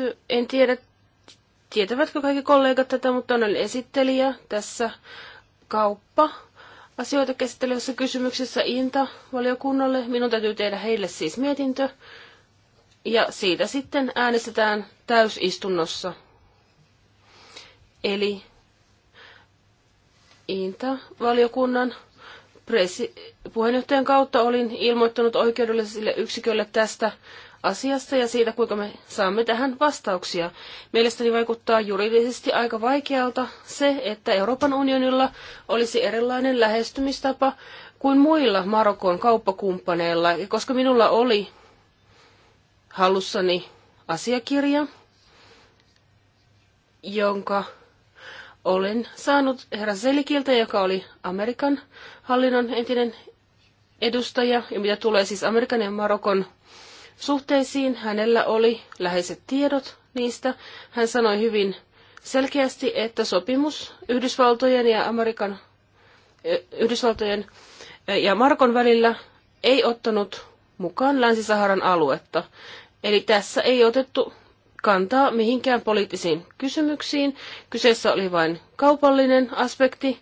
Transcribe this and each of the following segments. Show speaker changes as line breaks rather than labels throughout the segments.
Eh, en tiedä, tietävätkö kaikki kollegat tätä, mutta on esittelijä tässä kauppa asioita käsittelevässä kysymyksessä INTA-valiokunnalle. Minun täytyy tehdä heille siis mietintö. Ja siitä sitten äänestetään täysistunnossa. Eli INTA-valiokunnan puheenjohtajan kautta olin ilmoittanut oikeudelliselle yksikölle tästä asiasta ja siitä, kuinka me saamme tähän vastauksia. Mielestäni vaikuttaa juridisesti aika vaikealta se, että Euroopan unionilla olisi erilainen lähestymistapa kuin muilla Marokon kauppakumppaneilla. Ja koska minulla oli hallussani asiakirja, jonka olen saanut herra Selikiltä, joka oli Amerikan hallinnon entinen edustaja, ja mitä tulee siis Amerikan ja Marokon suhteisiin. Hänellä oli läheiset tiedot niistä. Hän sanoi hyvin selkeästi, että sopimus Yhdysvaltojen ja Amerikan, Yhdysvaltojen ja Markon välillä ei ottanut mukaan Länsi-Saharan aluetta. Eli tässä ei otettu kantaa mihinkään poliittisiin kysymyksiin. Kyseessä oli vain kaupallinen aspekti,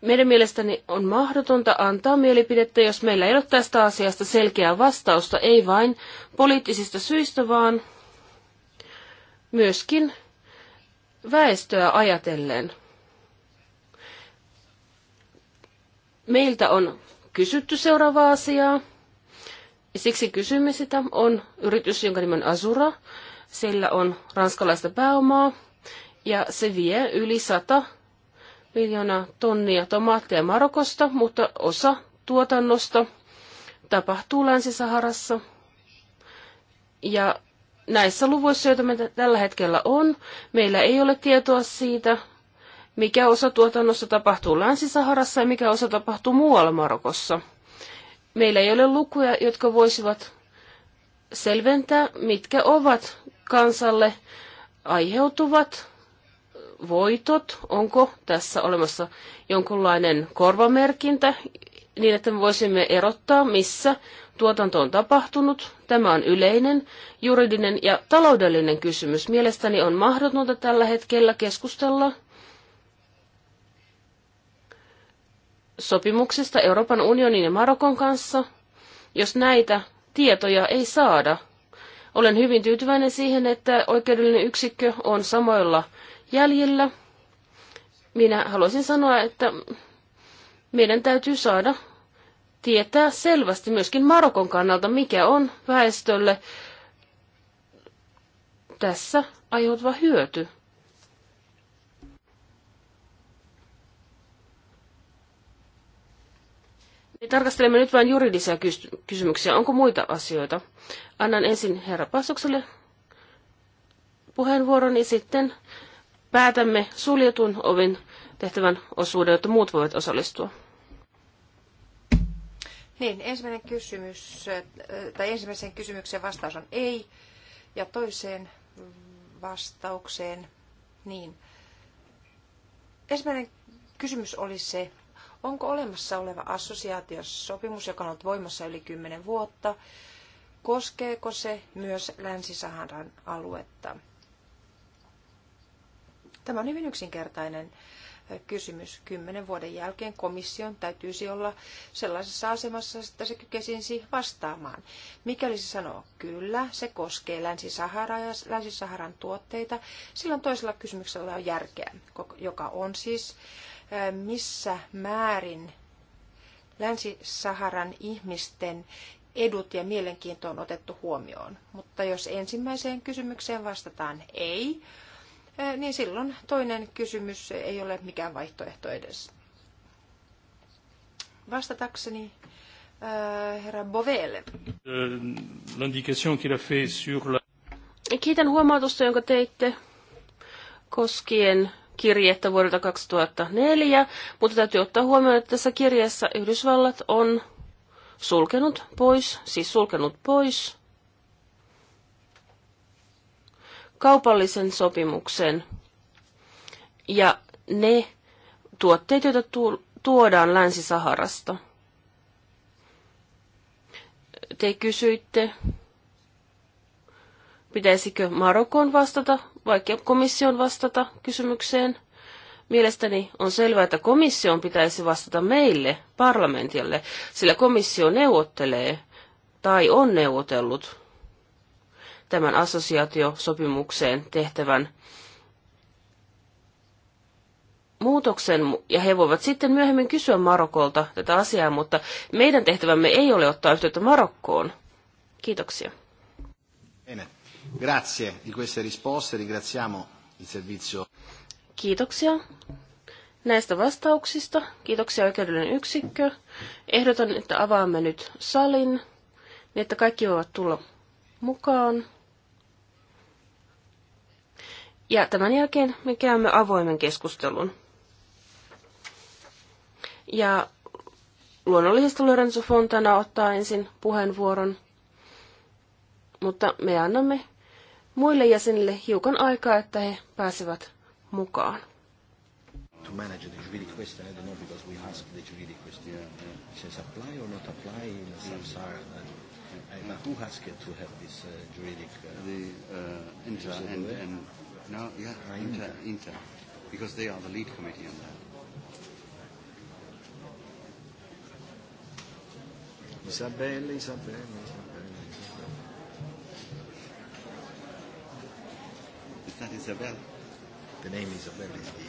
meidän mielestäni on mahdotonta antaa mielipidettä, jos meillä ei ole tästä asiasta selkeää vastausta, ei vain poliittisista syistä, vaan myöskin väestöä ajatellen. Meiltä on kysytty seuraavaa asiaa, ja siksi kysymme sitä. On yritys, jonka nimen on Azura. Sillä on ranskalaista pääomaa, ja se vie yli 100 miljoonaa tonnia tomaatteja Marokosta, mutta osa tuotannosta tapahtuu Länsi-Saharassa. Ja näissä luvuissa, joita meillä tällä hetkellä on, meillä ei ole tietoa siitä, mikä osa tuotannosta tapahtuu Länsi-Saharassa ja mikä osa tapahtuu muualla Marokossa. Meillä ei ole lukuja, jotka voisivat selventää, mitkä ovat kansalle aiheutuvat voitot, onko tässä olemassa jonkunlainen korvamerkintä niin, että me voisimme erottaa, missä tuotanto on tapahtunut. Tämä on yleinen, juridinen ja taloudellinen kysymys. Mielestäni on mahdotonta tällä hetkellä keskustella sopimuksista Euroopan unionin ja Marokon kanssa, jos näitä tietoja ei saada. Olen hyvin tyytyväinen siihen, että oikeudellinen yksikkö on samoilla Jäljellä, Minä haluaisin sanoa, että meidän täytyy saada tietää selvästi myöskin Marokon kannalta, mikä on väestölle tässä aiheutuva hyöty. Me tarkastelemme nyt vain juridisia kysymyksiä. Onko muita asioita? Annan ensin herra Passukselle puheenvuoron, ja sitten päätämme suljetun ovin tehtävän osuuden, jotta muut voivat osallistua?
Niin, ensimmäinen kysymys, tai ensimmäiseen kysymykseen vastaus on ei, ja toiseen vastaukseen niin. Ensimmäinen kysymys oli se, onko olemassa oleva assosiaatiosopimus, joka on ollut voimassa yli kymmenen vuotta, koskeeko se myös Länsi-Saharan aluetta? Tämä on hyvin yksinkertainen kysymys. Kymmenen vuoden jälkeen komission täytyisi olla sellaisessa asemassa, että se kykesisi vastaamaan. Mikäli se sanoo kyllä, se koskee Länsi-Saharaa ja Länsi-Saharan tuotteita, silloin toisella kysymyksellä on järkeä, joka on siis missä määrin Länsi-Saharan ihmisten edut ja mielenkiinto on otettu huomioon. Mutta jos ensimmäiseen kysymykseen vastataan ei, niin silloin toinen kysymys ei ole mikään vaihtoehto edes. Vastatakseni herra Bovelle.
Kiitän huomautusta, jonka teitte koskien kirjettä vuodelta 2004, mutta täytyy ottaa huomioon, että tässä kirjassa Yhdysvallat on sulkenut pois, siis sulkenut pois kaupallisen sopimuksen ja ne tuotteet, joita tuodaan Länsi-Saharasta. Te kysyitte, pitäisikö Marokon vastata vai komission vastata kysymykseen. Mielestäni on selvää, että komission pitäisi vastata meille, parlamentille, sillä komissio neuvottelee tai on neuvotellut tämän assosiaatiosopimukseen tehtävän muutoksen, ja he voivat sitten myöhemmin kysyä Marokolta tätä asiaa, mutta meidän tehtävämme ei ole ottaa yhteyttä Marokkoon. Kiitoksia.
Bene. Grazie
di queste risposte, ringraziamo il servizio. Kiitoksia näistä vastauksista. Kiitoksia oikeudellinen yksikkö. Ehdotan, että avaamme nyt salin, niin että kaikki voivat tulla mukaan. Ja tämän jälkeen me käymme avoimen keskustelun. Ja luonnollisesti Lorenzo Fontana ottaa ensin puheenvuoron, mutta me annamme muille jäsenille hiukan aikaa, että he pääsevät mukaan.
To manage the juridic question, I don't know, because we ask the juridic question, yeah, uh, yeah. says apply or not apply in samsara. And, and uh, who has to have this uh, juridic? Uh, the uh, and, and, and No, yeah, uh, Inter, Inter, because they are the lead committee on that. Isabelle, Isabelle, Isabelle. Is that Isabelle? The name Isabelle is the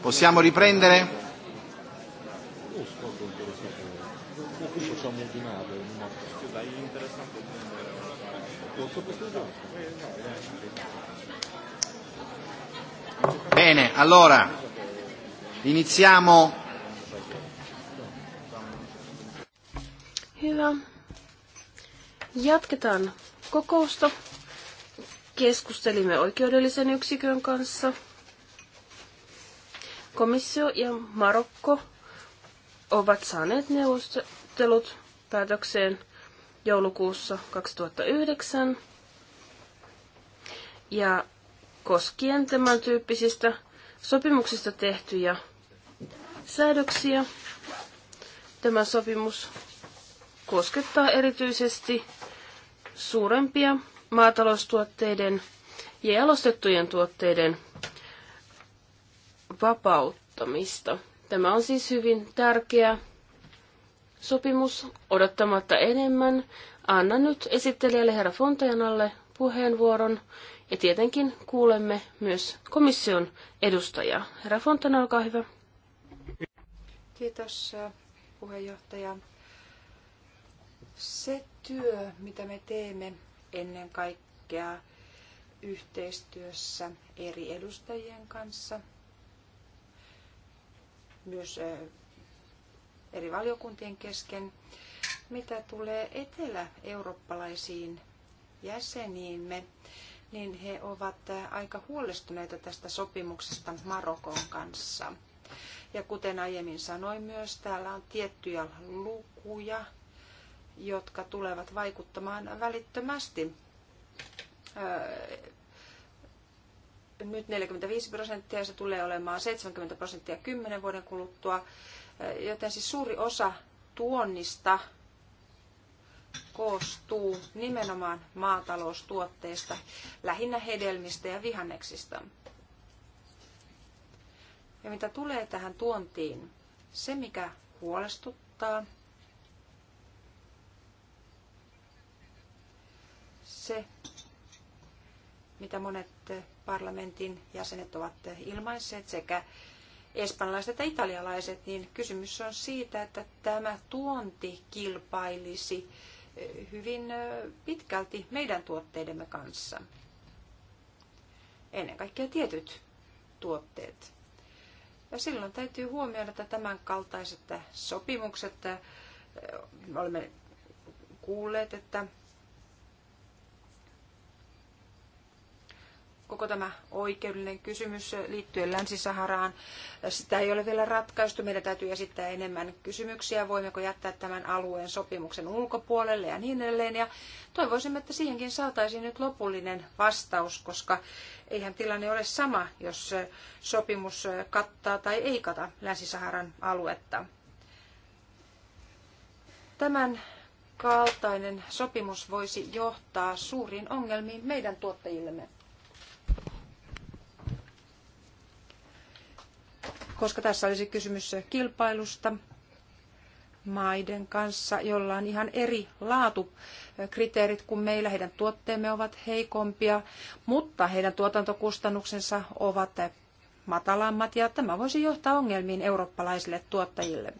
Possiamo riprendere? Bene, allora iniziamo.
Hyvä. Jatketaan kokousta. Keskustelimme oikeudellisen yksikön kanssa Komissio ja Marokko ovat saaneet neuvostelut päätökseen joulukuussa 2009. Ja koskien tämän tyyppisistä sopimuksista tehtyjä säädöksiä, tämä sopimus koskettaa erityisesti suurempia maataloustuotteiden ja jalostettujen tuotteiden vapauttamista. Tämä on siis hyvin tärkeä sopimus. Odottamatta enemmän annan nyt esittelijälle herra Fontajanalle puheenvuoron ja tietenkin kuulemme myös komission edustajaa. Herra Fontana, olkaa
hyvä. Kiitos puheenjohtaja. Se työ, mitä me teemme ennen kaikkea yhteistyössä eri edustajien kanssa, myös eri valiokuntien kesken. Mitä tulee etelä-eurooppalaisiin jäseniimme, niin he ovat aika huolestuneita tästä sopimuksesta Marokon kanssa. Ja kuten aiemmin sanoin myös, täällä on tiettyjä lukuja, jotka tulevat vaikuttamaan välittömästi nyt 45 prosenttia ja se tulee olemaan 70 prosenttia 10 vuoden kuluttua. Eh, joten siis suuri osa tuonnista koostuu nimenomaan maataloustuotteista, lähinnä hedelmistä ja vihanneksista. Ja mitä tulee tähän tuontiin, se mikä huolestuttaa, se mitä monet parlamentin jäsenet ovat ilmaisseet sekä espanjalaiset että italialaiset, niin kysymys on siitä, että tämä tuonti kilpailisi eh, hyvin eh, pitkälti meidän tuotteidemme kanssa. Ennen kaikkea tietyt tuotteet. Ja silloin täytyy huomioida, että tämän kaltaiset sopimukset, eh, me olemme kuulleet, että koko tämä oikeudellinen kysymys liittyen Länsi-Saharaan. Sitä ei ole vielä ratkaistu. Meidän täytyy esittää enemmän kysymyksiä, voimmeko jättää tämän alueen sopimuksen ulkopuolelle ja niin edelleen. Ja toivoisimme, että siihenkin saataisiin nyt lopullinen vastaus, koska eihän tilanne ole sama, jos sopimus kattaa tai ei kata Länsi-Saharan aluetta. Tämän kaltainen sopimus voisi johtaa suuriin ongelmiin meidän tuottajillemme. koska tässä olisi kysymys kilpailusta maiden kanssa, jolla on ihan eri laatukriteerit kuin meillä. Heidän tuotteemme ovat heikompia, mutta heidän tuotantokustannuksensa ovat matalammat ja tämä voisi johtaa ongelmiin eurooppalaisille tuottajille.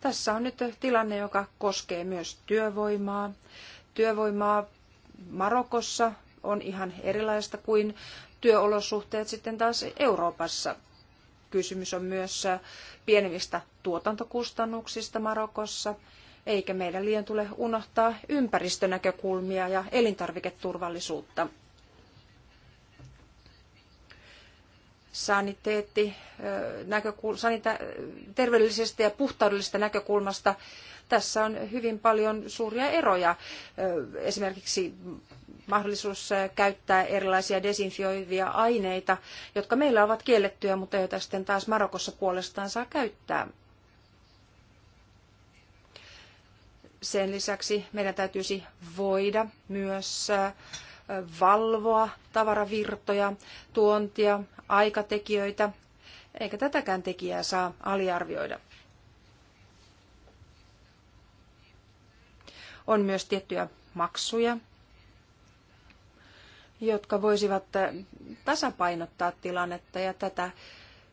Tässä on nyt tilanne, joka koskee myös työvoimaa. Työvoimaa Marokossa on ihan erilaista kuin työolosuhteet sitten taas Euroopassa. Kysymys on myös äh, pienemmistä tuotantokustannuksista Marokossa, eikä meidän liian tule unohtaa ympäristönäkökulmia ja elintarviketurvallisuutta. saniteetti, äh, näkökul, sanita, terveydellisestä ja puhtaudellisesta näkökulmasta tässä on hyvin paljon suuria eroja. Äh, esimerkiksi mahdollisuus äh, käyttää erilaisia desinfioivia aineita, jotka meillä ovat kiellettyjä, mutta joita sitten taas Marokossa puolestaan saa käyttää. Sen lisäksi meidän täytyisi voida myös äh, valvoa tavaravirtoja, tuontia, aikatekijöitä, eikä tätäkään tekijää saa aliarvioida. On myös tiettyjä maksuja, jotka voisivat eh, tasapainottaa tilannetta ja tätä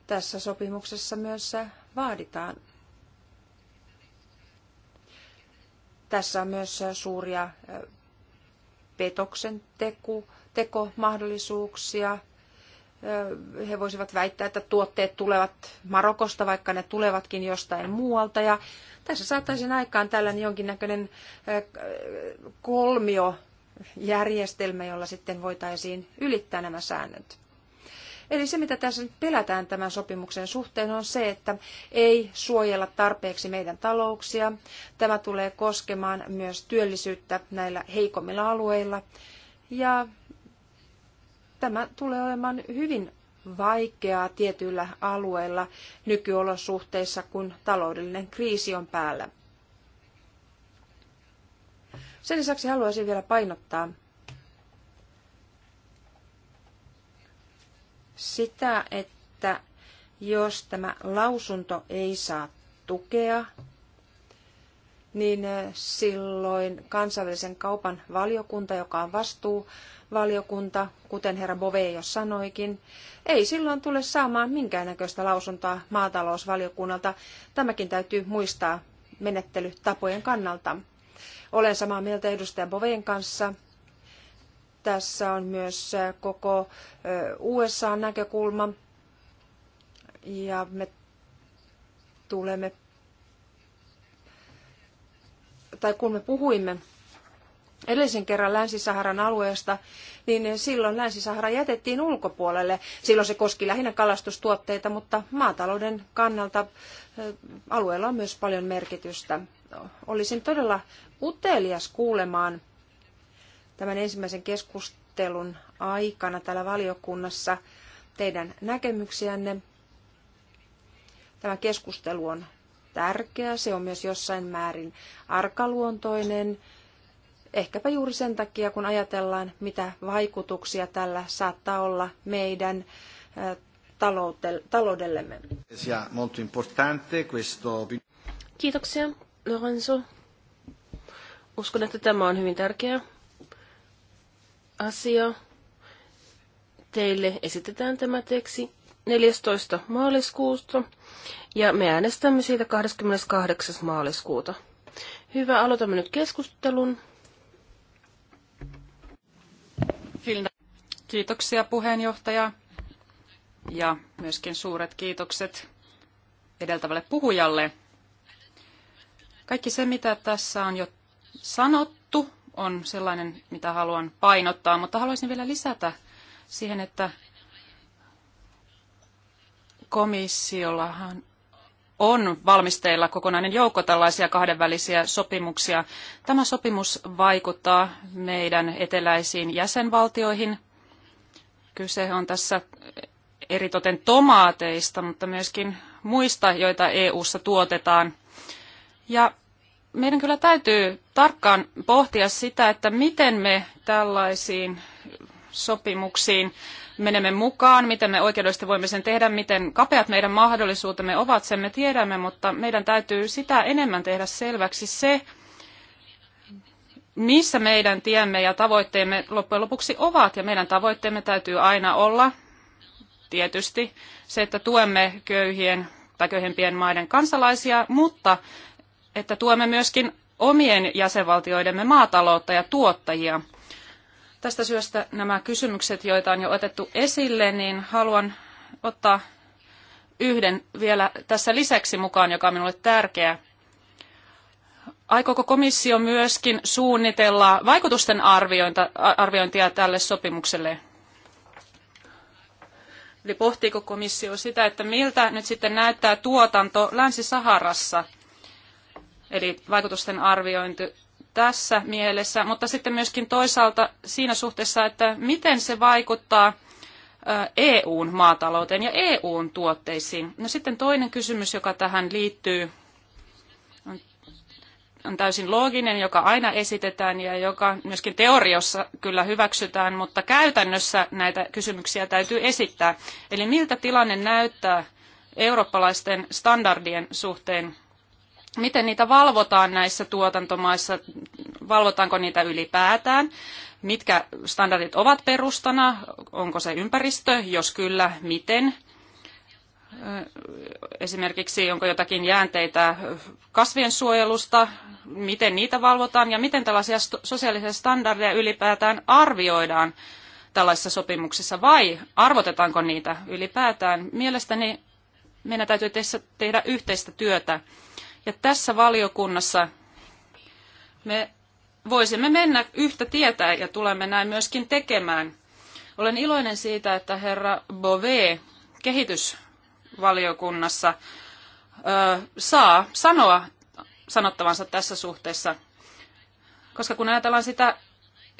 tässä sopimuksessa myös eh, vaaditaan. Tässä on myös eh, suuria petoksen teku, tekomahdollisuuksia. He voisivat väittää, että tuotteet tulevat Marokosta, vaikka ne tulevatkin jostain muualta. Ja tässä saataisiin aikaan tällainen jonkinnäköinen kolmio järjestelmä, jolla sitten voitaisiin ylittää nämä säännöt. Eli se, mitä tässä nyt pelätään tämän sopimuksen suhteen, on se, että ei suojella tarpeeksi meidän talouksia. Tämä tulee koskemaan myös työllisyyttä näillä heikommilla alueilla. Ja tämä tulee olemaan hyvin vaikeaa tietyillä alueilla nykyolosuhteissa, kun taloudellinen kriisi on päällä. Sen lisäksi haluaisin vielä painottaa sitä, että jos tämä lausunto ei saa tukea, niin silloin kansainvälisen kaupan valiokunta, joka on vastuuvaliokunta, kuten herra Bove jo sanoikin, ei silloin tule saamaan minkäännäköistä lausuntoa maatalousvaliokunnalta. Tämäkin täytyy muistaa menettelytapojen kannalta. Olen samaa mieltä edustaja Boveen kanssa. Tässä on myös koko USA-näkökulma. Ja me tulemme, tai kun me puhuimme edellisen kerran Länsi-Saharan alueesta, niin silloin Länsi-Sahara jätettiin ulkopuolelle. Silloin se koski lähinnä kalastustuotteita, mutta maatalouden kannalta alueella on myös paljon merkitystä olisin todella utelias kuulemaan tämän ensimmäisen keskustelun aikana täällä valiokunnassa teidän näkemyksiänne. Tämä keskustelu on tärkeä, se on myös jossain määrin arkaluontoinen, ehkäpä juuri sen takia, kun ajatellaan, mitä vaikutuksia tällä saattaa olla meidän taloudellemme. Kiitoksia. Lorenzo. Uskon, että tämä on
hyvin tärkeä asia. Teille esitetään tämä teksti 14. maaliskuusta ja me äänestämme siitä 28. maaliskuuta. Hyvä, aloitamme nyt keskustelun.
Kiitoksia puheenjohtaja ja myöskin suuret kiitokset edeltävälle puhujalle kaikki se, mitä tässä on jo sanottu, on sellainen, mitä haluan painottaa, mutta haluaisin vielä lisätä siihen, että komissiollahan on valmisteilla kokonainen joukko tällaisia kahdenvälisiä sopimuksia. Tämä sopimus vaikuttaa meidän eteläisiin jäsenvaltioihin. Kyse on tässä eritoten tomaateista, mutta myöskin muista, joita EU-ssa tuotetaan – ja meidän kyllä täytyy tarkkaan pohtia sitä, että miten me tällaisiin sopimuksiin menemme mukaan, miten me oikeudellisesti voimme sen tehdä, miten kapeat meidän mahdollisuutemme ovat, sen me tiedämme, mutta meidän täytyy sitä enemmän tehdä selväksi se, missä meidän tiemme ja tavoitteemme loppujen lopuksi ovat. Ja meidän tavoitteemme täytyy aina olla tietysti se, että tuemme köyhien tai köyhempien maiden kansalaisia, mutta että tuemme myöskin omien jäsenvaltioidemme maataloutta ja tuottajia. Tästä syystä nämä kysymykset, joita on jo otettu esille, niin haluan ottaa yhden vielä tässä lisäksi mukaan, joka on minulle tärkeä. Aikooko komissio myöskin suunnitella vaikutusten arviointia tälle sopimukselle? Eli pohtiiko komissio sitä, että miltä nyt sitten näyttää tuotanto Länsi-Saharassa – eli vaikutusten arviointi tässä mielessä, mutta sitten myöskin toisaalta siinä suhteessa, että miten se vaikuttaa EUn maatalouteen ja EUn tuotteisiin. No sitten toinen kysymys, joka tähän liittyy, on, on täysin looginen, joka aina esitetään ja joka myöskin teoriassa kyllä hyväksytään, mutta käytännössä näitä kysymyksiä täytyy esittää. Eli miltä tilanne näyttää eurooppalaisten standardien suhteen miten niitä valvotaan näissä tuotantomaissa, valvotaanko niitä ylipäätään, mitkä standardit ovat perustana, onko se ympäristö, jos kyllä, miten. Esimerkiksi onko jotakin jäänteitä kasvien suojelusta, miten niitä valvotaan ja miten tällaisia sosiaalisia standardeja ylipäätään arvioidaan tällaisissa sopimuksissa vai arvotetaanko niitä ylipäätään. Mielestäni meidän täytyy tehdä yhteistä työtä ja tässä valiokunnassa me voisimme mennä yhtä tietä ja tulemme näin myöskin tekemään. Olen iloinen siitä, että herra Bove kehitysvaliokunnassa ö, saa sanoa sanottavansa tässä suhteessa, koska kun ajatellaan sitä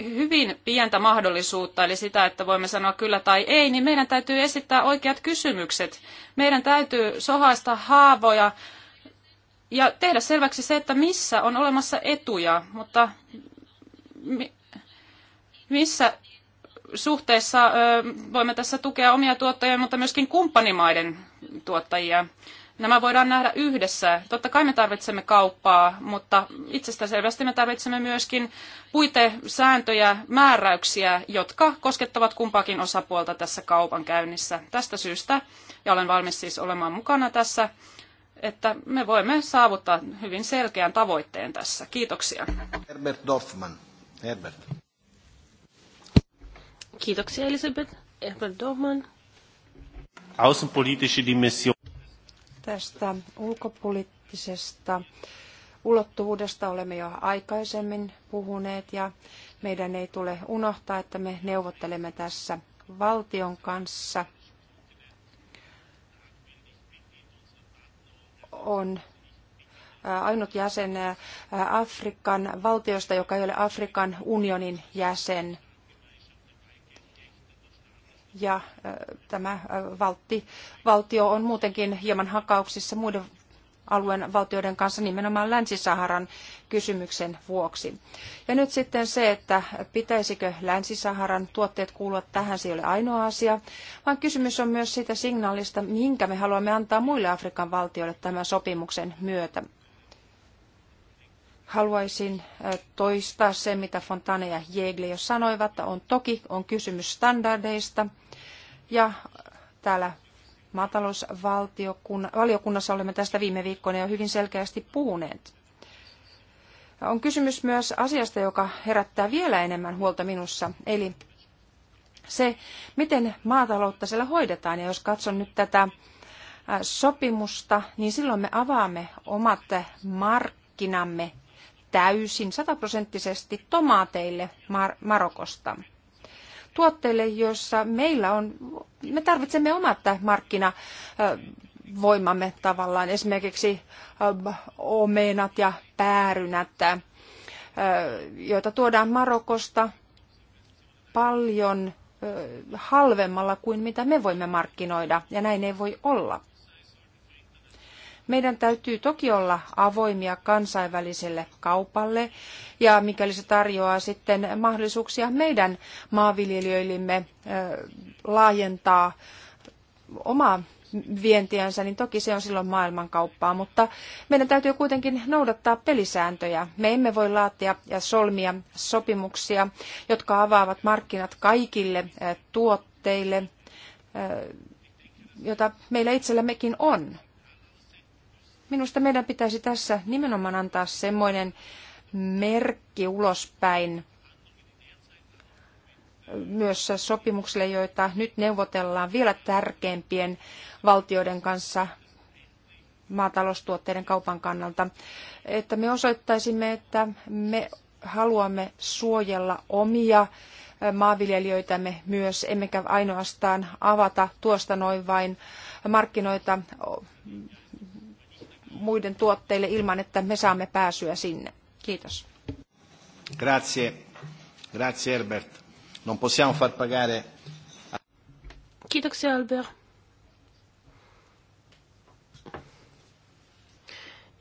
hyvin pientä mahdollisuutta, eli sitä, että voimme sanoa kyllä tai ei, niin meidän täytyy esittää oikeat kysymykset. Meidän täytyy sohaista haavoja ja tehdä selväksi se, että missä on olemassa etuja, mutta mi, missä suhteessa ö, voimme tässä tukea omia tuottajia, mutta myöskin kumppanimaiden tuottajia. Nämä voidaan nähdä yhdessä. Totta kai me tarvitsemme kauppaa, mutta selvästi me tarvitsemme myöskin puitesääntöjä, määräyksiä, jotka koskettavat kumpaakin osapuolta tässä kaupan käynnissä. Tästä syystä, ja olen valmis siis olemaan mukana tässä että me voimme saavuttaa hyvin selkeän tavoitteen tässä. Kiitoksia.
Herbert Dorfman. Herbert.
Kiitoksia Elisabeth. Herbert Dorfman.
Außenpolitische Dimension.
Tästä ulkopoliittisesta ulottuvuudesta olemme jo aikaisemmin puhuneet ja meidän ei tule unohtaa, että me neuvottelemme tässä valtion kanssa – on ainut jäsen Afrikan valtiosta, joka ei ole Afrikan unionin jäsen. Ja tämä valtio on muutenkin hieman hakauksissa muiden alueen valtioiden kanssa nimenomaan Länsi-Saharan kysymyksen vuoksi. Ja nyt sitten se, että pitäisikö Länsi-Saharan tuotteet kuulua tähän, se ei ole ainoa asia, vaan kysymys on myös siitä signaalista, minkä me haluamme antaa muille Afrikan valtioille tämän sopimuksen myötä. Haluaisin toistaa sen, mitä Fontane ja Jegle jo sanoivat, että on toki on kysymys standardeista ja täällä Maatalousvaliokunnassa olemme tästä viime viikkoina jo hyvin selkeästi puhuneet. On kysymys myös asiasta, joka herättää vielä enemmän huolta minussa, eli se, miten maataloutta siellä hoidetaan. Ja jos katson nyt tätä äh, sopimusta, niin silloin me avaamme omat markkinamme täysin sataprosenttisesti tomaateille Mar- Marokosta tuotteille, joissa meillä on, me tarvitsemme omat markkinavoimamme tavallaan, esimerkiksi omenat ja päärynät, joita tuodaan Marokosta paljon halvemmalla kuin mitä me voimme markkinoida, ja näin ei voi olla. Meidän täytyy toki olla avoimia kansainväliselle kaupalle ja mikäli se tarjoaa sitten mahdollisuuksia meidän maanviljelijöillemme laajentaa omaa vientiänsä, niin toki se on silloin maailmankauppaa, mutta meidän täytyy kuitenkin noudattaa pelisääntöjä. Me emme voi laatia ja solmia sopimuksia, jotka avaavat markkinat kaikille tuotteille, jota meillä itsellämmekin on. Minusta meidän pitäisi tässä nimenomaan antaa semmoinen merkki ulospäin myös sopimuksille, joita nyt neuvotellaan vielä tärkeimpien valtioiden kanssa maataloustuotteiden kaupan kannalta, että me osoittaisimme, että me haluamme suojella omia maanviljelijöitämme myös, emmekä ainoastaan avata tuosta noin vain markkinoita muiden tuotteille ilman, että me saamme pääsyä sinne. Kiitos.
Grazie. Grazie Herbert. Non possiamo far pagare...
Kiitoksia Albert.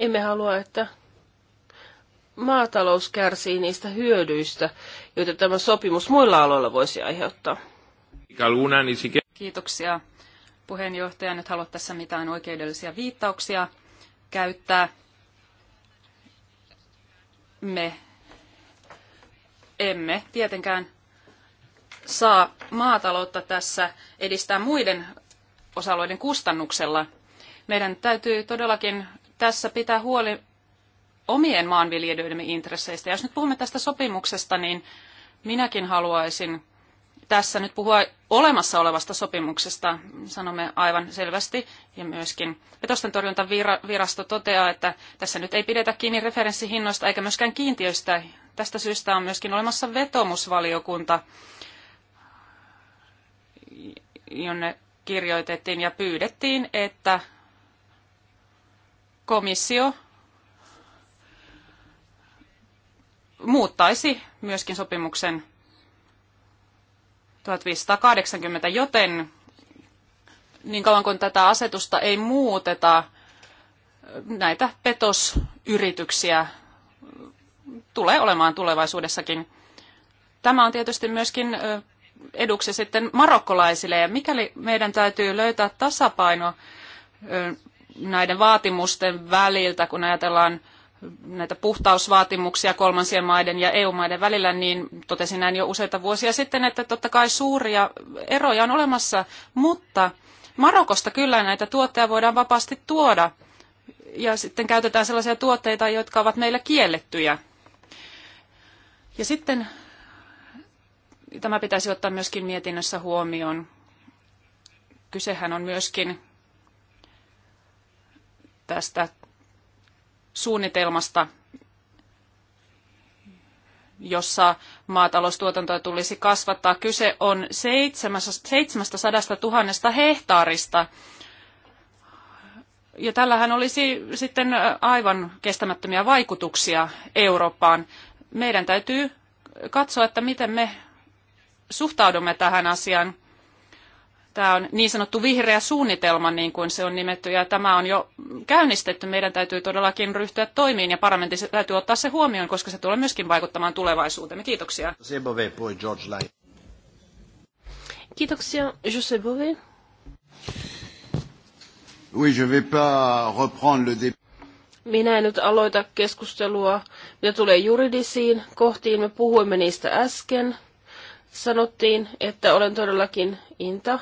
Emme halua, että maatalous kärsii niistä hyödyistä, joita tämä sopimus muilla aloilla voisi aiheuttaa.
Niin
Kiitoksia
puheenjohtaja. Nyt halua tässä mitään oikeudellisia viittauksia käyttää. Me emme tietenkään saa maataloutta tässä edistää muiden osaloiden kustannuksella. Meidän täytyy todellakin tässä pitää huoli omien maanviljelijöidemme intresseistä. Ja jos nyt puhumme tästä sopimuksesta, niin minäkin haluaisin tässä nyt puhua olemassa olevasta sopimuksesta, sanomme aivan selvästi, ja myöskin petosten torjuntavirasto toteaa, että tässä nyt ei pidetä kiinni referenssihinnoista eikä myöskään kiintiöistä. Tästä syystä on myöskin olemassa vetomusvaliokunta, jonne kirjoitettiin ja pyydettiin, että komissio muuttaisi myöskin sopimuksen 1580, joten niin kauan kuin tätä asetusta ei muuteta, näitä petosyrityksiä tulee olemaan tulevaisuudessakin. Tämä on tietysti myöskin eduksi sitten marokkolaisille, ja mikäli meidän täytyy löytää tasapaino näiden vaatimusten väliltä, kun ajatellaan näitä puhtausvaatimuksia kolmansien maiden ja EU-maiden välillä, niin totesin näin jo useita vuosia sitten, että totta kai suuria eroja on olemassa, mutta Marokosta kyllä näitä tuotteita voidaan vapaasti tuoda ja sitten käytetään sellaisia tuotteita, jotka ovat meillä kiellettyjä. Ja sitten tämä pitäisi ottaa myöskin mietinnössä huomioon. Kysehän on myöskin tästä suunnitelmasta, jossa maataloustuotantoa tulisi kasvattaa. Kyse on 700 000 hehtaarista. Ja tällähän olisi sitten aivan kestämättömiä vaikutuksia Eurooppaan. Meidän täytyy katsoa, että miten me suhtaudumme tähän asiaan. Tämä on niin sanottu vihreä suunnitelma, niin kuin se on nimetty, ja tämä on jo käynnistetty. Meidän täytyy todellakin ryhtyä toimiin, ja parlamentissa täytyy ottaa se huomioon, koska se tulee myöskin vaikuttamaan tulevaisuuteen.
Kiitoksia.
Kiitoksia, José Bové.
Oui, je vais pas reprendre le débat.
Minä en nyt aloita keskustelua, mitä tulee juridisiin kohtiin. Me puhuimme niistä äsken. Sanottiin, että olen todellakin Inta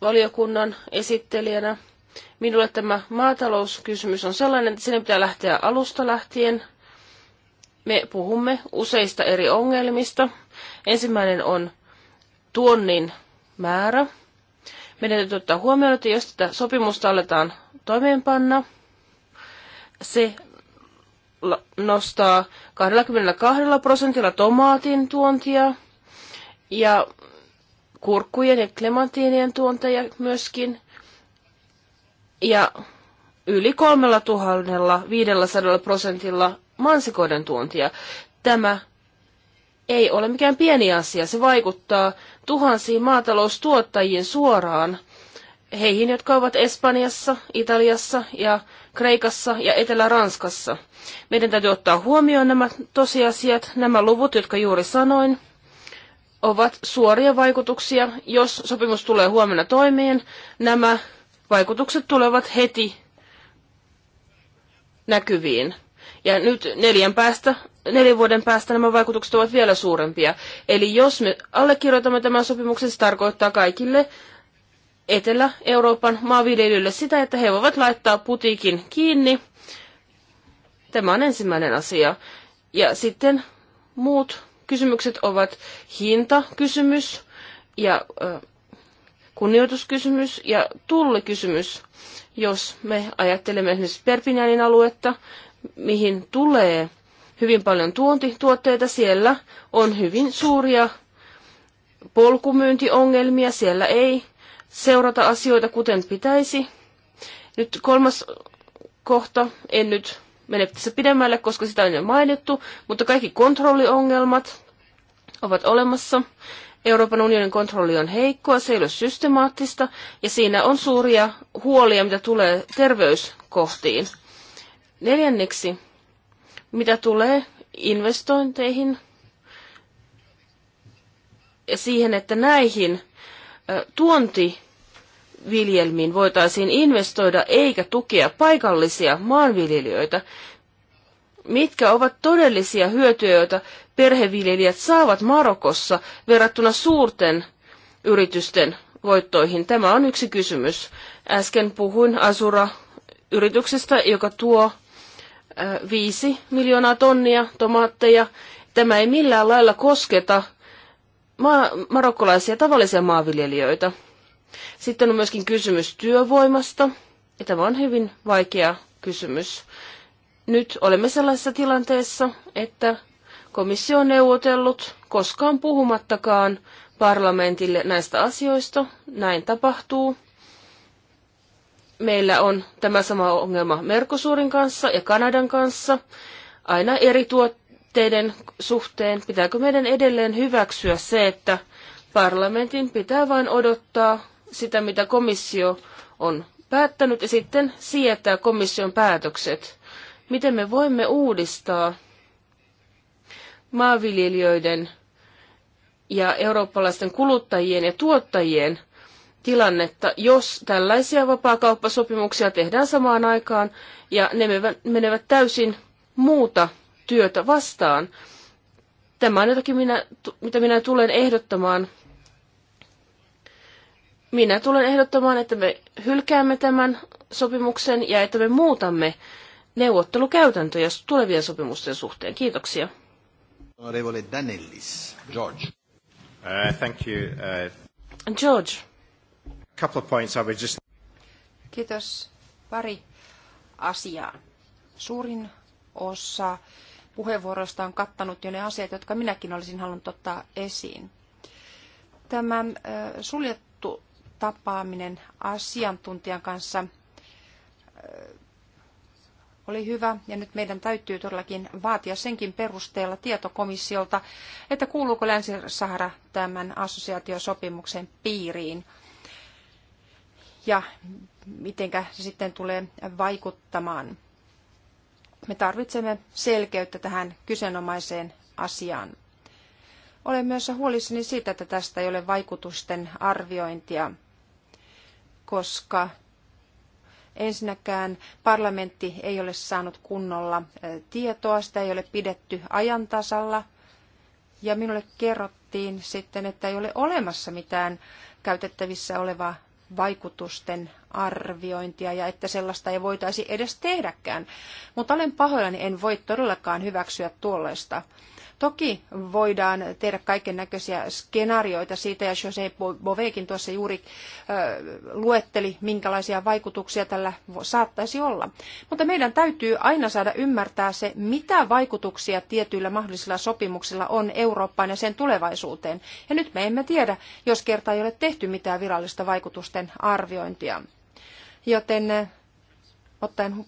valiokunnan esittelijänä. Minulle tämä maatalouskysymys on sellainen, että sinne pitää lähteä alusta lähtien. Me puhumme useista eri ongelmista. Ensimmäinen on tuonnin määrä. Meidän täytyy ottaa huomioon, että jos tätä sopimusta aletaan toimeenpanna, se nostaa 22 prosentilla tomaatin tuontia ja kurkkujen ja klementiinien tuonteja myöskin. Ja yli 3500 prosentilla mansikoiden tuontia. Tämä ei ole mikään pieni asia. Se vaikuttaa tuhansiin maataloustuottajiin suoraan heihin, jotka ovat Espanjassa, Italiassa ja Kreikassa ja Etelä-Ranskassa. Meidän täytyy ottaa huomioon nämä tosiasiat, nämä luvut, jotka juuri sanoin ovat suoria vaikutuksia. Jos sopimus tulee huomenna toimeen, nämä vaikutukset tulevat heti näkyviin. Ja nyt neljän, päästä, neljän vuoden päästä nämä vaikutukset ovat vielä suurempia. Eli jos me allekirjoitamme tämän sopimuksen, se tarkoittaa kaikille Etelä-Euroopan maanviljelijöille sitä, että he voivat laittaa putiikin kiinni. Tämä on ensimmäinen asia. Ja sitten muut kysymykset ovat hintakysymys ja kunnioituskysymys ja tullikysymys. Jos me ajattelemme esimerkiksi Perpignanin aluetta, mihin tulee hyvin paljon tuontituotteita, siellä on hyvin suuria polkumyyntiongelmia, siellä ei seurata asioita kuten pitäisi. Nyt kolmas kohta, en nyt mene tässä pidemmälle, koska sitä on jo mainittu, mutta kaikki kontrolliongelmat ovat olemassa. Euroopan unionin kontrolli on heikkoa, se ei ole systemaattista ja siinä on suuria huolia, mitä tulee terveyskohtiin. Neljänneksi, mitä tulee investointeihin ja siihen, että näihin tuonti viljelmiin voitaisiin investoida eikä tukea paikallisia maanviljelijöitä? Mitkä ovat todellisia hyötyjä, joita perheviljelijät saavat Marokossa verrattuna suurten yritysten voittoihin? Tämä on yksi kysymys. Äsken puhuin Asura-yrityksestä, joka tuo viisi miljoonaa tonnia tomaatteja. Tämä ei millään lailla kosketa ma- marokkolaisia tavallisia maanviljelijöitä. Sitten on myöskin kysymys työvoimasta, ja tämä on hyvin vaikea kysymys. Nyt olemme sellaisessa tilanteessa, että komissio on neuvotellut koskaan puhumattakaan parlamentille näistä asioista. Näin tapahtuu. Meillä on tämä sama ongelma Merkosuurin kanssa ja Kanadan kanssa. Aina eri tuotteiden suhteen pitääkö meidän edelleen hyväksyä se, että parlamentin pitää vain odottaa sitä, mitä komissio on päättänyt ja sitten sietää komission päätökset. Miten me voimme uudistaa maanviljelijöiden ja eurooppalaisten kuluttajien ja tuottajien tilannetta, jos tällaisia vapaakauppasopimuksia tehdään samaan aikaan ja ne menevät täysin muuta työtä vastaan. Tämä on jotakin, minä, mitä minä tulen ehdottamaan minä tulen ehdottamaan, että me hylkäämme tämän sopimuksen ja että me muutamme neuvottelukäytäntöjä tulevien sopimusten suhteen. Kiitoksia.
George. Uh, thank you. Uh, George. Couple of points I would just...
Kiitos. Pari asiaa. Suurin osa puheenvuoroista on kattanut jo ne asiat, jotka minäkin olisin halunnut ottaa esiin. Tämä suljettu tapaaminen asiantuntijan kanssa äh, oli hyvä ja nyt meidän täytyy todellakin vaatia senkin perusteella tietokomissiolta, että kuuluuko Länsi-Sahara tämän assosiaatiosopimuksen piiriin ja miten se sitten tulee vaikuttamaan. Me tarvitsemme selkeyttä tähän kyseenomaiseen asiaan. Olen myös huolissani siitä, että tästä ei ole vaikutusten arviointia koska ensinnäkään parlamentti ei ole saanut kunnolla tietoa, sitä ei ole pidetty ajan tasalla. Ja minulle kerrottiin sitten, että ei ole olemassa mitään käytettävissä olevaa vaikutusten arviointia ja että sellaista ei voitaisi edes tehdäkään. Mutta olen pahoillani, en voi todellakaan hyväksyä tuollaista. Toki voidaan tehdä kaiken näköisiä skenaarioita siitä, ja Jose Bovekin tuossa juuri luetteli, minkälaisia vaikutuksia tällä saattaisi olla. Mutta meidän täytyy aina saada ymmärtää se, mitä vaikutuksia tietyillä mahdollisilla sopimuksilla on Eurooppaan ja sen tulevaisuuteen. Ja nyt me emme tiedä, jos kerta ei ole tehty mitään virallista vaikutusten arviointia. Joten ottaen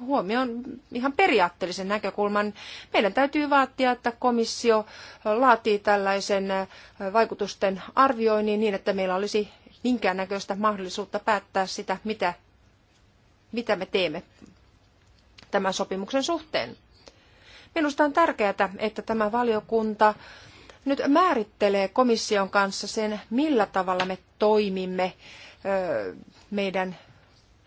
huomioon ihan periaatteellisen näkökulman, meidän täytyy vaatia, että komissio laatii tällaisen vaikutusten arvioinnin niin, että meillä olisi minkäännäköistä mahdollisuutta päättää sitä, mitä, mitä me teemme tämän sopimuksen suhteen. Minusta on tärkeää, että tämä valiokunta nyt määrittelee komission kanssa sen, millä tavalla me toimimme meidän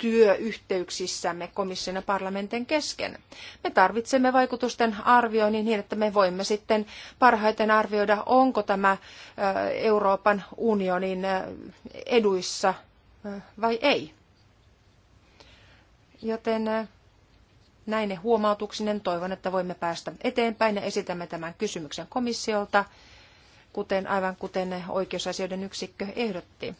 työyhteyksissämme komission ja parlamentin kesken. Me tarvitsemme vaikutusten arvioinnin niin, että me voimme sitten parhaiten arvioida, onko tämä Euroopan unionin eduissa vai ei. Joten näine huomautuksinen toivon, että voimme päästä eteenpäin ja esitämme tämän kysymyksen komissiolta, kuten aivan kuten oikeusasioiden yksikkö ehdotti.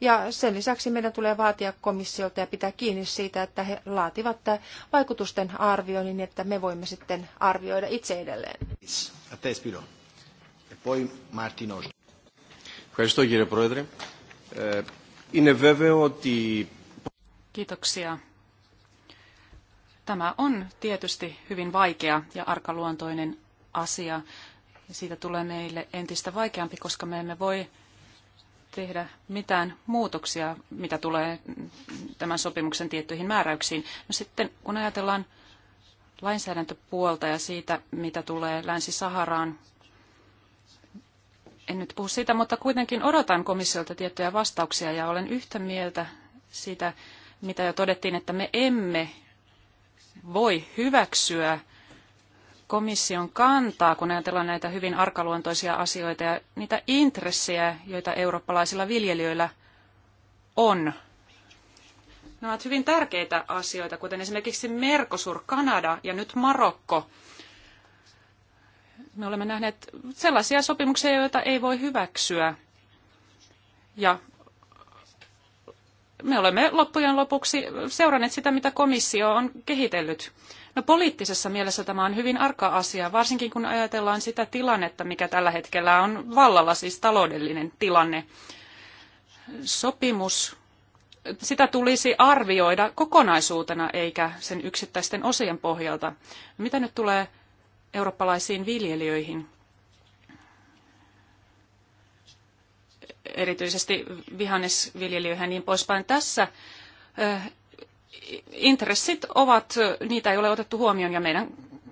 Ja sen lisäksi meidän tulee vaatia komissiolta ja pitää kiinni siitä, että he laativat vaikutusten arvioinnin, niin, että me voimme sitten arvioida itse edelleen.
E Ευχαριστώ κύριε Πρόεδρε. Είναι βέβαιο ότι...
Kiitoksia. Tämä on tietysti hyvin vaikea ja arkaluontoinen asia. Siitä tulee meille entistä vaikeampi, koska me emme voi tehdä mitään muutoksia, mitä tulee tämän sopimuksen tiettyihin määräyksiin. No sitten kun ajatellaan lainsäädäntöpuolta ja siitä, mitä tulee Länsi-Saharaan, en nyt puhu siitä, mutta kuitenkin odotan komissiolta tiettyjä vastauksia ja olen yhtä mieltä siitä, mitä jo todettiin, että me emme voi hyväksyä komission kantaa, kun ajatellaan näitä hyvin arkaluontoisia asioita ja niitä intressejä, joita eurooppalaisilla viljelijöillä on. Nämä ovat hyvin tärkeitä asioita, kuten esimerkiksi Mercosur, Kanada ja nyt Marokko. Me olemme nähneet sellaisia sopimuksia, joita ei voi hyväksyä. Ja me olemme loppujen lopuksi seuranneet sitä, mitä komissio on kehitellyt. No poliittisessa mielessä tämä on hyvin arka asia, varsinkin kun ajatellaan sitä tilannetta, mikä tällä hetkellä on vallalla, siis taloudellinen tilanne. Sopimus, sitä tulisi arvioida kokonaisuutena eikä sen yksittäisten osien pohjalta. Mitä nyt tulee eurooppalaisiin viljelijöihin? erityisesti vihannesviljelijöihin ja niin poispäin. Tässä intressit ovat, niitä ei ole otettu huomioon ja meidän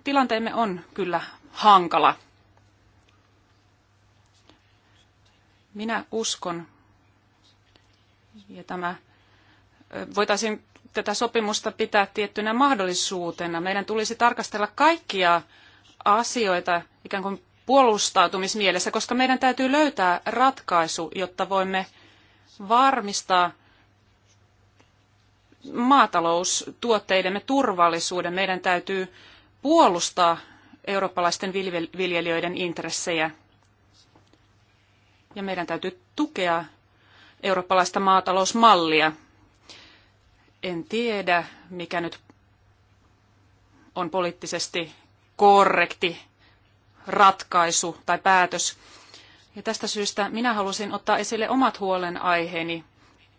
tilanteemme on kyllä hankala. Minä uskon, ja tämä, voitaisiin tätä sopimusta pitää tiettynä mahdollisuutena. Meidän tulisi tarkastella kaikkia asioita ikään kuin puolustautumismielessä, koska meidän täytyy löytää ratkaisu, jotta voimme varmistaa maataloustuotteidemme turvallisuuden. Meidän täytyy puolustaa eurooppalaisten viljelijöiden intressejä. Ja meidän täytyy tukea eurooppalaista maatalousmallia. En tiedä, mikä nyt on poliittisesti korrekti ratkaisu tai päätös. Ja tästä syystä minä halusin ottaa esille omat huolenaiheeni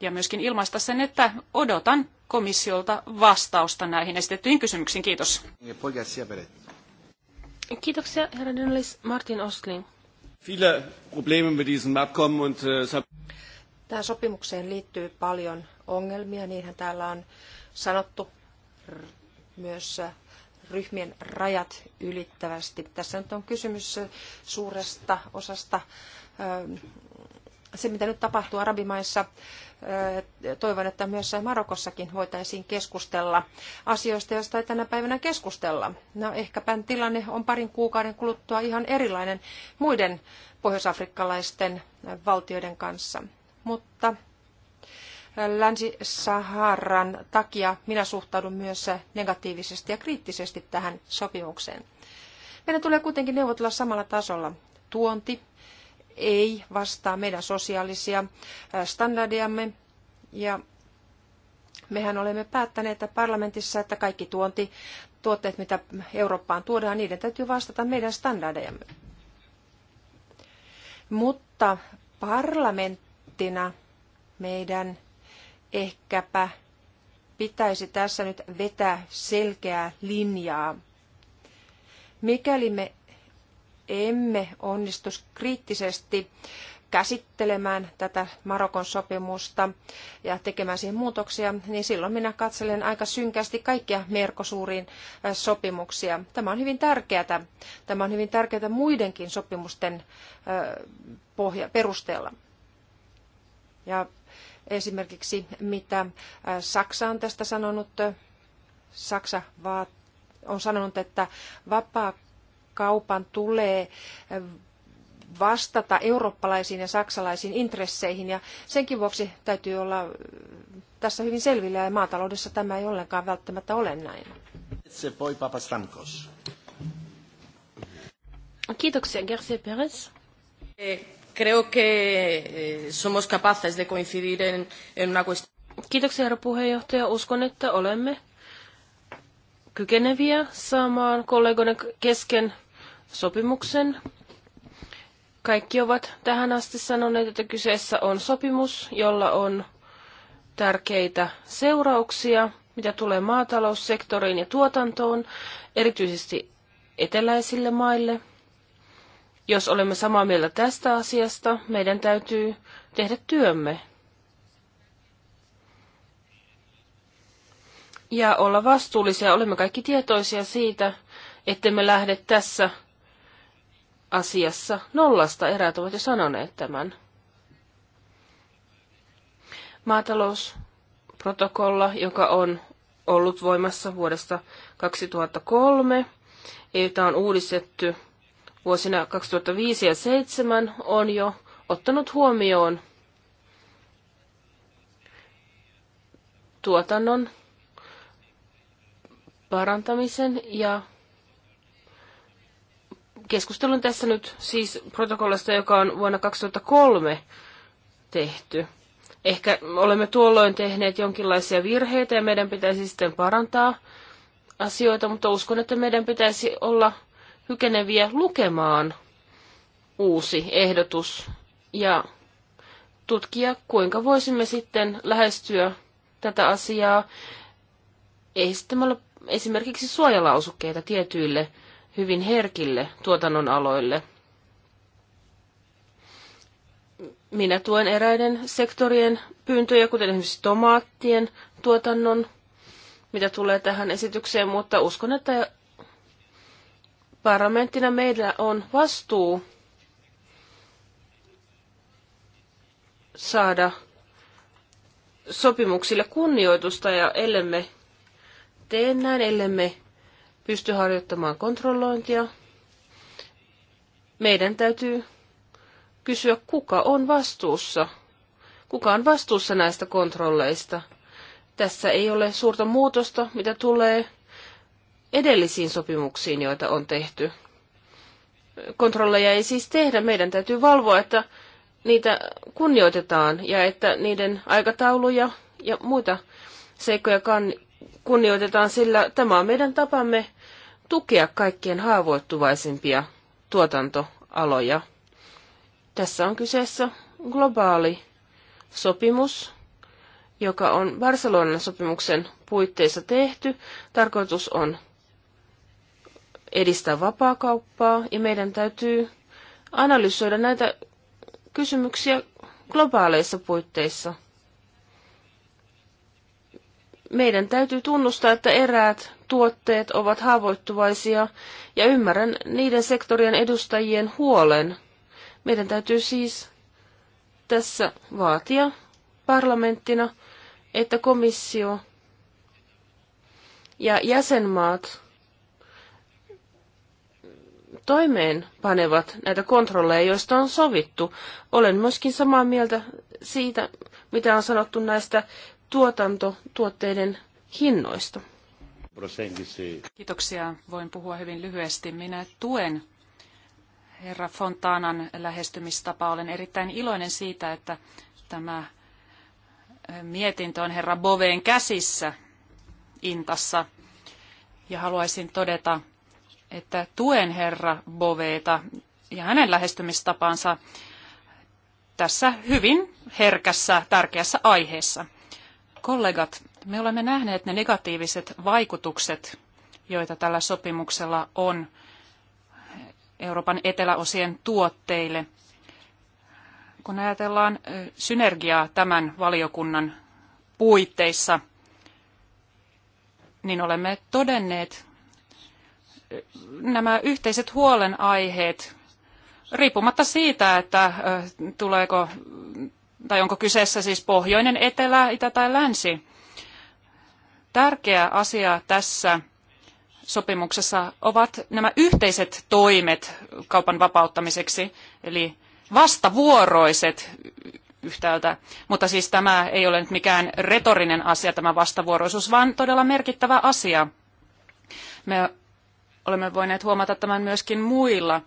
ja myöskin ilmaista sen, että odotan komissiolta vastausta näihin esitettyihin kysymyksiin.
Kiitos.
Kiitoksia, herra Dönnelis. Martin Oskling.
Viele Probleme mit diesem Abkommen und äh,
Tähän sopimukseen liittyy paljon ongelmia, niinhän täällä on sanottu myös äh, ryhmien rajat ylittävästi. Tässä nyt on kysymys äh, suuresta osasta ähm, se, mitä nyt tapahtuu arabimaissa, toivon, että myös Marokossakin voitaisiin keskustella asioista, joista ei tänä päivänä keskustella. No ehkäpä tilanne on parin kuukauden kuluttua ihan erilainen muiden pohjoisafrikkalaisten valtioiden kanssa. Mutta Länsi-Saharan takia minä suhtaudun myös negatiivisesti ja kriittisesti tähän sopimukseen. Meidän tulee kuitenkin neuvotella samalla tasolla. Tuonti ei vastaa meidän sosiaalisia äh, standardiamme. Ja mehän olemme päättäneet että parlamentissa, että kaikki tuonti, tuotteet, mitä Eurooppaan tuodaan, niiden täytyy vastata meidän standardejamme. Mutta parlamenttina meidän ehkäpä pitäisi tässä nyt vetää selkeää linjaa. Mikäli me emme onnistu kriittisesti käsittelemään tätä Marokon sopimusta ja tekemään siihen muutoksia, niin silloin minä katselen aika synkästi kaikkia merkosuurin sopimuksia. Tämä on hyvin tärkeää. Tämä on hyvin tärkeää muidenkin sopimusten pohja, perusteella. Ja esimerkiksi mitä Saksa on tästä sanonut. Saksa on sanonut, että vapaa kaupan tulee eh, vastata eurooppalaisiin ja saksalaisiin intresseihin ja senkin vuoksi täytyy olla eh, tässä hyvin selvillä ja maataloudessa tämä ei ollenkaan välttämättä ole näin.
Se voi Papastamkos.
Kiitoksia, Garcia Perez.
Eh, creo que somos capaces de coincidir en, en una cuestión. Kiitoksia, herra puheenjohtaja. Uskon, että olemme kykeneviä saamaan kollegoiden kesken sopimuksen. Kaikki ovat tähän asti sanoneet, että kyseessä on sopimus, jolla on tärkeitä seurauksia, mitä tulee maataloussektoriin ja tuotantoon, erityisesti eteläisille maille. Jos olemme samaa mieltä tästä asiasta, meidän täytyy tehdä työmme. Ja olla vastuullisia, olemme kaikki tietoisia siitä, ettemme lähde tässä asiassa nollasta. Eräät ovat jo sanoneet tämän. Maatalousprotokolla, joka on ollut voimassa vuodesta 2003, jota on uudistettu vuosina 2005 ja 2007, on jo ottanut huomioon tuotannon parantamisen ja Keskustelun tässä nyt siis protokollasta, joka on vuonna 2003 tehty. Ehkä olemme tuolloin tehneet jonkinlaisia virheitä ja meidän pitäisi sitten parantaa asioita, mutta uskon, että meidän pitäisi olla kykeneviä lukemaan uusi ehdotus ja tutkia, kuinka voisimme sitten lähestyä tätä asiaa esittämällä esimerkiksi suojalausukkeita tietyille hyvin herkille tuotannon aloille. Minä tuen eräiden sektorien pyyntöjä, kuten esimerkiksi tomaattien tuotannon, mitä tulee tähän esitykseen, mutta uskon, että parlamenttina meillä on vastuu saada sopimuksille kunnioitusta ja ellemme tee näin, ellemme pysty harjoittamaan kontrollointia. Meidän täytyy kysyä, kuka on vastuussa. Kuka on vastuussa näistä kontrolleista? Tässä ei ole suurta muutosta, mitä tulee edellisiin sopimuksiin, joita on tehty. Kontrolleja ei siis tehdä. Meidän täytyy valvoa, että niitä kunnioitetaan ja että niiden aikatauluja ja muita seikkoja kunnioitetaan, sillä tämä on meidän tapamme tukea kaikkien haavoittuvaisimpia tuotantoaloja. Tässä on kyseessä globaali sopimus, joka on Barcelonan sopimuksen puitteissa tehty. Tarkoitus on edistää vapaakauppaa ja meidän täytyy analysoida näitä kysymyksiä globaaleissa puitteissa. Meidän täytyy tunnustaa, että eräät tuotteet ovat haavoittuvaisia ja ymmärrän niiden sektorien edustajien huolen. Meidän täytyy siis tässä vaatia parlamenttina, että komissio ja jäsenmaat toimeenpanevat näitä kontrolleja, joista on sovittu. Olen myöskin samaa mieltä siitä, mitä on sanottu näistä tuotantotuotteiden hinnoista.
Kiitoksia. Voin puhua hyvin lyhyesti. Minä tuen herra Fontanan lähestymistapa. Olen erittäin iloinen siitä, että tämä eh, mietintö on herra Boveen käsissä Intassa. Ja haluaisin todeta, että tuen herra Boveeta ja hänen lähestymistapansa tässä hyvin herkässä, tärkeässä aiheessa. Kollegat, me olemme nähneet ne negatiiviset vaikutukset, joita tällä sopimuksella on Euroopan eteläosien tuotteille. Kun ajatellaan synergiaa tämän valiokunnan puitteissa, niin olemme todenneet nämä yhteiset huolenaiheet riippumatta siitä, että tuleeko tai onko kyseessä siis pohjoinen, etelä, itä tai länsi. Tärkeä asia tässä sopimuksessa ovat nämä yhteiset toimet kaupan vapauttamiseksi, eli vastavuoroiset yhtäältä. Mutta siis tämä ei ole nyt mikään retorinen asia, tämä vastavuoroisuus, vaan todella merkittävä asia. Me olemme voineet huomata tämän myöskin muilla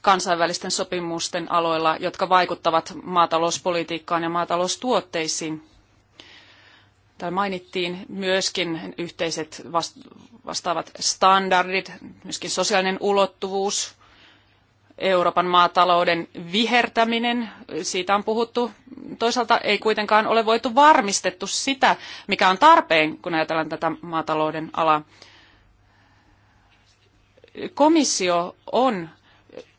kansainvälisten sopimusten aloilla, jotka vaikuttavat maatalouspolitiikkaan ja maataloustuotteisiin. Täällä mainittiin myöskin yhteiset vastaavat standardit, myöskin sosiaalinen ulottuvuus, Euroopan maatalouden vihertäminen, siitä on puhuttu. Toisaalta ei kuitenkaan ole voitu varmistettu sitä, mikä on tarpeen, kun ajatellaan tätä maatalouden alaa. Komissio on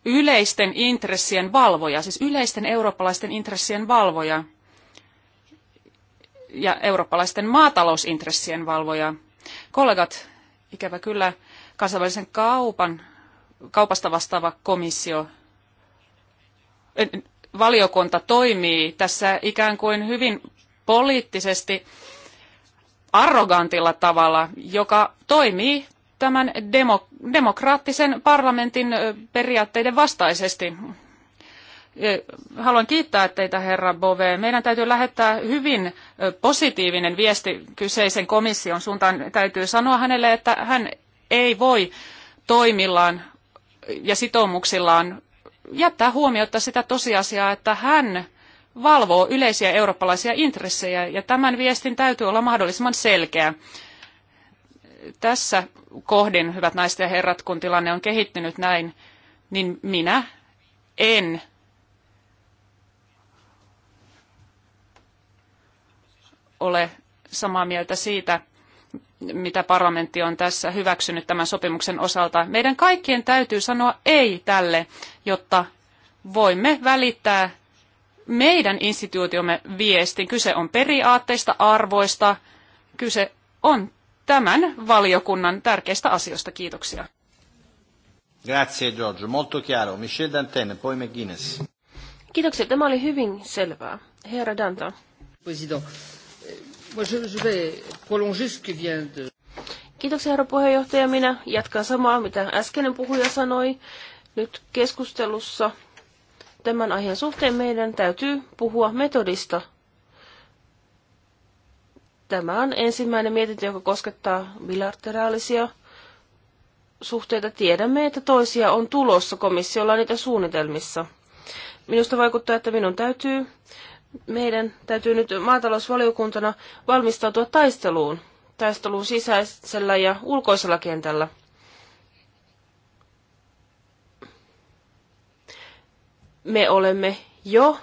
yleisten intressien valvoja, siis yleisten eurooppalaisten intressien valvoja – ja eurooppalaisten maatalousintressien valvoja. Kollegat, ikävä kyllä kansainvälisen kaupan, kaupasta vastaava komissio, valiokunta toimii tässä ikään kuin hyvin poliittisesti arrogantilla tavalla, joka toimii tämän demo, demokraattisen parlamentin periaatteiden vastaisesti. Haluan kiittää teitä, herra Bove. Meidän täytyy lähettää hyvin positiivinen viesti kyseisen komission suuntaan. Täytyy sanoa hänelle, että hän ei voi toimillaan ja sitoumuksillaan jättää huomiota sitä tosiasiaa, että hän valvoo yleisiä eurooppalaisia intressejä, ja tämän viestin täytyy olla mahdollisimman selkeä. Tässä kohdin, hyvät naiset ja herrat, kun tilanne on kehittynyt näin, niin minä en ole samaa mieltä siitä, mitä parlamentti on tässä hyväksynyt tämän sopimuksen osalta. Meidän kaikkien täytyy sanoa ei tälle, jotta voimme välittää meidän instituutiomme viestin. Kyse on periaatteista, arvoista, kyse on tämän valiokunnan tärkeistä asioista.
Kiitoksia.
Grazie Giorgio, molto chiaro. Michel Dantene, poi McGuinness.
Kiitoksia, tämä oli hyvin selvää. Herra Danta. Kiitoksia, herra puheenjohtaja. Minä jatkan samaa, mitä äskeinen puhuja sanoi. Nyt keskustelussa tämän aiheen suhteen meidän täytyy puhua metodista. Tämä on ensimmäinen mietintö, joka koskettaa bilateraalisia suhteita. Tiedämme, että toisia on tulossa. Komissiolla niitä suunnitelmissa. Minusta vaikuttaa, että minun täytyy meidän täytyy nyt maatalousvaliokuntana valmistautua taisteluun, taisteluun sisäisellä ja ulkoisella kentällä. Me olemme jo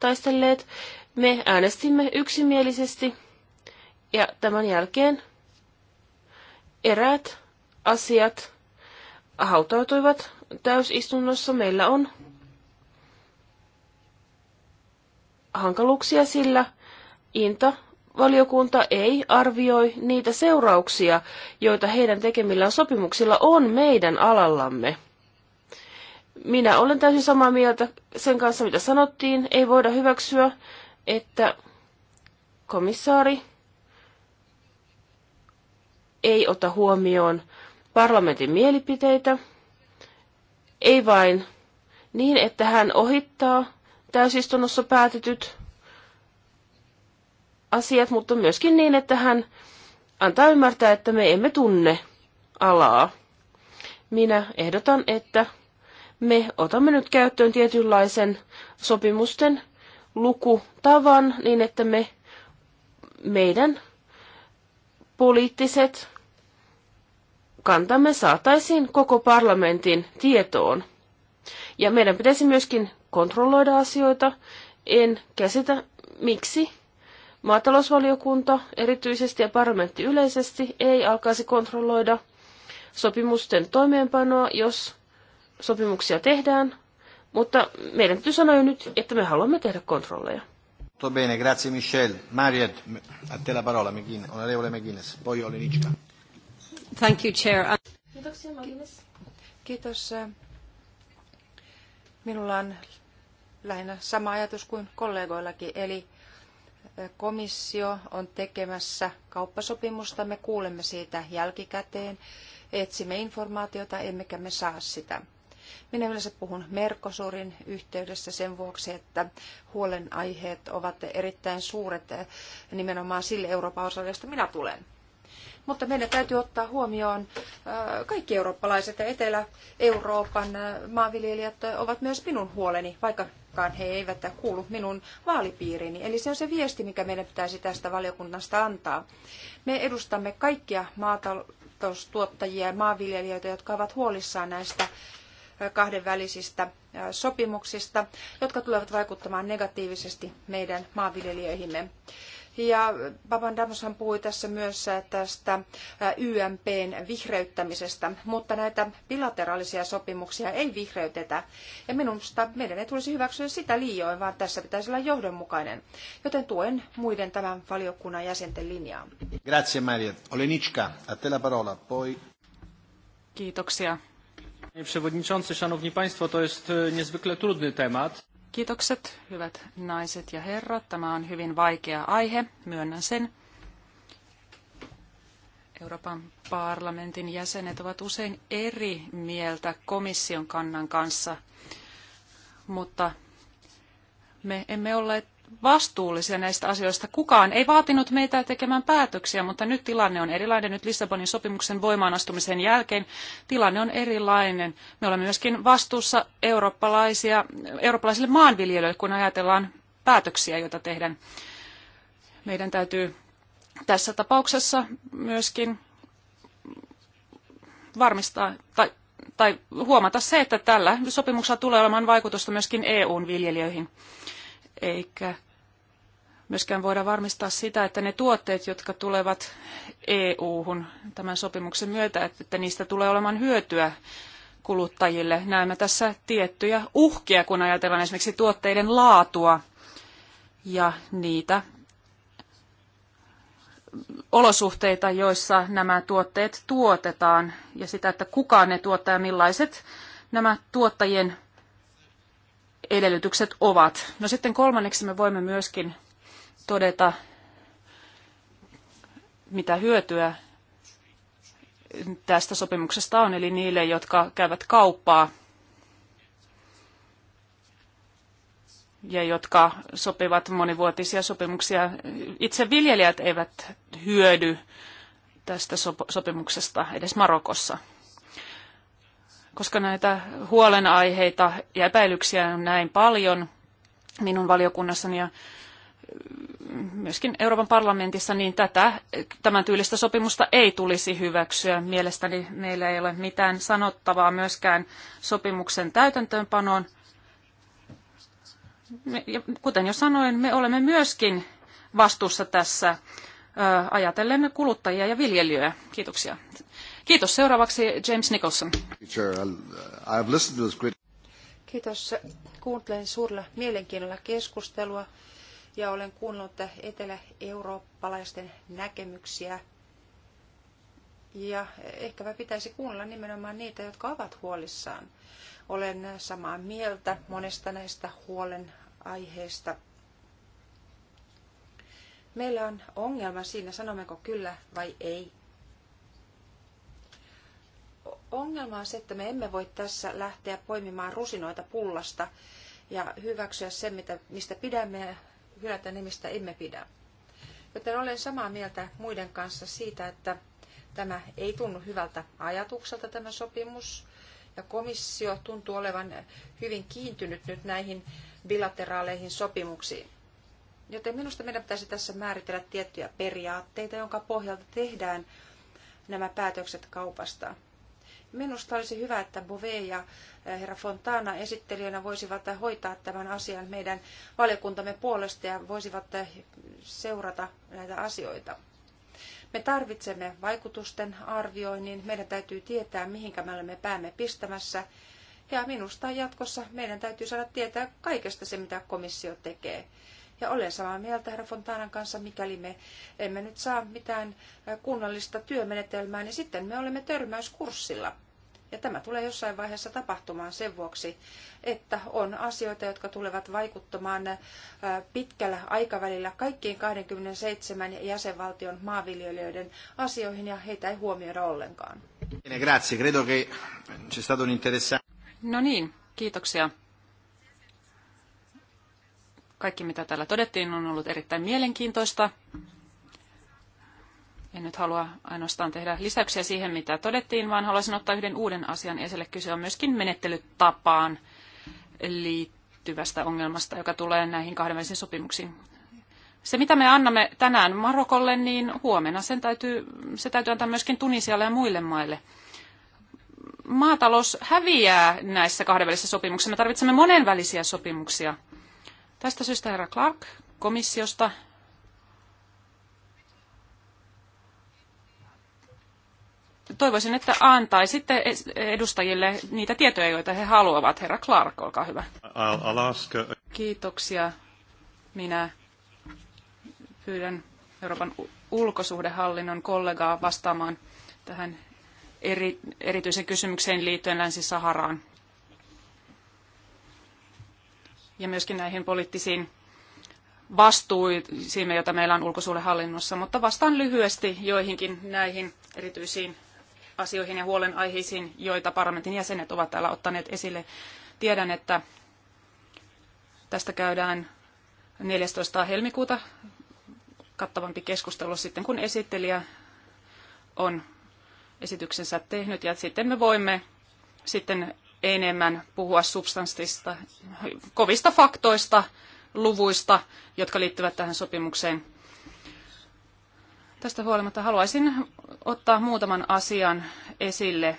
taistelleet, me äänestimme yksimielisesti ja tämän jälkeen eräät asiat hautautuivat täysistunnossa. Meillä on hankaluuksia, sillä Inta valiokunta ei arvioi niitä seurauksia, joita heidän tekemillään sopimuksilla on meidän alallamme. Minä olen täysin samaa mieltä sen kanssa, mitä sanottiin. Ei voida hyväksyä, että komissaari ei ota huomioon parlamentin mielipiteitä, ei vain niin, että hän ohittaa täysistunnossa päätetyt asiat, mutta myöskin niin, että hän antaa ymmärtää, että me emme tunne alaa. Minä ehdotan, että me otamme nyt käyttöön tietynlaisen sopimusten lukutavan niin, että me meidän poliittiset kantamme saataisiin koko parlamentin tietoon. Ja meidän pitäisi myöskin kontrolloida asioita. En käsitä, miksi maatalousvaliokunta erityisesti ja parlamentti yleisesti ei alkaisi kontrolloida sopimusten toimeenpanoa, jos sopimuksia tehdään, mutta meidän täytyy sanoa jo nyt, että me haluamme tehdä kontrolleja.
Tutto bene, grazie Michelle, Mariet, a te la parola, onorevole McGuinness, poi Olinicka.
Thank you, Chair. Kiitoksia, McGuinness. Kiitos eh, Minulla on lähinnä sama ajatus kuin kollegoillakin, eli komissio on tekemässä kauppasopimusta, me kuulemme siitä jälkikäteen, etsimme informaatiota, emmekä me saa sitä. Minä yleensä puhun Merkosurin yhteydessä sen vuoksi, että huolenaiheet ovat erittäin suuret nimenomaan sille Euroopan osalle, josta minä tulen. Mutta meidän täytyy ottaa huomioon äh, kaikki eurooppalaiset ja Etelä-Euroopan äh, maanviljelijät ovat myös minun huoleni, vaikkakaan he eivät kuulu minun vaalipiiriini. Eli se on se viesti, mikä meidän pitäisi tästä valiokunnasta antaa. Me edustamme kaikkia maataloustuottajia ja maanviljelijöitä, jotka ovat huolissaan näistä äh, kahdenvälisistä sopimuksista, jotka tulevat vaikuttamaan negatiivisesti meidän maanviljelijöihimme. Ja Papandamoshan puhui tässä myös tästä äh, YMPn vihreyttämisestä, mutta näitä bilateraalisia sopimuksia ei vihreytetä. Ja minusta meidän ei tulisi hyväksyä sitä liioin, vaan tässä pitäisi olla johdonmukainen. Joten tuen muiden tämän valiokunnan jäsenten linjaa.
Grazie Maria. Oleniczka, a te la parola. Poi...
Kiitoksia.
Panie Przewodniczący, Szanowni Państwo, to jest e, niezwykle trudny temat.
Kiitokset, hyvät naiset ja herrat. Tämä on hyvin vaikea aihe, myönnän sen. Euroopan parlamentin jäsenet ovat usein eri mieltä komission kannan kanssa, mutta me emme olleet vastuullisia näistä asioista. Kukaan ei vaatinut meitä tekemään päätöksiä, mutta nyt tilanne on erilainen. Nyt Lissabonin sopimuksen voimaanastumisen jälkeen tilanne on erilainen. Me olemme myöskin vastuussa eurooppalaisia, eurooppalaisille maanviljelijöille, kun ajatellaan päätöksiä, joita tehdään. Meidän täytyy tässä tapauksessa myöskin varmistaa tai, tai huomata se, että tällä sopimuksella tulee olemaan vaikutusta myöskin EUn viljelijöihin eikä myöskään voida varmistaa sitä, että ne tuotteet, jotka tulevat EU-hun tämän sopimuksen myötä, että niistä tulee olemaan hyötyä kuluttajille. Näemme tässä tiettyjä uhkia, kun ajatellaan esimerkiksi tuotteiden laatua ja niitä olosuhteita, joissa nämä tuotteet tuotetaan ja sitä, että kuka ne tuottaa ja millaiset nämä tuottajien edellytykset ovat. No sitten kolmanneksi me voimme myöskin todeta, mitä hyötyä tästä sopimuksesta on, eli niille, jotka käyvät kauppaa ja jotka sopivat monivuotisia sopimuksia. Itse viljelijät eivät hyödy tästä sopimuksesta edes Marokossa koska näitä huolenaiheita ja epäilyksiä on näin paljon minun valiokunnassani ja mm, myöskin Euroopan parlamentissa, niin tätä, tämän tyylistä sopimusta ei tulisi hyväksyä. Mielestäni meillä ei ole mitään sanottavaa myöskään sopimuksen täytäntöönpanoon. Kuten jo sanoin, me olemme myöskin vastuussa tässä ajatellen kuluttajia ja viljelijöitä. Kiitoksia. Kiitos. Seuraavaksi James Nicholson.
Uh,
Kiitos. Kuuntelen suurella mielenkiinnolla keskustelua ja olen kuunnellut etelä-eurooppalaisten näkemyksiä. Ja ehkäpä pitäisi kuunnella nimenomaan niitä, jotka ovat huolissaan. Olen samaa mieltä monesta näistä huolen aiheista. Meillä on ongelma siinä, sanommeko kyllä vai ei ongelma on se, että me emme voi tässä lähteä poimimaan rusinoita pullasta ja hyväksyä sen, mitä, mistä pidämme ja hylätä ne, mistä emme pidä. Joten olen samaa mieltä muiden kanssa siitä, että tämä ei tunnu hyvältä ajatukselta tämä sopimus. Ja komissio tuntuu olevan hyvin kiintynyt nyt näihin bilateraaleihin sopimuksiin. Joten minusta meidän pitäisi tässä määritellä tiettyjä periaatteita, jonka pohjalta tehdään nämä päätökset kaupasta. Minusta olisi hyvä, että Bove ja eh, herra Fontana esittelijänä voisivat hoitaa tämän asian meidän valiokuntamme puolesta ja voisivat eh, seurata näitä asioita. Me tarvitsemme vaikutusten arvioinnin, meidän täytyy tietää, mihinkä me olemme päämme pistämässä. Ja minusta jatkossa meidän täytyy saada tietää kaikesta se, mitä komissio tekee. Ja olen samaa mieltä herra Fontanan kanssa, mikäli me emme nyt saa mitään kunnollista työmenetelmää, niin sitten me olemme törmäyskurssilla. Ja tämä tulee jossain vaiheessa tapahtumaan sen vuoksi, että on asioita, jotka tulevat vaikuttamaan pitkällä aikavälillä kaikkiin 27 jäsenvaltion maanviljelijöiden asioihin ja heitä ei huomioida ollenkaan. No niin,
kiitoksia.
Kaikki, mitä täällä todettiin, on ollut erittäin mielenkiintoista. En nyt halua ainoastaan tehdä lisäyksiä siihen, mitä todettiin, vaan haluaisin ottaa yhden uuden asian esille. Kyse on myöskin menettelytapaan liittyvästä ongelmasta, joka tulee näihin kahdenvälisiin sopimuksiin. Se, mitä me annamme tänään Marokolle, niin huomenna sen täytyy, se täytyy antaa myöskin Tunisialle ja muille maille maatalous häviää näissä kahdenvälisissä sopimuksissa. Me tarvitsemme monenvälisiä sopimuksia. Tästä syystä herra Clark komissiosta toivoisin, että antaisitte edustajille niitä tietoja, joita he haluavat. Herra Clark, olkaa hyvä. Kiitoksia. Minä pyydän Euroopan ulkosuhdehallinnon kollegaa vastaamaan tähän eri, erityisen kysymykseen liittyen Länsi-Saharaan ja myöskin näihin poliittisiin vastuisiimme, joita meillä on ulkosuudenhallinnossa, mutta vastaan lyhyesti joihinkin näihin erityisiin asioihin ja huolenaiheisiin, joita parlamentin jäsenet ovat täällä ottaneet esille. Tiedän, että tästä käydään 14. helmikuuta kattavampi keskustelu sitten, kun esittelijä on esityksensä tehnyt ja sitten me voimme sitten enemmän puhua substanssista, kovista faktoista, luvuista, jotka liittyvät tähän sopimukseen. Tästä huolimatta haluaisin ottaa muutaman asian esille,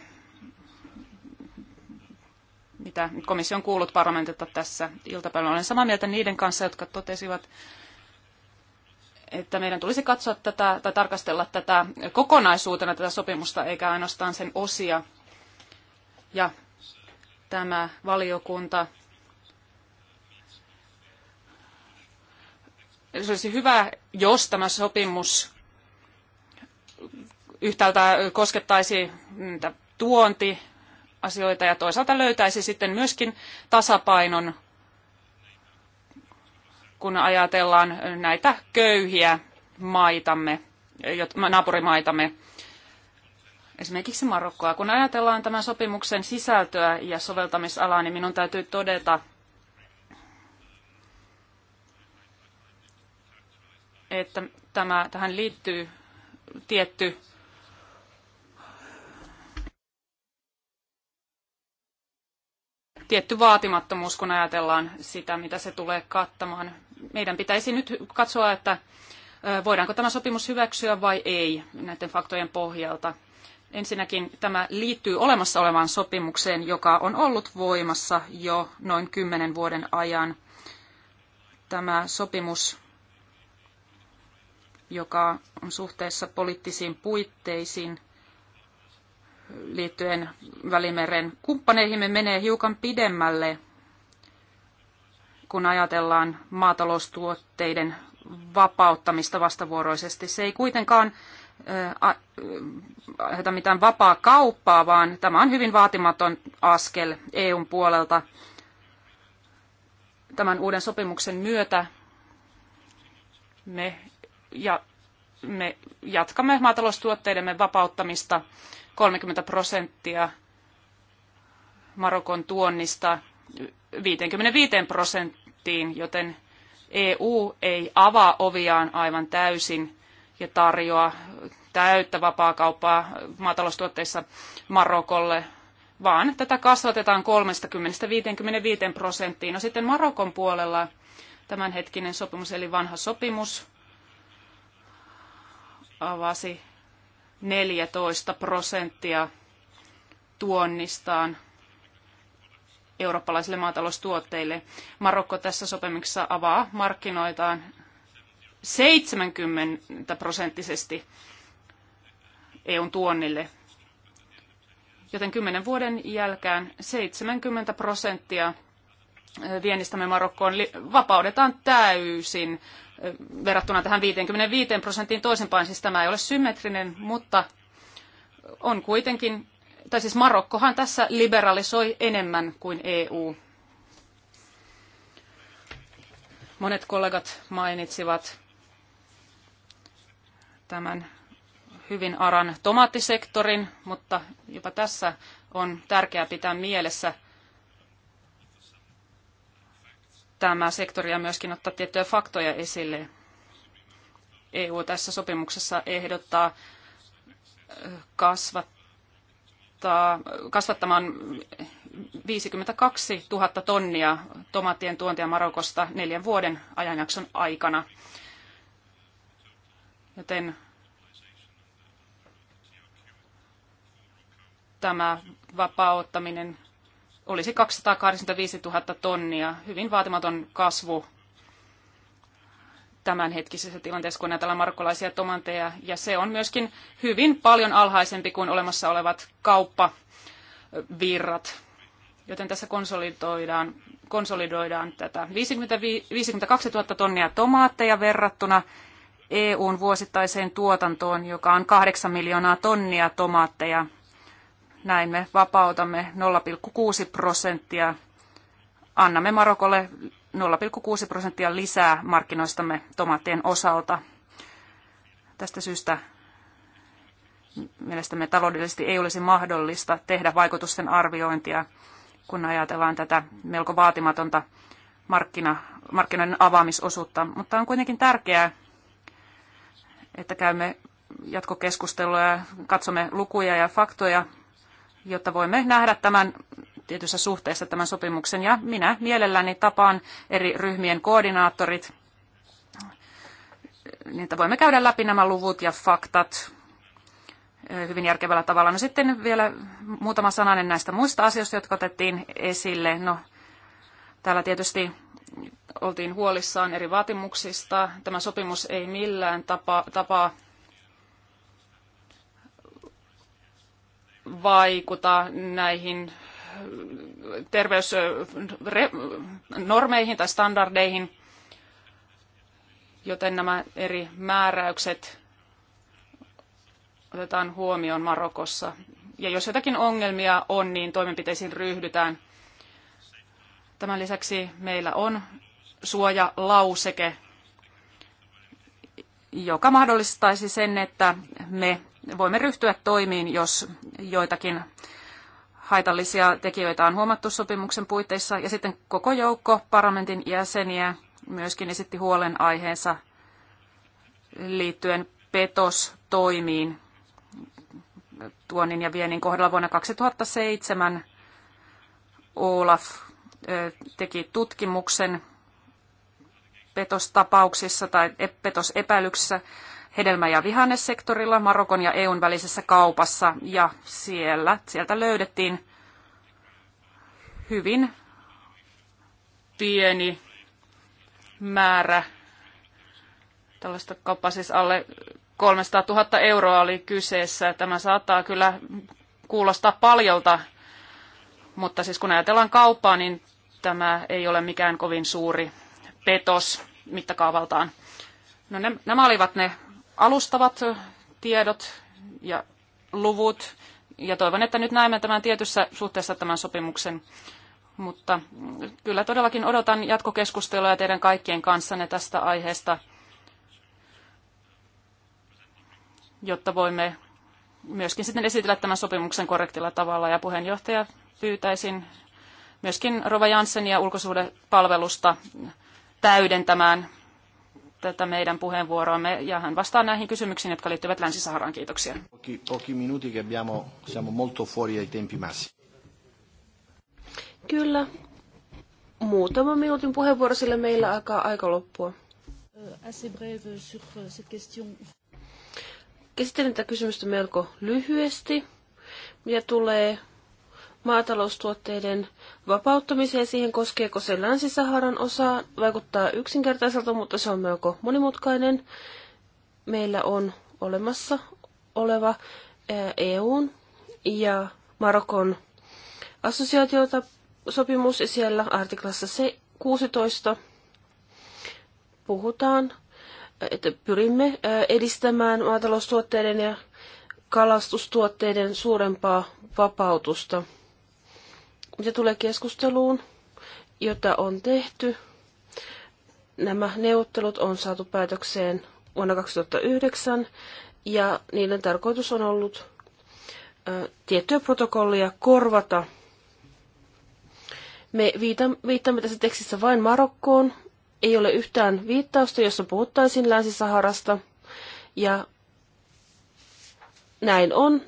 mitä komission kuulut parlamentilta tässä iltapäivällä. Olen samaa mieltä niiden kanssa, jotka totesivat, että meidän tulisi katsoa tätä tai tarkastella tätä kokonaisuutena tätä sopimusta eikä ainoastaan sen osia. Ja tämä valiokunta. Se olisi hyvä, jos tämä sopimus yhtäältä koskettaisi tuontiasioita ja toisaalta löytäisi sitten myöskin tasapainon, kun ajatellaan näitä köyhiä maitamme, naapurimaitamme esimerkiksi Marokkoa. Kun ajatellaan tämän sopimuksen sisältöä ja soveltamisalaa, niin minun täytyy todeta, että tämä, tähän liittyy tietty tietty vaatimattomuus, kun ajatellaan sitä, mitä se tulee kattamaan. Meidän pitäisi nyt katsoa, että voidaanko tämä sopimus hyväksyä vai ei näiden faktojen pohjalta. Ensinnäkin tämä liittyy olemassa olevaan sopimukseen, joka on ollut voimassa jo noin kymmenen vuoden ajan. Tämä sopimus, joka on suhteessa poliittisiin puitteisiin liittyen Välimeren kumppaneihimme, menee hiukan pidemmälle, kun ajatellaan maataloustuotteiden vapauttamista vastavuoroisesti. Se ei kuitenkaan aiheuta mitään vapaa kauppaa, vaan tämä on hyvin vaatimaton askel EUn puolelta tämän uuden sopimuksen myötä. Me, ja, me jatkamme maataloustuotteidemme vapauttamista 30 prosenttia Marokon tuonnista 55 prosenttiin, joten EU ei avaa oviaan aivan täysin – ja tarjoa täyttä vapaakauppaa maataloustuotteissa Marokolle, vaan tätä kasvatetaan 30-55 prosenttiin. No sitten Marokon puolella tämänhetkinen sopimus, eli vanha sopimus, avasi 14 prosenttia tuonnistaan eurooppalaisille maataloustuotteille. Marokko tässä sopimuksessa avaa markkinoitaan 70 prosenttisesti EUn tuonnille. Joten kymmenen vuoden jälkeen 70 prosenttia viennistämme Marokkoon vapaudetaan täysin verrattuna tähän 55 prosenttiin toisinpäin. Siis tämä ei ole symmetrinen, mutta on kuitenkin, tai siis Marokkohan tässä liberalisoi enemmän kuin EU. Monet kollegat mainitsivat tämän hyvin aran tomaattisektorin, mutta jopa tässä on tärkeää pitää mielessä tämä sektori ja myöskin ottaa tiettyjä faktoja esille. EU tässä sopimuksessa ehdottaa kasvattaa, kasvattamaan 52 000 tonnia tomaattien tuontia Marokosta neljän vuoden ajanjakson aikana. Joten tämä vapauttaminen olisi 285 000 tonnia, hyvin vaatimaton kasvu tämänhetkisessä tilanteessa, kun näitä markkolaisia tomanteja. Ja se on myöskin hyvin paljon alhaisempi kuin olemassa olevat kauppavirrat. Joten tässä konsolidoidaan, konsolidoidaan tätä 50, 52 000 tonnia tomaatteja verrattuna EUn vuosittaiseen tuotantoon, joka on 8 miljoonaa tonnia tomaatteja. Näin me vapautamme 0,6 prosenttia. Annamme Marokolle 0,6 prosenttia lisää markkinoistamme tomaattien osalta. Tästä syystä mielestämme taloudellisesti ei olisi mahdollista tehdä vaikutusten arviointia, kun ajatellaan tätä melko vaatimatonta markkina, markkinoiden avaamisosuutta. Mutta on kuitenkin tärkeää, että käymme jatkokeskustelua ja katsomme lukuja ja faktoja, jotta voimme nähdä tämän tietyssä suhteessa tämän sopimuksen. Ja minä mielelläni tapaan eri ryhmien koordinaattorit, niin että voimme käydä läpi nämä luvut ja faktat eh, hyvin järkevällä tavalla. No sitten vielä muutama sananen näistä muista asioista, jotka otettiin esille. No, täällä tietysti oltiin huolissaan eri vaatimuksista. Tämä sopimus ei millään tapa, tapaa vaikuta näihin terveysnormeihin tai standardeihin, joten nämä eri määräykset otetaan huomioon Marokossa. Ja jos jotakin ongelmia on, niin toimenpiteisiin ryhdytään – Tämän lisäksi meillä on suojalauseke, joka mahdollistaisi sen, että me voimme ryhtyä toimiin, jos joitakin haitallisia tekijöitä on huomattu sopimuksen puitteissa. Ja sitten koko joukko parlamentin jäseniä myöskin esitti huolenaiheensa liittyen petostoimiin tuonnin ja viennin kohdalla vuonna 2007 Olaf teki tutkimuksen petostapauksissa tai e-, petosepäilyksissä hedelmä- ja vihannesektorilla Marokon ja EUn välisessä kaupassa. Ja siellä, sieltä löydettiin hyvin pieni määrä tällaista kauppaa, siis alle 300 000 euroa oli kyseessä. Tämä saattaa kyllä kuulostaa paljolta, mutta siis kun ajatellaan kauppaa, niin tämä ei ole mikään kovin suuri petos mittakaavaltaan. No ne, nämä olivat ne alustavat tiedot ja luvut, ja toivon, että nyt näemme tämän tietyssä suhteessa tämän sopimuksen. Mutta kyllä todellakin odotan jatkokeskustelua teidän kaikkien kanssanne tästä aiheesta, jotta voimme myöskin sitten esitellä tämän sopimuksen korrektilla tavalla. Ja puheenjohtaja pyytäisin myöskin Rova Janssenia ulkosuhdepalvelusta täydentämään tätä meidän puheenvuoroamme ja hän vastaa näihin
kysymyksiin, jotka liittyvät Länsi-Saharaan. Kiitoksia. Pochi, pochi minuti che abbiamo, siamo molto fuori dai tempi
massi. Kyllä. Muutama minuutin puheenvuoro, sillä meillä alkaa aika loppua. Euh, Käsittelen tätä kysymystä melko lyhyesti, mitä tulee maataloustuotteiden vapauttamiseen. Siihen koskeeko se Länsi-Saharan osaa. Vaikuttaa yksinkertaiselta, mutta se on melko monimutkainen. Meillä on olemassa oleva EUn ja Marokon assosiaatiota sopimus ja siellä artiklassa 16 puhutaan, että pyrimme edistämään maataloustuotteiden ja kalastustuotteiden suurempaa vapautusta mitä tulee keskusteluun, jota on tehty, nämä neuvottelut on saatu päätökseen vuonna 2009 ja niiden tarkoitus on ollut ä, tiettyä protokollia korvata. Me viittamme tässä tekstissä vain Marokkoon. Ei ole yhtään viittausta, jossa puhuttaisiin Länsi-Saharasta. Ja näin on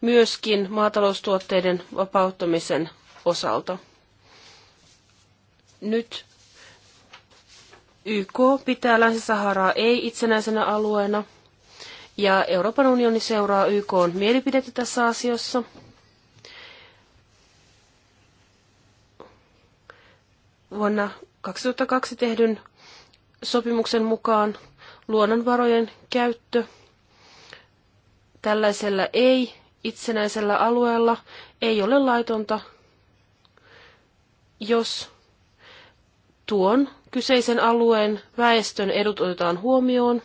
myöskin maataloustuotteiden vapauttamisen osalta. Nyt YK pitää Länsi-Saharaa ei-itsenäisenä alueena ja Euroopan unioni seuraa YK mielipidettä tässä asiassa. Vuonna 2002 tehdyn sopimuksen mukaan luonnonvarojen käyttö tällaisella ei-itsenäisellä alueella ei ole laitonta jos tuon kyseisen alueen väestön edut otetaan huomioon,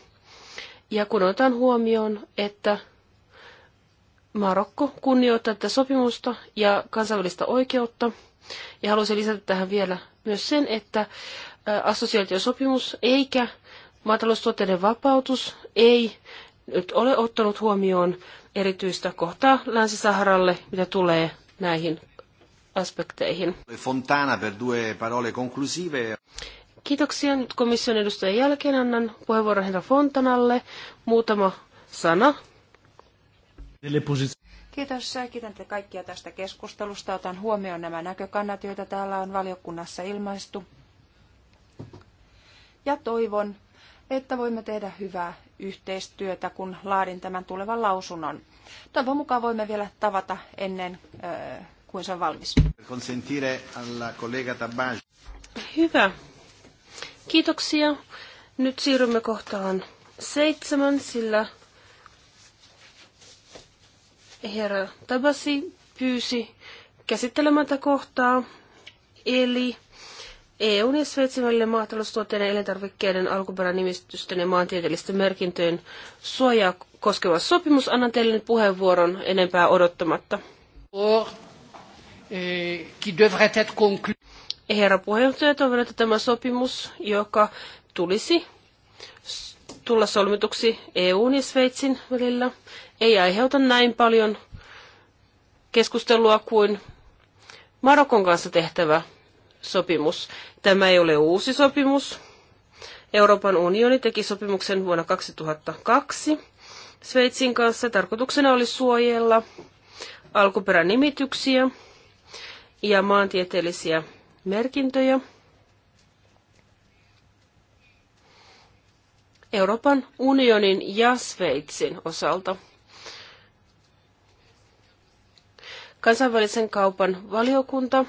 ja kun otetaan huomioon, että Marokko kunnioittaa tätä sopimusta ja kansainvälistä oikeutta, ja haluaisin lisätä tähän vielä myös sen, että assosiaatiosopimus eikä maataloustuotteiden vapautus ei nyt ole ottanut huomioon erityistä kohtaa Länsi-Saharalle, mitä tulee näihin aspekteihin.
Fontana per due parole conclusive.
Kiitoksia. Nyt komission edustajan jälkeen annan puheenvuoron herra Fontanalle. Muutama sana.
Kiitos. Kiitän te kaikkia tästä keskustelusta. Otan huomioon nämä näkökannat, joita täällä on valiokunnassa ilmaistu. Ja toivon, että voimme tehdä hyvää yhteistyötä, kun laadin tämän tulevan lausunnon. Toivon mukaan voimme vielä tavata ennen kun se on valmis. Hyvä.
Kiitoksia. Nyt siirrymme kohtaan seitsemän, sillä herra Tabasi pyysi käsittelemättä kohtaa, eli EUn ja Sveitsin välillä maataloustuotteiden elintarvikkeiden alkuperänimistysten ja maantieteellisten merkintöjen suojaa koskeva sopimus. Annan teille puheenvuoron enempää odottamatta. Oh. Eh, qui devrait être conclu. Herra puheenjohtaja, toivon, että tämä sopimus, joka tulisi tulla solmituksi EUn ja Sveitsin välillä, ei aiheuta näin paljon keskustelua kuin Marokon kanssa tehtävä sopimus. Tämä ei ole uusi sopimus. Euroopan unioni teki sopimuksen vuonna 2002 Sveitsin kanssa. Tarkoituksena oli suojella alkuperänimityksiä ja maantieteellisiä merkintöjä. Euroopan unionin ja Sveitsin osalta. Kansainvälisen kaupan valiokunta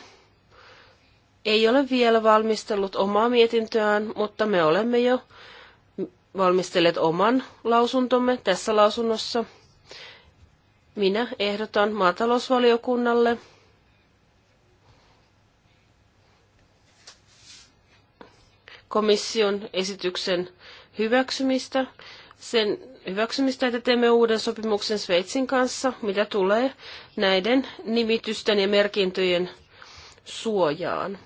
ei ole vielä valmistellut omaa mietintöään, mutta me olemme jo valmistelleet oman lausuntomme tässä lausunnossa. Minä ehdotan maatalousvaliokunnalle komission esityksen hyväksymistä, sen hyväksymistä, että teemme uuden sopimuksen Sveitsin kanssa, mitä tulee näiden nimitysten ja merkintöjen suojaan.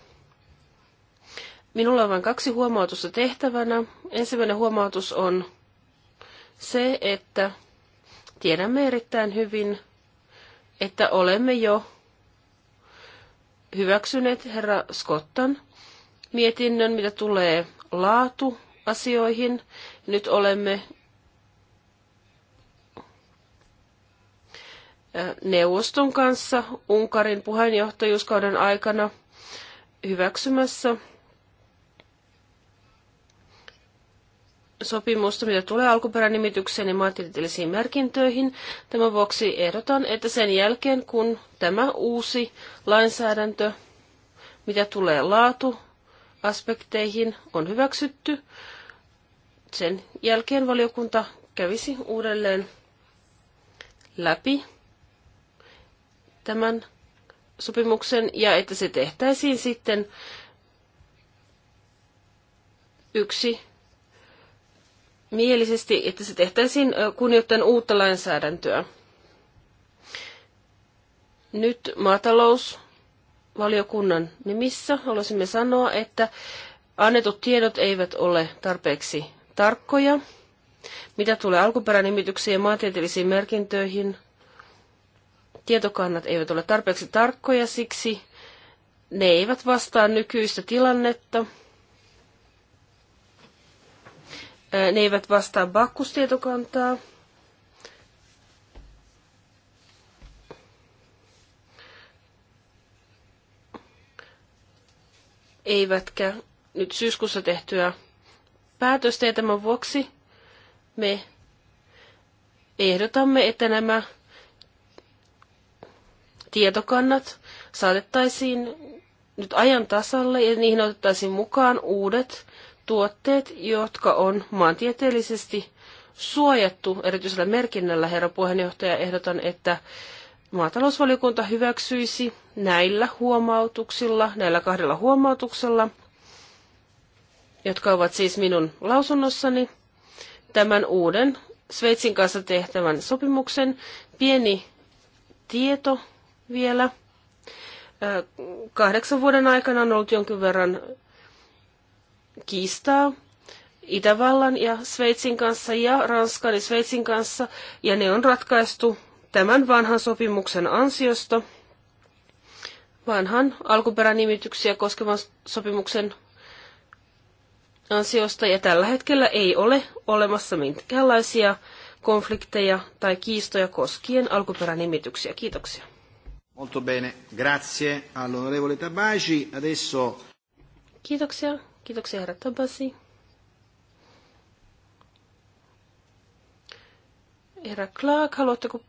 Minulla on vain kaksi huomautusta tehtävänä. Ensimmäinen huomautus on se, että tiedämme erittäin hyvin, että olemme jo hyväksyneet herra Scottan mietinnön, mitä tulee laatuasioihin. Nyt olemme neuvoston kanssa Unkarin puheenjohtajuuskauden aikana hyväksymässä sopimusta, mitä tulee alkuperänimitykseen ja maantieteellisiin merkintöihin. Tämän vuoksi ehdotan, että sen jälkeen kun tämä uusi lainsäädäntö, mitä tulee laatu aspekteihin on hyväksytty. Sen jälkeen valiokunta kävisi uudelleen läpi tämän sopimuksen ja että se tehtäisiin sitten yksi mielisesti, että se tehtäisiin kunnioittain uutta lainsäädäntöä. Nyt maatalous valiokunnan nimissä haluaisimme sanoa, että annetut tiedot eivät ole tarpeeksi tarkkoja. Mitä tulee alkuperänimityksiin ja maantieteellisiin merkintöihin, tietokannat eivät ole tarpeeksi tarkkoja, siksi ne eivät vastaa nykyistä tilannetta. Ne eivät vastaa bakkustietokantaa. eivätkä nyt syyskuussa tehtyä päätöstä ja tämän vuoksi me ehdotamme, että nämä tietokannat saatettaisiin nyt ajan tasalle ja niihin otettaisiin mukaan uudet tuotteet, jotka on maantieteellisesti suojattu erityisellä merkinnällä. Herra puheenjohtaja, ehdotan, että maatalousvaliokunta hyväksyisi näillä huomautuksilla, näillä kahdella huomautuksella, jotka ovat siis minun lausunnossani, tämän uuden Sveitsin kanssa tehtävän sopimuksen. Pieni tieto vielä. Kahdeksan vuoden aikana on ollut jonkin verran kiistaa Itävallan ja Sveitsin kanssa ja Ranskan ja Sveitsin kanssa, ja ne on ratkaistu tämän vanhan sopimuksen ansiosta, vanhan alkuperänimityksiä koskevan sopimuksen ansiosta, ja tällä hetkellä ei ole olemassa minkäänlaisia konflikteja tai kiistoja koskien alkuperänimityksiä. Kiitoksia.
Molto bene, grazie all'onorevole Tabaci, Adesso...
Kiitoksia, kiitoksia herra Tabasi. Herra Clark, haluatteko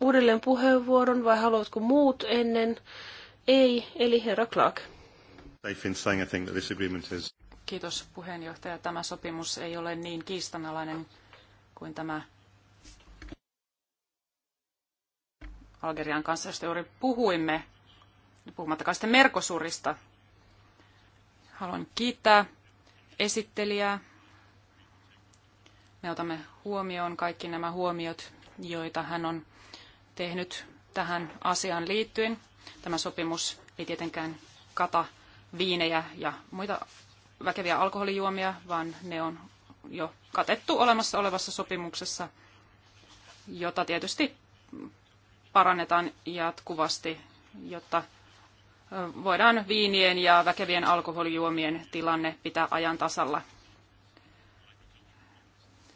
uudelleen puheenvuoron vai haluatko muut ennen? Ei, eli herra Clark.
Kiitos puheenjohtaja. Tämä sopimus ei ole niin kiistanalainen kuin tämä Algerian kanssa, josta juuri puhuimme, puhumattakaan sitten Merkosurista. Haluan kiittää esittelijää. Me otamme huomioon kaikki nämä huomiot, joita hän on tehnyt tähän asiaan liittyen. Tämä sopimus ei tietenkään kata viinejä ja muita väkeviä alkoholijuomia, vaan ne on jo katettu olemassa olevassa sopimuksessa, jota tietysti parannetaan jatkuvasti, jotta voidaan viinien ja väkevien alkoholijuomien tilanne pitää ajan tasalla.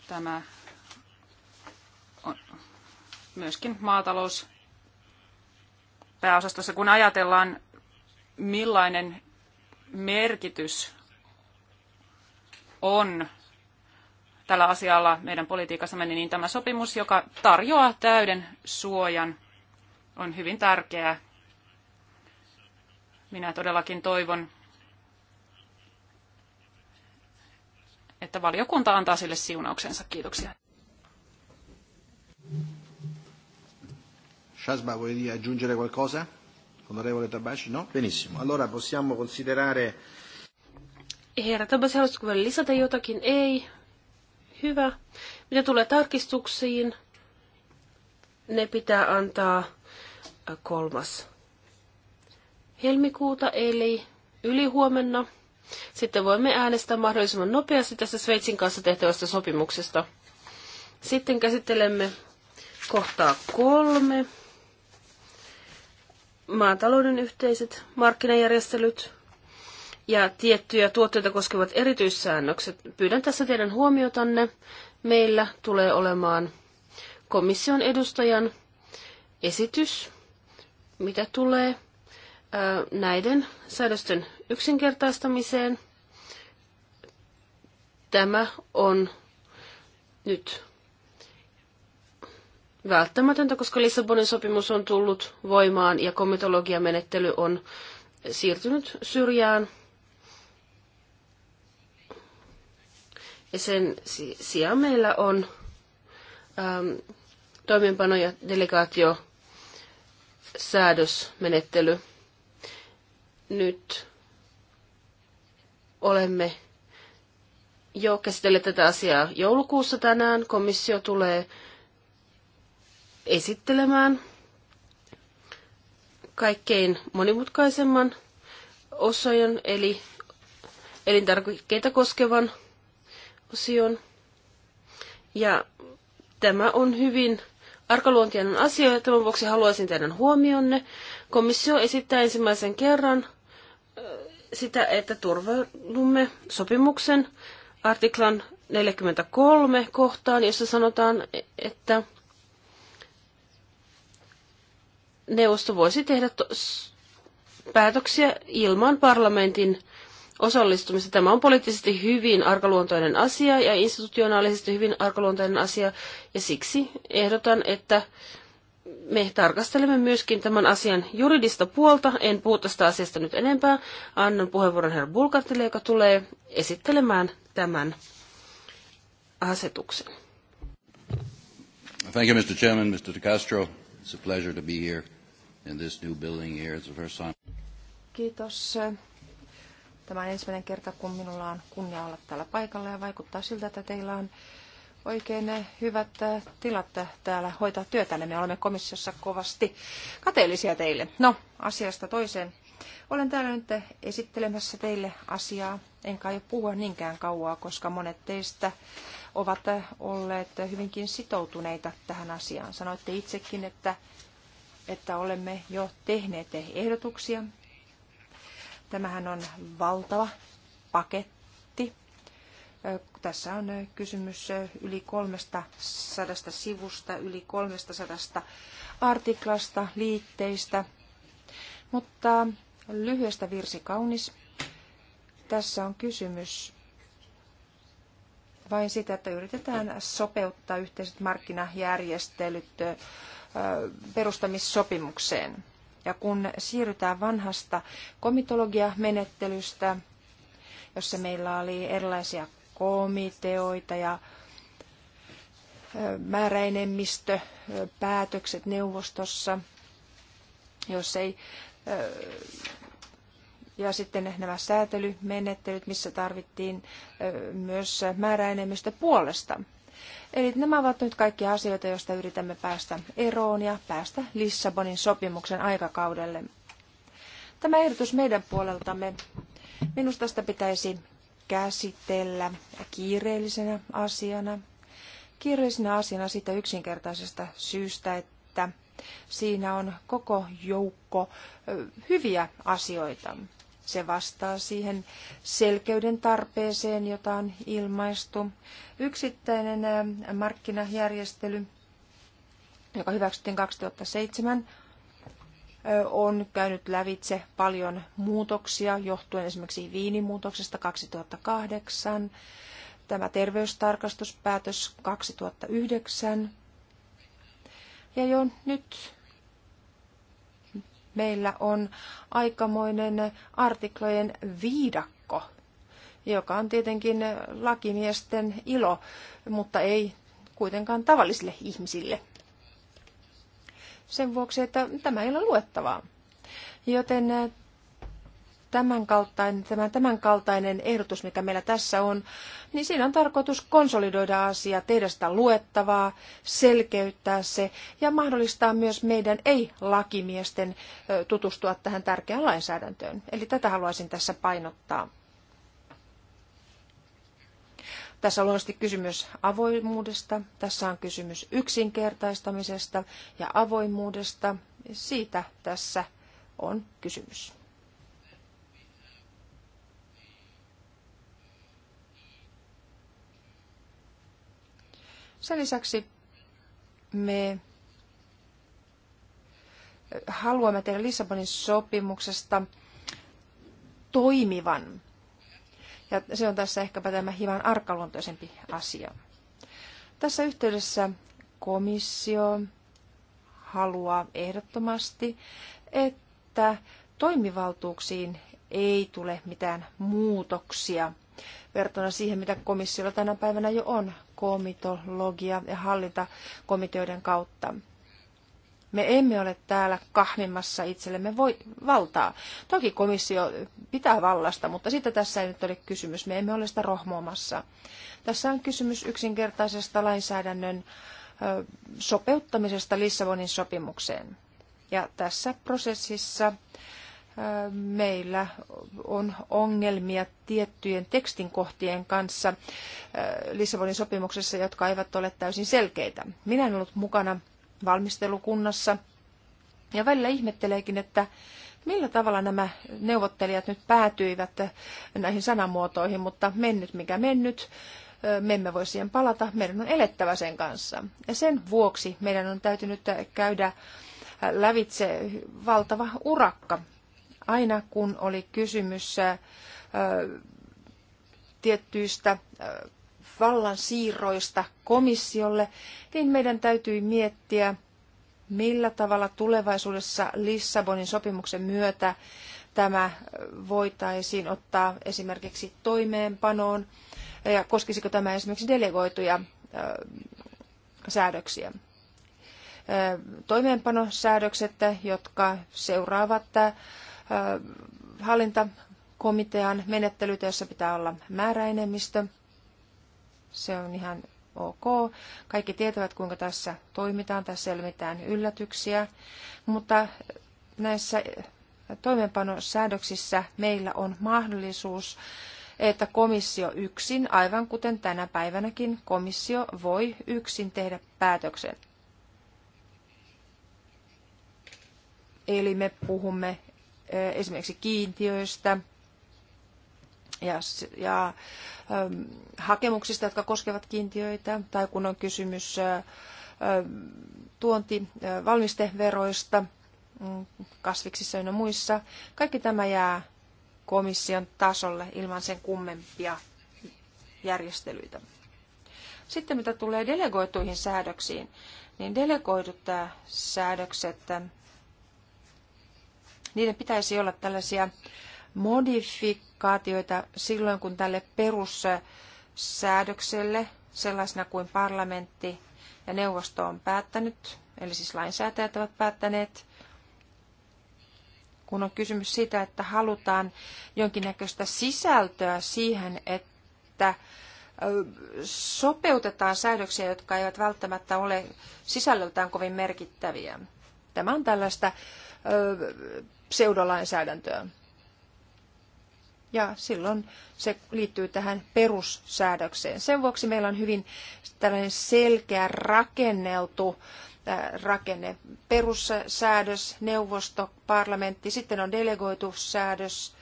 Tämä myöskin maatalous pääosastossa, kun ajatellaan millainen merkitys on tällä asialla meidän politiikassamme, niin tämä sopimus, joka tarjoaa täyden suojan, on hyvin tärkeää. Minä todellakin toivon, että valiokunta antaa sille siunauksensa. Kiitoksia.
Shasba vuoi aggiungere qualcosa? Onorevole Tabaci? No? Benissimo. Allora possiamo considerare...
Herra Tabasi, haluaisitko vielä lisätä jotakin? Ei. Hyvä. Mitä tulee tarkistuksiin? Ne pitää antaa äh, kolmas helmikuuta, eli yli huomenna. Sitten voimme äänestää mahdollisimman nopeasti tässä Sveitsin kanssa tehtävästä sopimuksesta. Sitten käsittelemme kohtaa kolme maatalouden yhteiset markkinajärjestelyt ja tiettyjä tuotteita koskevat erityissäännökset. Pyydän tässä teidän huomiotanne. Meillä tulee olemaan komission edustajan esitys, mitä tulee näiden säädösten yksinkertaistamiseen. Tämä on nyt välttämätöntä, koska Lissabonin sopimus on tullut voimaan ja komitologiamenettely on siirtynyt syrjään. Ja sen sijaan meillä on ähm, toimeenpano- ja delegaatiosäädösmenettely. Nyt olemme jo käsitelleet tätä asiaa joulukuussa tänään. Komissio tulee esittelemään kaikkein monimutkaisemman osion, eli elintarvikkeita koskevan osion. Ja tämä on hyvin arkaluontiainen asia ja tämän vuoksi haluaisin teidän huomionne. Komissio esittää ensimmäisen kerran äh, sitä, että turvallumme sopimuksen artiklan 43 kohtaan, jossa sanotaan, että neuvosto voisi tehdä päätöksiä ilman parlamentin osallistumista. Tämä on poliittisesti hyvin arkaluontoinen asia ja institutionaalisesti hyvin arkaluontoinen asia, ja siksi ehdotan, että me tarkastelemme myöskin tämän asian juridista puolta. En puhu tästä asiasta nyt enempää. Annan puheenvuoron herra Bulkartille, joka tulee esittelemään tämän asetuksen. Thank you, Mr. Chairman, Mr. De Castro. It's a pleasure to be here in this new building here.
It's the first time. Kiitos. Tämä on ensimmäinen kerta, kun minulla on kunnia olla täällä paikalla ja vaikuttaa siltä, että teillä on oikein hyvät tilat täällä hoitaa työtä Me olemme komissiossa kovasti kateellisia teille. No, asiasta toiseen. Olen täällä nyt esittelemässä teille asiaa. Enkä kai puhua niinkään kauaa, koska monet teistä ovat olleet hyvinkin sitoutuneita tähän asiaan. Sanoitte itsekin, että että olemme jo tehneet ehdotuksia. Tämähän on valtava paketti. Tässä on kysymys yli 300 sivusta, yli 300 artiklasta, liitteistä. Mutta lyhyestä virsi kaunis. Tässä on kysymys vain sitä, että yritetään sopeuttaa yhteiset markkinajärjestelyt perustamissopimukseen. Ja kun siirrytään vanhasta komitologiamenettelystä, jossa meillä oli erilaisia komiteoita ja määräenemmistöpäätökset päätökset neuvostossa, jos ei, ja sitten nämä säätelymenettelyt, missä tarvittiin myös määräenemmistö puolesta. Eli nämä ovat nyt kaikki asioita, joista yritämme päästä eroon ja päästä Lissabonin sopimuksen aikakaudelle. Tämä ehdotus meidän puoleltamme, minusta sitä pitäisi käsitellä kiireellisenä asiana. Kiireellisenä asiana sitä yksinkertaisesta syystä, että siinä on koko joukko hyviä asioita. Se vastaa siihen selkeyden tarpeeseen, jota on ilmaistu. Yksittäinen markkinajärjestely, joka hyväksyttiin 2007, on käynyt lävitse paljon muutoksia johtuen esimerkiksi viinimuutoksesta 2008, tämä terveystarkastuspäätös 2009. Ja jo nyt meillä on aikamoinen artiklojen viidakko, joka on tietenkin lakimiesten ilo, mutta ei kuitenkaan tavallisille ihmisille. Sen vuoksi, että tämä ei ole luettavaa. Joten tämänkaltainen, tämänkaltainen ehdotus, mikä meillä tässä on, niin siinä on tarkoitus konsolidoida asia, tehdä sitä luettavaa, selkeyttää se ja mahdollistaa myös meidän ei-lakimiesten tutustua tähän tärkeään lainsäädäntöön. Eli tätä haluaisin tässä painottaa. Tässä on luonnollisesti kysymys avoimuudesta, tässä on kysymys yksinkertaistamisesta ja avoimuudesta. Siitä tässä on kysymys. Sen lisäksi me haluamme tehdä Lissabonin sopimuksesta toimivan. Ja se on tässä ehkäpä tämä hieman arkaluontoisempi asia. Tässä yhteydessä komissio haluaa ehdottomasti, että toimivaltuuksiin ei tule mitään muutoksia verrattuna siihen, mitä komissiolla tänä päivänä jo on komitologia ja hallita komiteoiden kautta. Me emme ole täällä kahmimassa itsellemme voi valtaa. Toki komissio pitää vallasta, mutta siitä tässä ei nyt ole kysymys. Me emme ole sitä rohmoamassa. Tässä on kysymys yksinkertaisesta lainsäädännön sopeuttamisesta Lissabonin sopimukseen. Ja tässä prosessissa meillä on ongelmia tiettyjen tekstinkohtien kanssa Lissabonin sopimuksessa, jotka eivät ole täysin selkeitä. Minä en ollut mukana valmistelukunnassa ja välillä ihmetteleekin, että millä tavalla nämä neuvottelijat nyt päätyivät näihin sanamuotoihin, mutta mennyt mikä mennyt, me emme voi siihen palata, meidän on elettävä sen kanssa. Ja sen vuoksi meidän on täytynyt käydä lävitse valtava urakka aina kun oli kysymys tiettyistä vallan siirroista komissiolle, niin meidän täytyy miettiä, millä tavalla tulevaisuudessa Lissabonin sopimuksen myötä tämä voitaisiin ottaa esimerkiksi toimeenpanoon ja koskisiko tämä esimerkiksi delegoituja säädöksiä. Toimeenpanosäädökset, jotka seuraavat hallintakomitean menettelyitä, pitää olla määräenemmistö. Se on ihan ok. Kaikki tietävät, kuinka tässä toimitaan. Tässä ei ole mitään yllätyksiä. Mutta näissä toimeenpanosäädöksissä meillä on mahdollisuus että komissio yksin, aivan kuten tänä päivänäkin, komissio voi yksin tehdä päätöksen. Eli me puhumme esimerkiksi kiintiöistä ja, ja äm, hakemuksista, jotka koskevat kiintiöitä, tai kun on kysymys ä, tuontivalmisteveroista, mm, kasviksissa ja muissa. Kaikki tämä jää komission tasolle ilman sen kummempia järjestelyitä. Sitten mitä tulee delegoituihin säädöksiin, niin delegoidut säädökset niiden pitäisi olla tällaisia modifikaatioita silloin, kun tälle perussäädökselle sellaisena kuin parlamentti ja neuvosto on päättänyt, eli siis lainsäätäjät ovat päättäneet, kun on kysymys siitä, että halutaan jonkinnäköistä sisältöä siihen, että sopeutetaan säädöksiä, jotka eivät välttämättä ole sisällöltään kovin merkittäviä. Tämä on tällaista pseudolainsäädäntöön. Ja silloin se liittyy tähän perussäädökseen. Sen vuoksi meillä on hyvin tällainen selkeä rakenneltu äh, rakenne. Perussäädös, neuvosto, parlamentti, sitten on delegoitu säädös,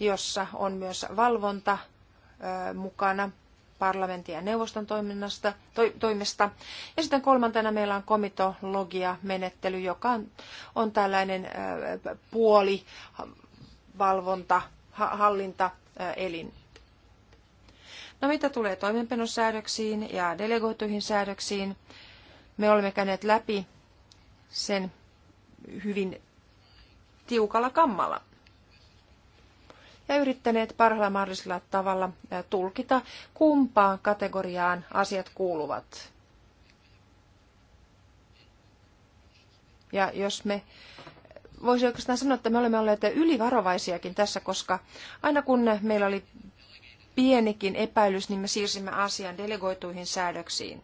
jossa on myös valvonta äh, mukana – parlamentin ja neuvoston toiminnasta, to, toimesta. Ja sitten kolmantena meillä on komitologia-menettely, joka on, on tällainen ä, puoli valvonta, ha, hallinta ä, elin. No mitä tulee toimenpenosäädöksiin ja delegoituihin säädöksiin, me olemme käyneet läpi sen hyvin tiukalla kammalla ja yrittäneet parhaalla mahdollisella tavalla tulkita, kumpaan kategoriaan asiat kuuluvat. Ja jos me voisi oikeastaan sanoa, että me olemme olleet ylivarovaisiakin tässä, koska aina kun meillä oli pienikin epäilys, niin me siirsimme asian delegoituihin säädöksiin.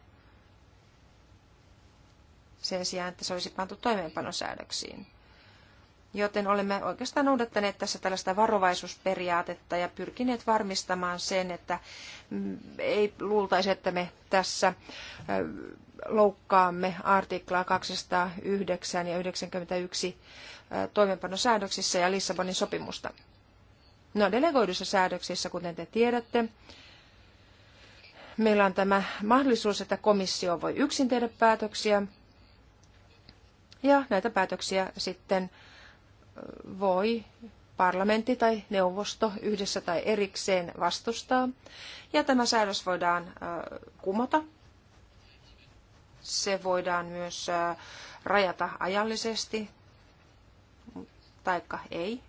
Sen sijaan, että se olisi pantu toimeenpanosäädöksiin. Joten olemme oikeastaan noudattaneet tässä tällaista varovaisuusperiaatetta ja pyrkineet varmistamaan sen, että mm, ei luultaisi, että me tässä loukkaamme artiklaa 209 ja 91 toimeenpanosäädöksissä ja Lissabonin sopimusta. No delegoiduissa säädöksissä, kuten te tiedätte, meillä on tämä mahdollisuus, että komissio voi yksin tehdä päätöksiä ja näitä päätöksiä sitten voi parlamentti tai neuvosto yhdessä tai erikseen vastustaa. Ja tämä säädös voidaan kumota. Se voidaan myös rajata ajallisesti, taikka ei.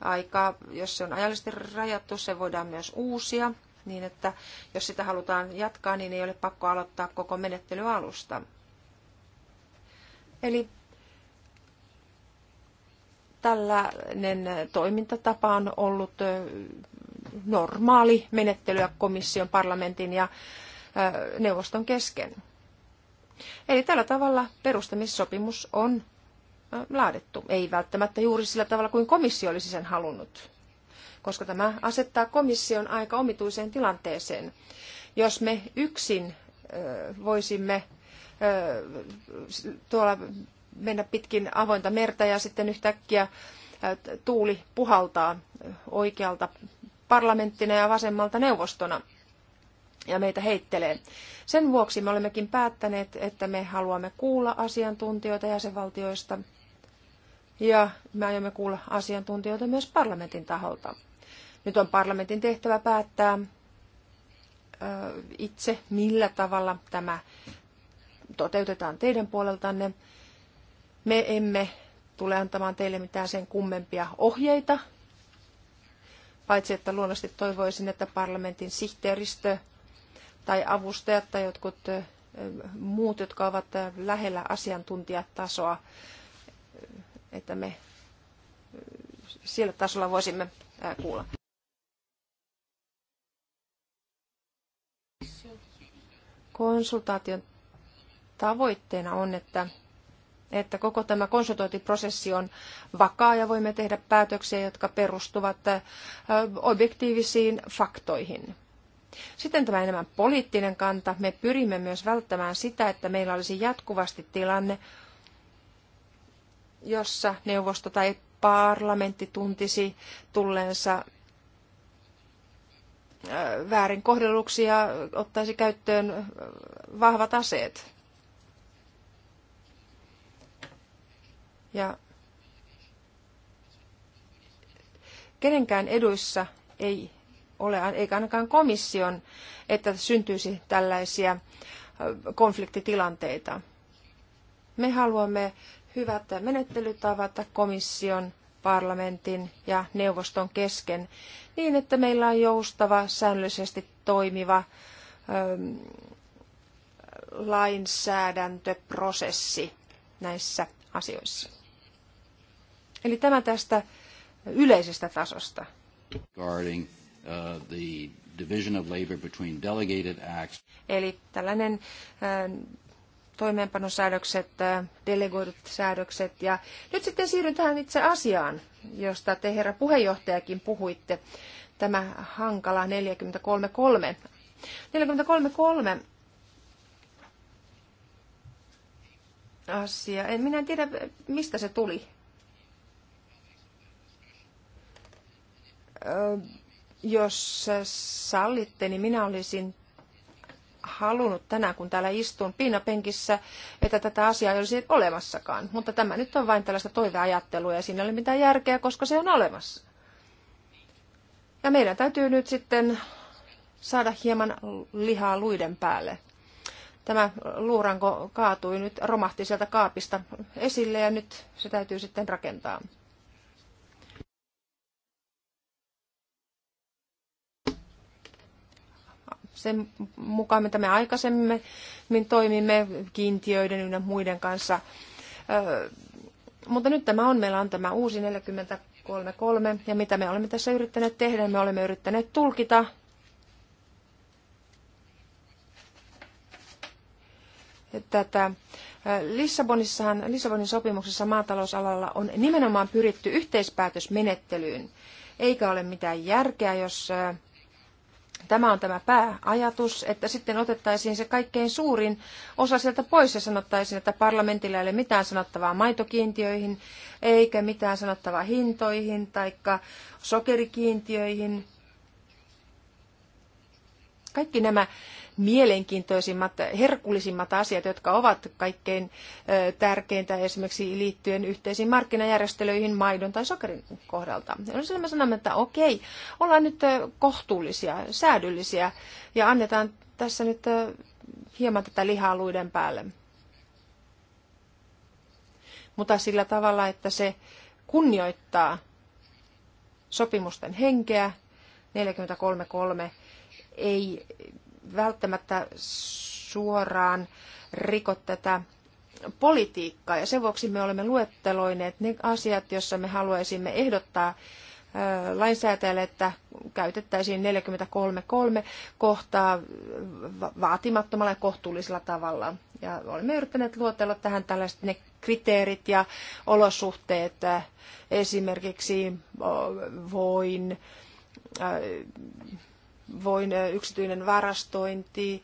Aika, jos se on ajallisesti rajattu, se voidaan myös uusia, niin että jos sitä halutaan jatkaa, niin ei ole pakko aloittaa koko menettelyalusta. Eli Tällainen toimintatapa on ollut normaali menettelyä komission, parlamentin ja neuvoston kesken. Eli tällä tavalla perustamissopimus on laadittu. Ei välttämättä juuri sillä tavalla kuin komissio olisi sen halunnut, koska tämä asettaa komission aika omituiseen tilanteeseen. Jos me yksin voisimme tuolla mennä pitkin avointa merta ja sitten yhtäkkiä tuuli puhaltaa oikealta parlamenttina ja vasemmalta neuvostona ja meitä heittelee. Sen vuoksi me olemmekin päättäneet, että me haluamme kuulla asiantuntijoita jäsenvaltioista ja me aiomme kuulla asiantuntijoita myös parlamentin taholta. Nyt on parlamentin tehtävä päättää itse, millä tavalla tämä toteutetaan teidän puoleltanne me emme tule antamaan teille mitään sen kummempia ohjeita, paitsi että luonnollisesti toivoisin, että parlamentin sihteeristö tai avustajat tai jotkut muut, jotka ovat lähellä asiantuntijatasoa, että me sillä tasolla voisimme kuulla. Konsultaation tavoitteena on, että että koko tämä konsultointiprosessi on vakaa ja voimme tehdä päätöksiä, jotka perustuvat objektiivisiin faktoihin. Sitten tämä enemmän poliittinen kanta. Me pyrimme myös välttämään sitä, että meillä olisi jatkuvasti tilanne, jossa neuvosto tai parlamentti tuntisi tulleensa väärin kohdelluksi ja ottaisi käyttöön vahvat aseet. Ja kenenkään eduissa ei ole, eikä ainakaan komission, että syntyisi tällaisia konfliktitilanteita. Me haluamme hyvät menettelytavat komission, parlamentin ja neuvoston kesken niin, että meillä on joustava, säännöllisesti toimiva ähm, lainsäädäntöprosessi näissä asioissa. Eli tämä tästä yleisestä tasosta.
Uh,
Eli tällainen toimeenpanosäädökset, delegoidut säädökset. Ja nyt sitten siirryn tähän itse asiaan, josta te herra puheenjohtajakin puhuitte. Tämä hankala 43.3. 43.3 asia. En minä en tiedä, mistä se tuli. Jos sallitte, niin minä olisin halunnut tänään, kun täällä istun piinapenkissä, että tätä asiaa ei olisi olemassakaan. Mutta tämä nyt on vain tällaista toiveajattelua ja siinä ei ole mitään järkeä, koska se on olemassa. Ja meidän täytyy nyt sitten saada hieman lihaa luiden päälle. Tämä luuranko kaatui nyt, romahti sieltä kaapista esille ja nyt se täytyy sitten rakentaa. sen mukaan, mitä me aikaisemmin toimimme kiintiöiden ja muiden kanssa. Mutta nyt tämä on, meillä on tämä uusi 43.3 ja mitä me olemme tässä yrittäneet tehdä, me olemme yrittäneet tulkita tätä Lissabonissahan, Lissabonin sopimuksessa maatalousalalla on nimenomaan pyritty yhteispäätösmenettelyyn, eikä ole mitään järkeä, jos Tämä on tämä pääajatus, että sitten otettaisiin se kaikkein suurin osa sieltä pois ja sanottaisiin, että parlamentilla ei ole mitään sanottavaa maitokiintiöihin, eikä mitään sanottavaa hintoihin tai sokerikiintiöihin – kaikki nämä mielenkiintoisimmat, herkullisimmat asiat, jotka ovat kaikkein tärkeintä esimerkiksi liittyen yhteisiin markkinajärjestelyihin maidon tai sokerin kohdalta. No silloin me sanomme, että okei, ollaan nyt kohtuullisia, säädyllisiä ja annetaan tässä nyt hieman tätä lihaa luiden päälle. Mutta sillä tavalla, että se kunnioittaa sopimusten henkeä 43.3 ei välttämättä suoraan riko tätä politiikkaa. Ja sen vuoksi me olemme luetteloineet ne asiat, joissa me haluaisimme ehdottaa lainsäätäjälle, että käytettäisiin 43.3 kohtaa vaatimattomalla ja kohtuullisella tavalla. Ja olemme yrittäneet luotella tähän tällaiset ne kriteerit ja olosuhteet. Esimerkiksi voin voin yksityinen varastointi,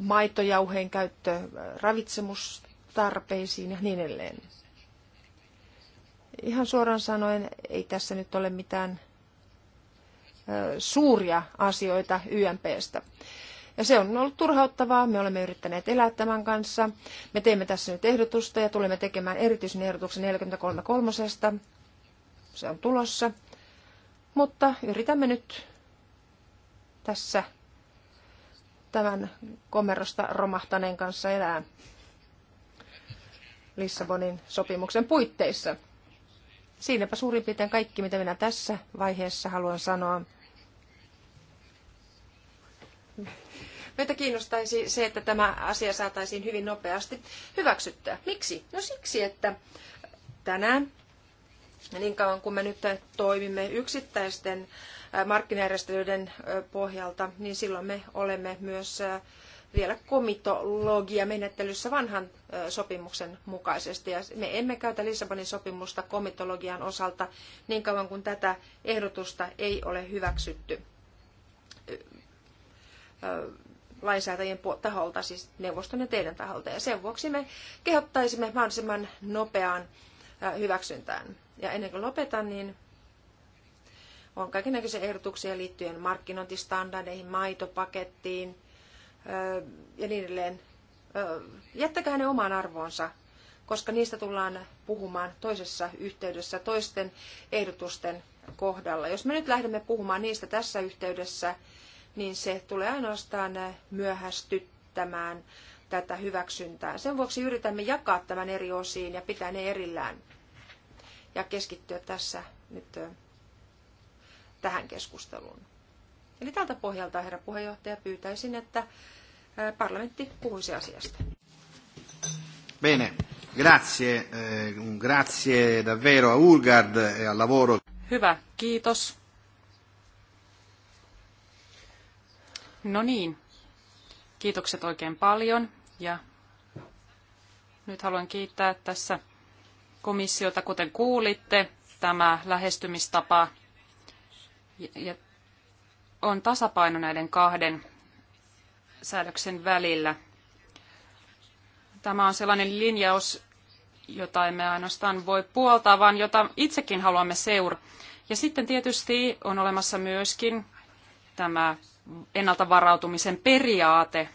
maitojauheen käyttö ravitsemustarpeisiin ja niin edelleen. Ihan suoraan sanoen, ei tässä nyt ole mitään suuria asioita YMPstä. Ja se on ollut turhauttavaa, me olemme yrittäneet elää tämän kanssa. Me teemme tässä nyt ehdotusta ja tulemme tekemään erityisen ehdotuksen 43.3. Se on tulossa. Mutta yritämme nyt tässä tämän komerosta romahtaneen kanssa elää Lissabonin sopimuksen puitteissa. Siinäpä suurin piirtein kaikki, mitä minä tässä vaiheessa haluan sanoa. Meitä kiinnostaisi se, että tämä asia saataisiin hyvin nopeasti hyväksyttää. Miksi? No siksi, että tänään, niin kauan kun me nyt toimimme yksittäisten markkinajärjestelyiden pohjalta, niin silloin me olemme myös vielä komitologia menettelyssä vanhan sopimuksen mukaisesti. Ja me emme käytä Lissabonin sopimusta komitologian osalta niin kauan kuin tätä ehdotusta ei ole hyväksytty lainsäätäjien taholta, siis neuvoston ja teidän taholta. Ja sen vuoksi me kehottaisimme mahdollisimman nopeaan hyväksyntään. Ja ennen kuin lopetan, niin on kaikenlaisia ehdotuksia liittyen markkinointistandardeihin, maitopakettiin ja niin edelleen. Jättäkää ne omaan arvoonsa, koska niistä tullaan puhumaan toisessa yhteydessä toisten ehdotusten kohdalla. Jos me nyt lähdemme puhumaan niistä tässä yhteydessä, niin se tulee ainoastaan myöhästyttämään tätä hyväksyntää. Sen vuoksi yritämme jakaa tämän eri osiin ja pitää ne erillään ja keskittyä tässä nyt tähän keskusteluun. Eli tältä pohjalta, herra puheenjohtaja, pyytäisin, että parlamentti puhuisi asiasta.
Bene, grazie, eh, grazie davvero a Urgard e al lavoro.
Hyvä, kiitos. No niin, kiitokset oikein paljon ja nyt haluan kiittää tässä komissiota, kuten kuulitte, tämä lähestymistapa ja on tasapaino näiden kahden säädöksen välillä. Tämä on sellainen linjaus, jota emme ainoastaan voi puoltaa, vaan jota itsekin haluamme seurata. Ja sitten tietysti on olemassa myöskin tämä ennalta varautumisen periaate,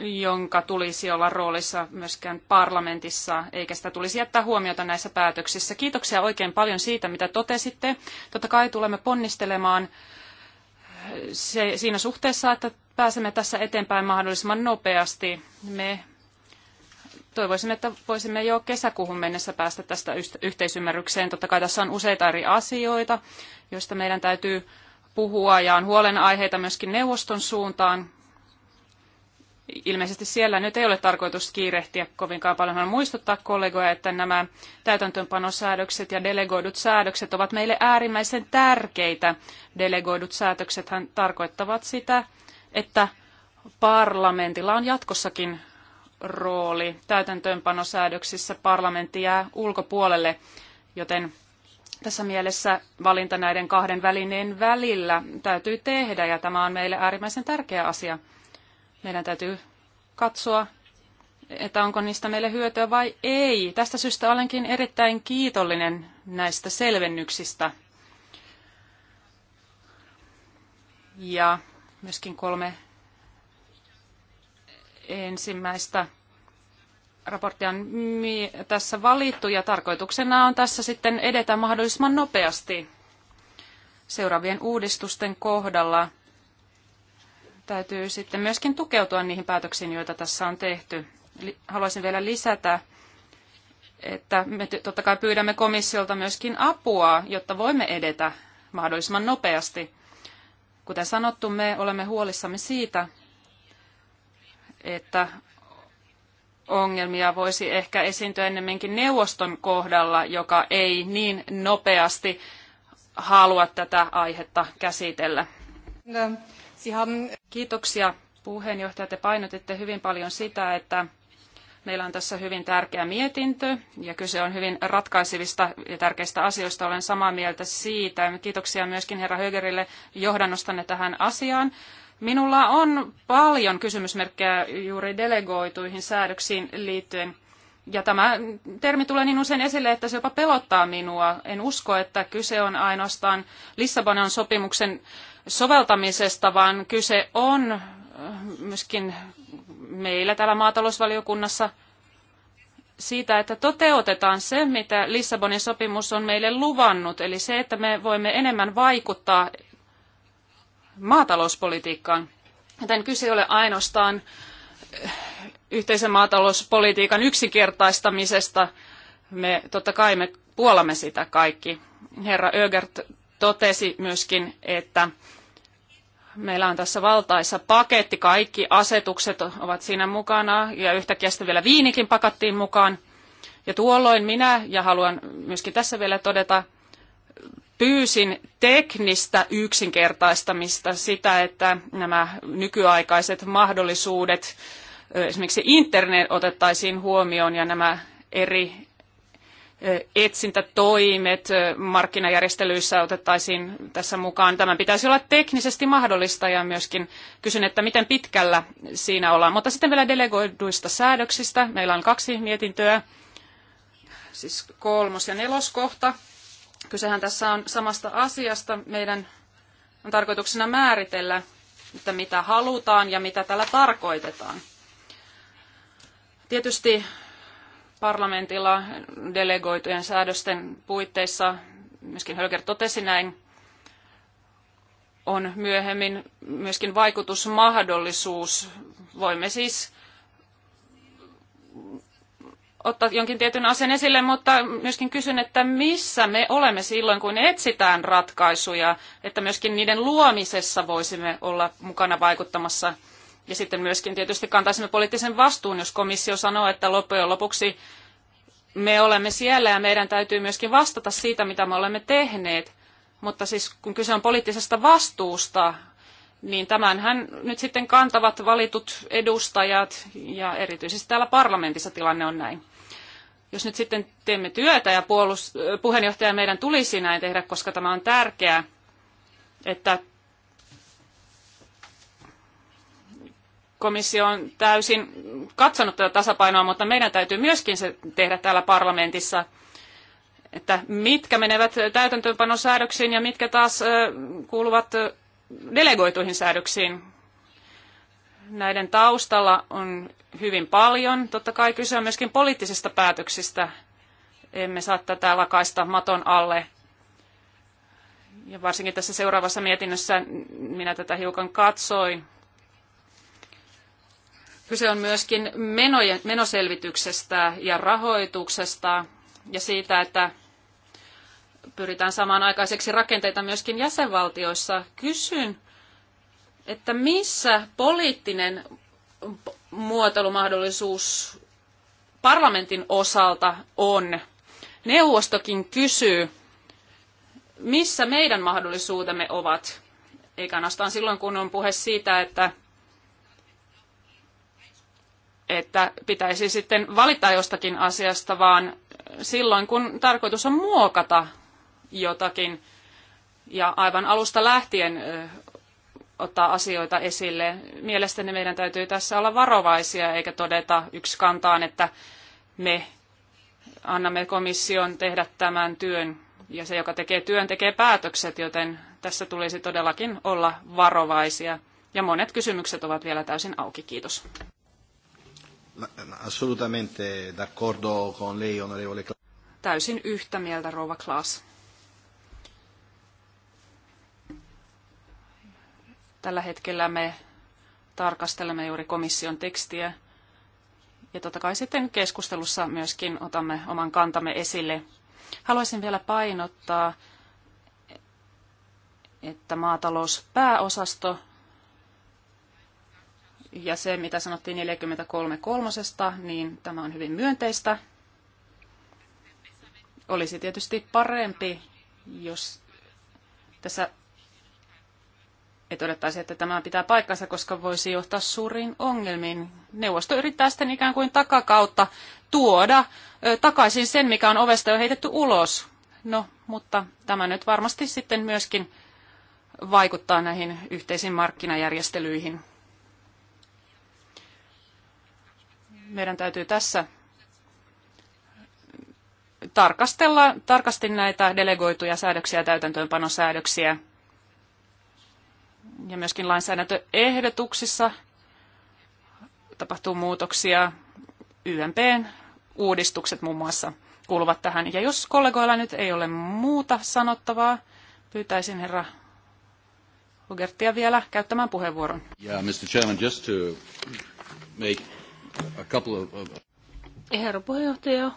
jonka tulisi olla roolissa myöskään parlamentissa, eikä sitä tulisi jättää huomiota näissä päätöksissä. Kiitoksia oikein paljon siitä, mitä totesitte. Totta kai tulemme ponnistelemaan se, siinä suhteessa, että pääsemme tässä eteenpäin mahdollisimman nopeasti. Me toivoisimme, että voisimme jo kesäkuuhun mennessä päästä tästä yhteisymmärrykseen. Totta kai tässä on useita eri asioita, joista meidän täytyy puhua ja on huolenaiheita myöskin neuvoston suuntaan. Ilmeisesti siellä nyt ei ole tarkoitus kiirehtiä kovinkaan paljon. Haluan muistuttaa kollegoja, että nämä täytäntöönpanosäädökset ja delegoidut säädökset ovat meille äärimmäisen tärkeitä. Delegoidut säädöksethän tarkoittavat sitä, että parlamentilla on jatkossakin rooli. Täytäntöönpanosäädöksissä parlamentti jää ulkopuolelle, joten tässä mielessä valinta näiden kahden välineen välillä täytyy tehdä, ja tämä on meille äärimmäisen tärkeä asia. Meidän täytyy katsoa, että onko niistä meille hyötyä vai ei. Tästä syystä olenkin erittäin kiitollinen näistä selvennyksistä. Ja myöskin kolme ensimmäistä raporttia on tässä valittu ja tarkoituksena on tässä sitten edetä mahdollisimman nopeasti seuraavien uudistusten kohdalla täytyy sitten myöskin tukeutua niihin päätöksiin, joita tässä on tehty. Haluaisin vielä lisätä, että me totta kai pyydämme komissiolta myöskin apua, jotta voimme edetä mahdollisimman nopeasti. Kuten sanottu, me olemme huolissamme siitä, että ongelmia voisi ehkä esiintyä ennemminkin neuvoston kohdalla, joka ei niin nopeasti halua tätä aihetta käsitellä. No, Kiitoksia puheenjohtaja. Te painotitte hyvin paljon sitä, että meillä on tässä hyvin tärkeä mietintö ja kyse on hyvin ratkaisevista ja tärkeistä asioista. Olen samaa mieltä siitä. Kiitoksia myöskin herra Högerille johdannostanne tähän asiaan. Minulla on paljon kysymysmerkkejä juuri delegoituihin säädöksiin liittyen. Ja tämä termi tulee niin usein esille, että se jopa pelottaa minua. En usko, että kyse on ainoastaan Lissabonin sopimuksen soveltamisesta, vaan kyse on äh, myöskin meillä täällä maatalousvaliokunnassa siitä, että toteutetaan se, mitä Lissabonin sopimus on meille luvannut, eli se, että me voimme enemmän vaikuttaa maatalouspolitiikkaan. Joten kyse ei ole ainoastaan äh, yhteisen maatalouspolitiikan yksinkertaistamisesta. Me totta kai me puolamme sitä kaikki. Herra Ögert totesi myöskin, että meillä on tässä valtaisa paketti, kaikki asetukset ovat siinä mukana ja yhtäkkiä sitten vielä viinikin pakattiin mukaan. Ja tuolloin minä, ja haluan myöskin tässä vielä todeta, pyysin teknistä yksinkertaistamista sitä, että nämä nykyaikaiset mahdollisuudet, esimerkiksi internet otettaisiin huomioon ja nämä eri etsintätoimet markkinajärjestelyissä otettaisiin tässä mukaan. Tämä pitäisi olla teknisesti mahdollista ja myöskin kysyn, että miten pitkällä siinä ollaan. Mutta sitten vielä delegoiduista säädöksistä. Meillä on kaksi mietintöä, siis kolmos- ja neloskohta. Kysehän tässä on samasta asiasta. Meidän on tarkoituksena määritellä, että mitä halutaan ja mitä tällä tarkoitetaan. Tietysti parlamentilla delegoitujen säädösten puitteissa, myöskin Hölker totesi näin, on myöhemmin myöskin vaikutusmahdollisuus. Voimme siis ottaa jonkin tietyn asian esille, mutta myöskin kysyn, että missä me olemme silloin, kun etsitään ratkaisuja, että myöskin niiden luomisessa voisimme olla mukana vaikuttamassa – ja sitten myöskin tietysti kantaisimme poliittisen vastuun, jos komissio sanoo, että loppujen lopuksi me olemme siellä ja meidän täytyy myöskin vastata siitä, mitä me olemme tehneet. Mutta siis kun kyse on poliittisesta vastuusta, niin tämänhän nyt sitten kantavat valitut edustajat ja erityisesti täällä parlamentissa tilanne on näin. Jos nyt sitten teemme työtä ja puolust- puheenjohtaja meidän tulisi näin tehdä, koska tämä on tärkeää, että komissio on täysin katsonut tätä tasapainoa, mutta meidän täytyy myöskin se tehdä täällä parlamentissa, että mitkä menevät täytäntöönpanosäädöksiin ja mitkä taas kuuluvat delegoituihin säädöksiin. Näiden taustalla on hyvin paljon. Totta kai kyse on myöskin poliittisista päätöksistä. Emme saa tätä lakaista maton alle. Ja varsinkin tässä seuraavassa mietinnössä minä tätä hiukan katsoin Kyse on myöskin menojen, menoselvityksestä ja rahoituksesta ja siitä, että pyritään saamaan aikaiseksi rakenteita myöskin jäsenvaltioissa. Kysyn, että missä poliittinen muotoilumahdollisuus parlamentin osalta on. Neuvostokin kysyy, missä meidän mahdollisuutemme ovat, eikä ainoastaan silloin, kun on puhe siitä, että että pitäisi sitten valita jostakin asiasta, vaan silloin kun tarkoitus on muokata jotakin ja aivan alusta lähtien ottaa asioita esille. Mielestäni meidän täytyy tässä olla varovaisia eikä todeta yksi kantaan, että me annamme komission tehdä tämän työn ja se, joka tekee työn, tekee päätökset, joten tässä tulisi todellakin olla varovaisia. Ja monet kysymykset ovat vielä täysin auki.
Kiitos. Assolutamente d'accordo con lei, onorevole Klaas.
Täysin yhtä mieltä, rouva Klaas. Tällä hetkellä me tarkastelemme juuri komission tekstiä. Ja totta kai sitten keskustelussa myöskin otamme oman kantamme esille. Haluaisin vielä painottaa, että maatalouspääosasto ja se, mitä sanottiin 43 kolmosesta, niin tämä on hyvin myönteistä. Olisi tietysti parempi, jos tässä ei että tämä pitää paikkansa, koska voisi johtaa suuriin ongelmiin. Neuvosto yrittää sitten ikään kuin takakautta tuoda takaisin sen, mikä on ovesta jo heitetty ulos. No, mutta tämä nyt varmasti sitten myöskin vaikuttaa näihin yhteisiin markkinajärjestelyihin. meidän täytyy tässä tarkastella tarkasti näitä delegoituja säädöksiä, täytäntöönpanosäädöksiä ja myöskin lainsäädäntöehdotuksissa tapahtuu muutoksia. YMPn uudistukset muun muassa kuuluvat tähän. Ja jos kollegoilla nyt ei ole muuta sanottavaa, pyytäisin herra Hugertia vielä käyttämään puheenvuoron. Yeah, Mr. Chairman, just to make a couple of, of...
Herra puheenjohtaja,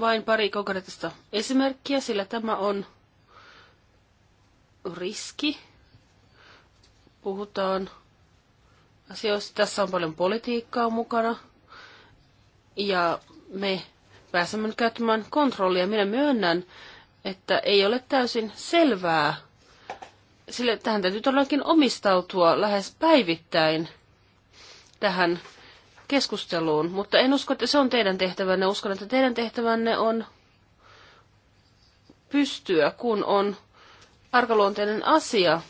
vain pari konkreettista esimerkkiä, sillä tämä on riski. Puhutaan asioista. Tässä on paljon politiikkaa mukana. Ja me pääsemme nyt käyttämään kontrollia. Minä myönnän, että ei ole täysin selvää. Sillä tähän täytyy todellakin omistautua lähes päivittäin tähän keskusteluun, mutta en usko, että se on teidän tehtävänne. Uskon, että teidän tehtävänne on pystyä, kun on arkaluonteinen asia,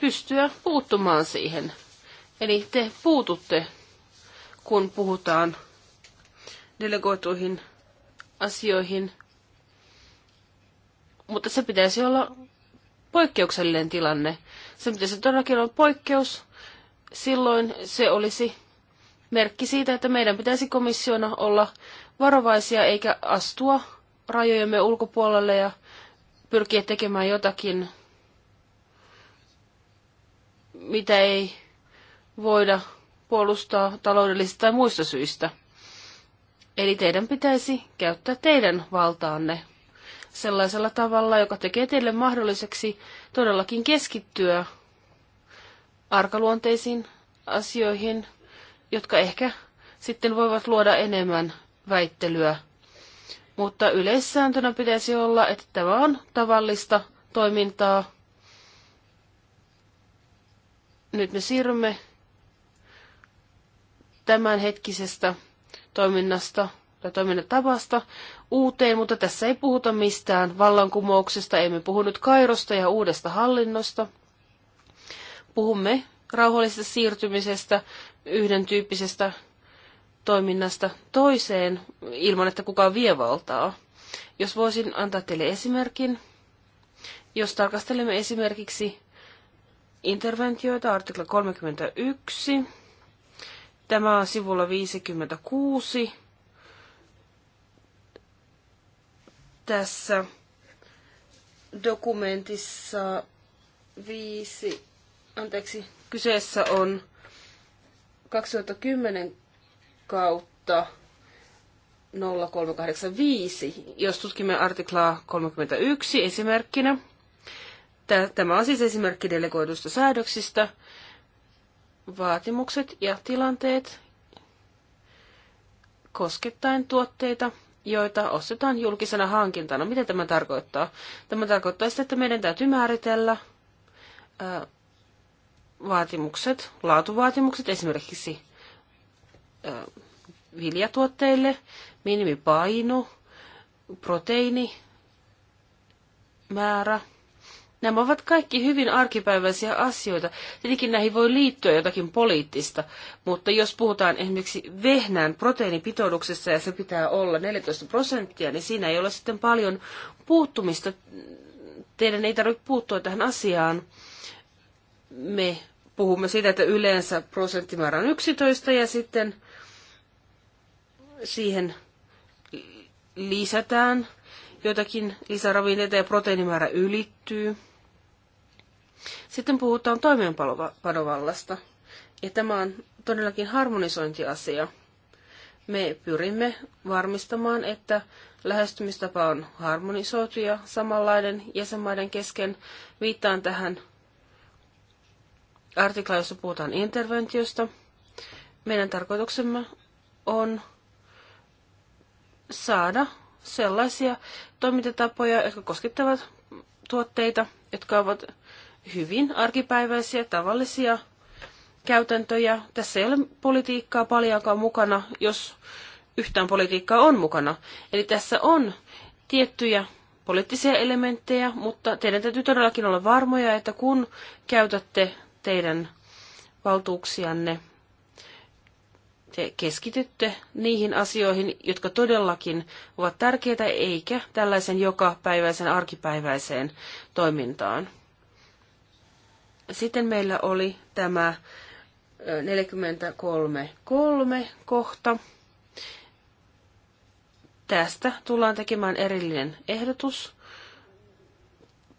pystyä puuttumaan siihen. Eli te puututte, kun puhutaan delegoituihin asioihin, mutta se pitäisi olla poikkeuksellinen tilanne. Se pitäisi todellakin olla poikkeus, silloin se olisi merkki siitä, että meidän pitäisi komissiona olla varovaisia eikä astua rajojemme ulkopuolelle ja pyrkiä tekemään jotakin, mitä ei voida puolustaa taloudellisista tai muista syistä. Eli teidän pitäisi käyttää teidän valtaanne sellaisella tavalla, joka tekee teille mahdolliseksi todellakin keskittyä arkaluonteisiin asioihin – jotka ehkä sitten voivat luoda enemmän väittelyä. Mutta yleissääntönä pitäisi olla, että tämä on tavallista toimintaa. Nyt me siirrymme tämänhetkisestä toiminnasta tai toiminnatavasta uuteen, mutta tässä ei puhuta mistään vallankumouksesta, emme puhu nyt Kairosta ja uudesta hallinnosta. Puhumme rauhallisesta siirtymisestä yhden tyyppisestä toiminnasta toiseen ilman, että kukaan vie valtaa. Jos voisin antaa teille esimerkin, jos tarkastelemme esimerkiksi interventioita, artikla 31, tämä on sivulla 56, tässä dokumentissa 5 anteeksi, Kyseessä on 2010 kautta 0385, jos tutkimme artiklaa 31 esimerkkinä. Tämä on siis esimerkki delegoidusta säädöksistä, vaatimukset ja tilanteet koskettaen tuotteita, joita ostetaan julkisena hankintana. Mitä tämä tarkoittaa? Tämä tarkoittaa sitä, että meidän täytyy määritellä vaatimukset, laatuvaatimukset esimerkiksi ö, viljatuotteille, minimipaino, proteiini, määrä. Nämä ovat kaikki hyvin arkipäiväisiä asioita. Tietenkin näihin voi liittyä jotakin poliittista, mutta jos puhutaan esimerkiksi vehnään proteiinipitoiduksessa ja se pitää olla 14 prosenttia, niin siinä ei ole sitten paljon puuttumista. Teidän ei tarvitse puuttua tähän asiaan. Me puhumme siitä, että yleensä prosenttimäärä on 11 ja sitten siihen lisätään jotakin lisäravinteita ja proteiinimäärä ylittyy. Sitten puhutaan toimeenpanovallasta. Ja tämä on todellakin harmonisointiasia. Me pyrimme varmistamaan, että lähestymistapa on harmonisoitu ja samanlainen jäsenmaiden kesken. Viittaan tähän artikla, jossa puhutaan interventiosta. Meidän tarkoituksemme on saada sellaisia toimintatapoja, jotka koskettavat tuotteita, jotka ovat hyvin arkipäiväisiä, tavallisia käytäntöjä. Tässä ei ole politiikkaa paljonkaan mukana, jos yhtään politiikkaa on mukana. Eli tässä on tiettyjä poliittisia elementtejä, mutta teidän täytyy todellakin olla varmoja, että kun käytätte teidän valtuuksianne. Te keskitytte niihin asioihin, jotka todellakin ovat tärkeitä, eikä tällaisen jokapäiväisen arkipäiväiseen toimintaan. Sitten meillä oli tämä 43.3 kohta. Tästä tullaan tekemään erillinen ehdotus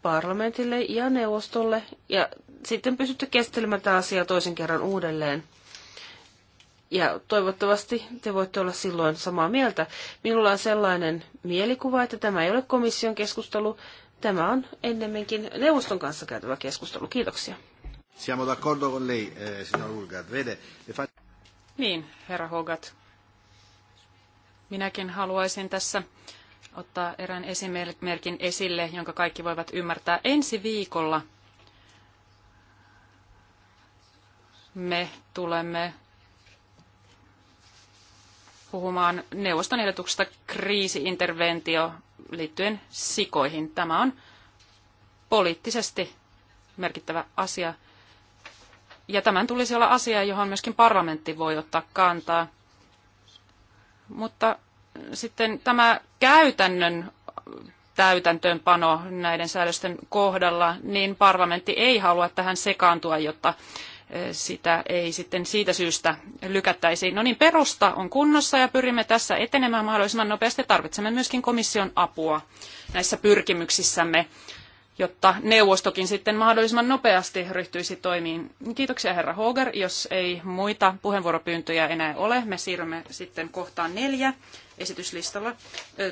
parlamentille ja neuvostolle ja sitten pystytte tämä asia toisen kerran uudelleen. Ja toivottavasti te voitte olla silloin samaa mieltä. Minulla on sellainen mielikuva, että tämä ei ole komission keskustelu, tämä on ennemminkin neuvoston kanssa käytävä keskustelu. Kiitoksia.
Siamo d'accordo con lei, eh, signor Hulgat. Vede,
Niin, herra Hogat. Minäkin haluaisin tässä ottaa erään esimerkin esille, jonka kaikki voivat ymmärtää. Ensi viikolla me tulemme puhumaan neuvoston ehdotuksesta kriisiinterventio liittyen sikoihin. Tämä on poliittisesti merkittävä asia. Ja tämän tulisi olla asia, johon myöskin parlamentti voi ottaa kantaa. Mutta sitten tämä käytännön täytäntöönpano näiden säädösten kohdalla, niin parlamentti ei halua tähän sekaantua, jotta eh, sitä ei sitten siitä syystä lykättäisi. No niin, perusta on kunnossa ja pyrimme tässä etenemään mahdollisimman nopeasti. Tarvitsemme myöskin komission apua näissä pyrkimyksissämme, jotta neuvostokin sitten mahdollisimman nopeasti ryhtyisi toimiin. Kiitoksia herra Hoger. Jos ei muita puheenvuoropyyntöjä enää ole, me siirrymme sitten kohtaan neljä, esityslistalla.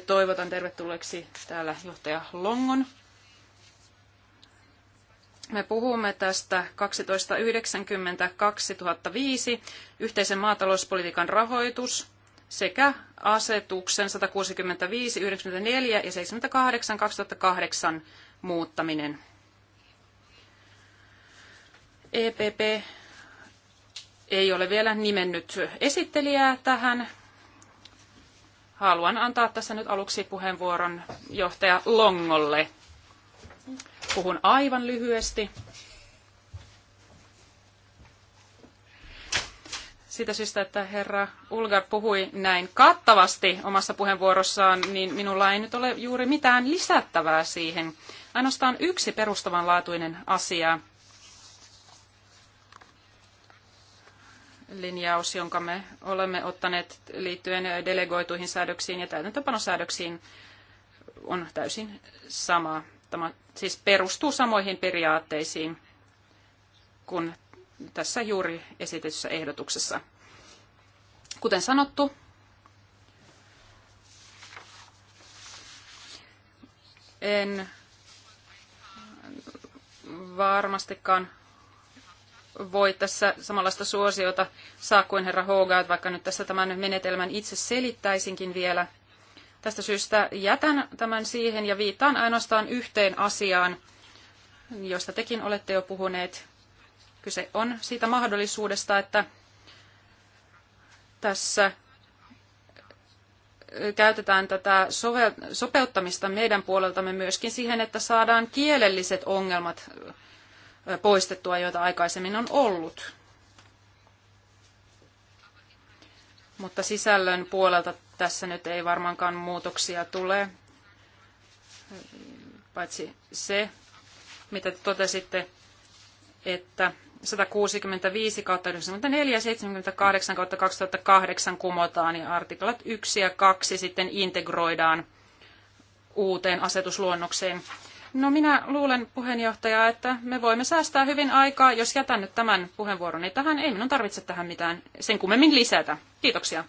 Toivotan tervetulleeksi täällä johtaja Longon. Me puhumme tästä 1290-2005 yhteisen maatalouspolitiikan rahoitus sekä asetuksen 165, 94 ja 78 2008 muuttaminen. EPP ei ole vielä nimennyt esittelijää tähän haluan antaa tässä nyt aluksi puheenvuoron johtaja Longolle. Puhun aivan lyhyesti. Siitä syystä, että herra Ulgar puhui näin kattavasti omassa puheenvuorossaan, niin minulla ei nyt ole juuri mitään lisättävää siihen. Ainoastaan yksi perustavanlaatuinen asia, linjaus, jonka me olemme ottaneet liittyen delegoituihin säädöksiin ja täytäntöpanosäädöksiin, on täysin sama. Tämä siis perustuu samoihin periaatteisiin kuin tässä juuri esitetyssä ehdotuksessa. Kuten sanottu, en varmastikaan voi tässä samanlaista suosiota saa kuin herra Hogarth, vaikka nyt tässä tämän menetelmän itse selittäisinkin vielä. Tästä syystä jätän tämän siihen ja viittaan ainoastaan yhteen asiaan, josta tekin olette jo puhuneet. Kyse on siitä mahdollisuudesta, että tässä käytetään tätä sopeuttamista meidän puoleltamme myöskin siihen, että saadaan kielelliset ongelmat poistettua, joita aikaisemmin on ollut. Mutta sisällön puolelta tässä nyt ei varmaankaan muutoksia tule, paitsi se, mitä te totesitte, että 165 kautta 94 ja 78 kautta 2008 kumotaan ja artiklat 1 ja 2 sitten integroidaan uuteen asetusluonnokseen. No minä luulen puheenjohtaja, että me voimme säästää hyvin aikaa, jos jätän nyt tämän puheenvuoroni tähän. Ei minun tarvitse tähän mitään sen kummemmin lisätä. Kiitoksia.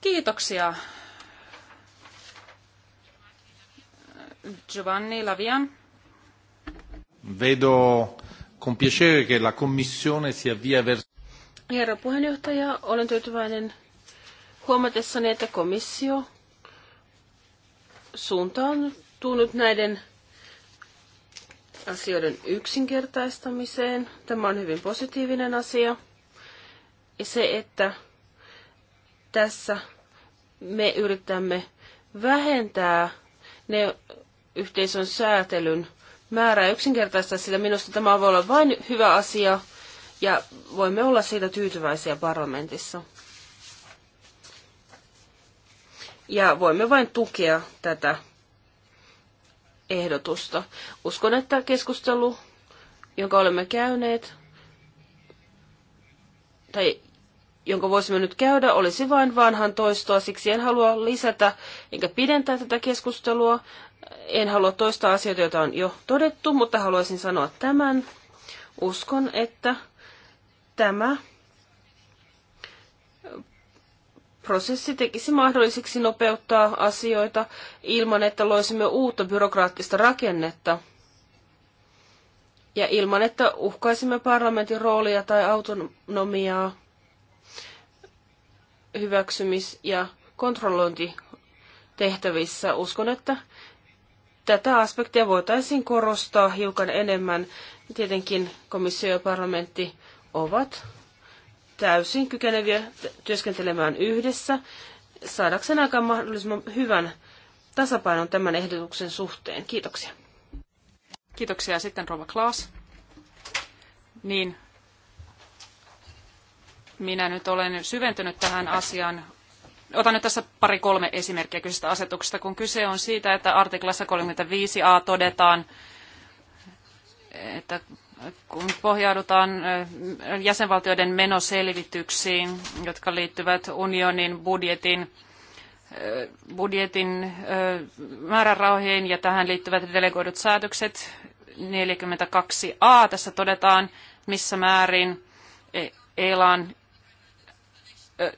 Kiitoksia. Giovanni Lavian.
Vedo con piacere che la Commissione si avvia verso...
Herra puheenjohtaja, olen tyytyväinen huomatessani, että komissio suuntaan perustuu nyt näiden asioiden yksinkertaistamiseen. Tämä on hyvin positiivinen asia. Ja se, että tässä me yritämme vähentää ne yhteisön säätelyn määrää yksinkertaistaa, sillä minusta tämä voi olla vain hyvä asia ja voimme olla siitä tyytyväisiä parlamentissa. Ja voimme vain tukea tätä ehdotusta. Uskon, että keskustelu, jonka olemme käyneet, tai jonka voisimme nyt käydä, olisi vain vanhan toistoa. Siksi en halua lisätä enkä pidentää tätä keskustelua. En halua toistaa asioita, joita on jo todettu, mutta haluaisin sanoa tämän. Uskon, että tämä prosessi tekisi mahdolliseksi nopeuttaa asioita ilman, että loisimme uutta byrokraattista rakennetta ja ilman, että uhkaisimme parlamentin roolia tai autonomiaa hyväksymis- ja kontrollointitehtävissä. Uskon, että tätä aspektia voitaisiin korostaa hiukan enemmän. Tietenkin komissio ja parlamentti ovat täysin kykeneviä työskentelemään yhdessä saadakseen aikaan mahdollisimman hyvän tasapainon tämän ehdotuksen suhteen. Kiitoksia. Kiitoksia. Sitten Rova Klaas. Niin,
minä nyt olen syventynyt tähän asiaan. Otan nyt tässä pari-kolme esimerkkiä kyseisestä asetuksesta, kun kyse on siitä, että artiklassa 35a todetaan, että kun pohjaudutaan jäsenvaltioiden menoselvityksiin, jotka liittyvät unionin budjetin, budjetin määrärahoihin ja tähän liittyvät delegoidut säädökset 42a. Tässä todetaan, missä määrin e, ELAN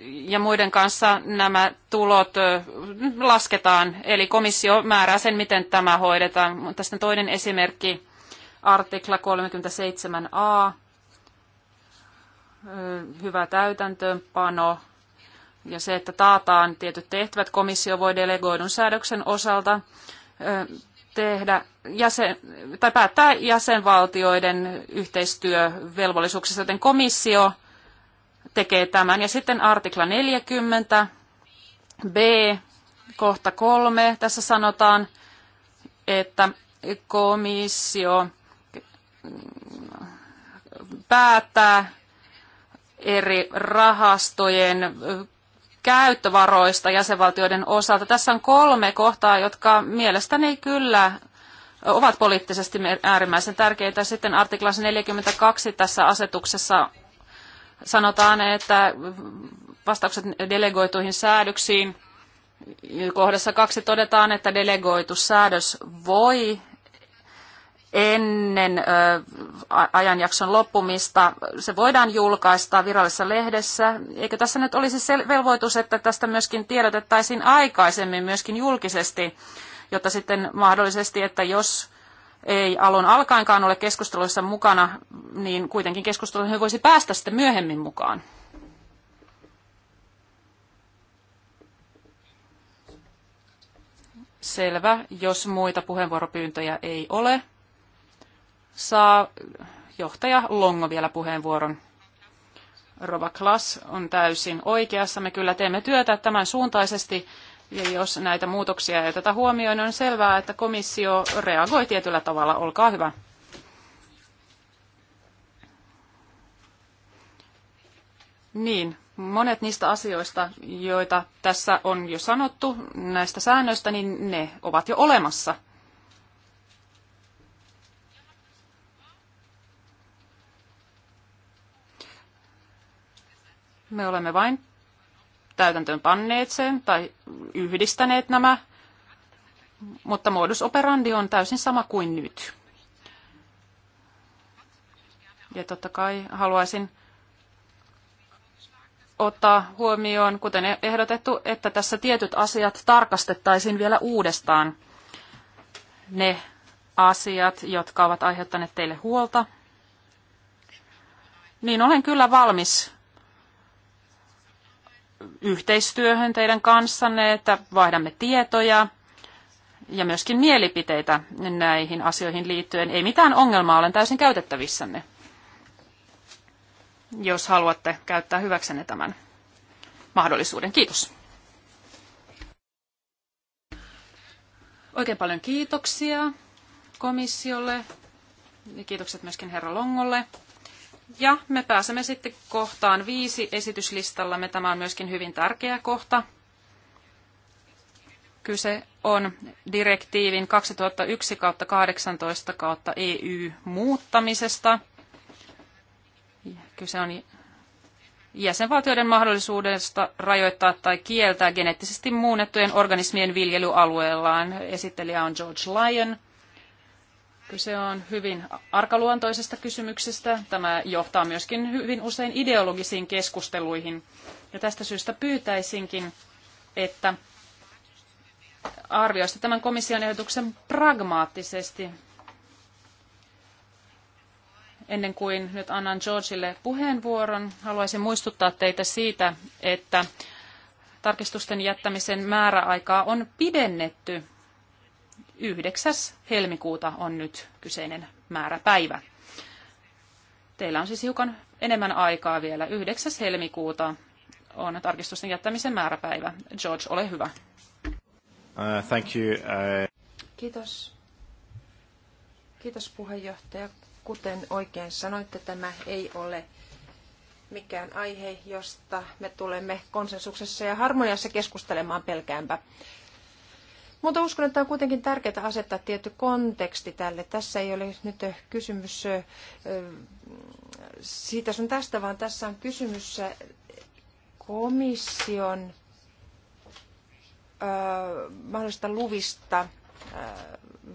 ja muiden kanssa nämä tulot lasketaan. Eli komissio määrää sen, miten tämä hoidetaan. Tästä toinen esimerkki artikla 37a, hyvä täytäntöönpano ja se, että taataan tietyt tehtävät, komissio voi delegoidun säädöksen osalta tehdä jäsen, tai päättää jäsenvaltioiden yhteistyövelvollisuuksista, joten komissio tekee tämän. Ja sitten artikla 40, B, kohta 3 tässä sanotaan, että komissio päättää eri rahastojen käyttövaroista jäsenvaltioiden osalta. Tässä on kolme kohtaa, jotka mielestäni kyllä ovat poliittisesti äärimmäisen tärkeitä. Sitten artiklassa 42 tässä asetuksessa sanotaan, että vastaukset delegoituihin säädöksiin. Kohdassa kaksi todetaan, että delegoitu säädös voi ennen ajanjakson loppumista. Se voidaan julkaista virallisessa lehdessä. Eikö tässä nyt olisi velvoitus, että tästä myöskin tiedotettaisiin aikaisemmin myöskin julkisesti, jotta sitten mahdollisesti, että jos ei alun alkaenkaan ole keskusteluissa mukana, niin kuitenkin keskusteluihin voisi päästä sitten myöhemmin mukaan. Selvä, jos muita puheenvuoropyyntöjä ei ole saa johtaja Longo vielä puheenvuoron. Rova Klas on täysin oikeassa. Me kyllä teemme työtä tämän suuntaisesti, ja jos näitä muutoksia ei tätä huomioon, niin on selvää, että komissio reagoi tietyllä tavalla. Olkaa hyvä. Niin, monet niistä asioista, joita tässä on jo sanottu näistä säännöistä, niin ne ovat jo olemassa – Me olemme vain täytäntöön panneet sen tai yhdistäneet nämä, mutta modus operandi on täysin sama kuin nyt. Ja totta kai haluaisin ottaa huomioon, kuten ehdotettu, että tässä tietyt asiat tarkastettaisiin vielä uudestaan. Ne asiat, jotka ovat aiheuttaneet teille huolta. Niin olen kyllä valmis yhteistyöhön teidän kanssanne, että vaihdamme tietoja ja myöskin mielipiteitä näihin asioihin liittyen. Ei mitään ongelmaa, olen täysin käytettävissänne, jos haluatte käyttää hyväksenne tämän mahdollisuuden. Kiitos. Oikein paljon kiitoksia komissiolle ja kiitokset myöskin herra Longolle. Ja me pääsemme sitten kohtaan viisi esityslistallamme. Tämä on myöskin hyvin tärkeä kohta. Kyse on direktiivin 2001-18 EU muuttamisesta. Kyse on jäsenvaltioiden mahdollisuudesta rajoittaa tai kieltää geneettisesti muunnettujen organismien viljelyalueellaan. Esittelijä on George Lyon. Kyse on hyvin arkaluontoisesta kysymyksestä. Tämä johtaa myöskin hyvin usein ideologisiin keskusteluihin. Ja tästä syystä pyytäisinkin, että arvioista tämän komission ehdotuksen pragmaattisesti ennen kuin nyt annan Georgeille puheenvuoron, haluaisin muistuttaa teitä siitä, että tarkistusten jättämisen määräaikaa on pidennetty 9. helmikuuta on nyt kyseinen määräpäivä. Teillä on siis hiukan enemmän aikaa vielä. 9. helmikuuta on tarkistusten jättämisen määräpäivä. George, ole hyvä. Uh,
thank you. Uh...
Kiitos. Kiitos puheenjohtaja. Kuten oikein sanoitte, tämä ei ole mikään aihe, josta me tulemme konsensuksessa ja harmoniassa keskustelemaan pelkäänpä. Mutta uskon, että on kuitenkin tärkeää asettaa tietty konteksti tälle. Tässä ei ole nyt kysymys siitä sun tästä, vaan tässä on kysymys komission mahdollista luvista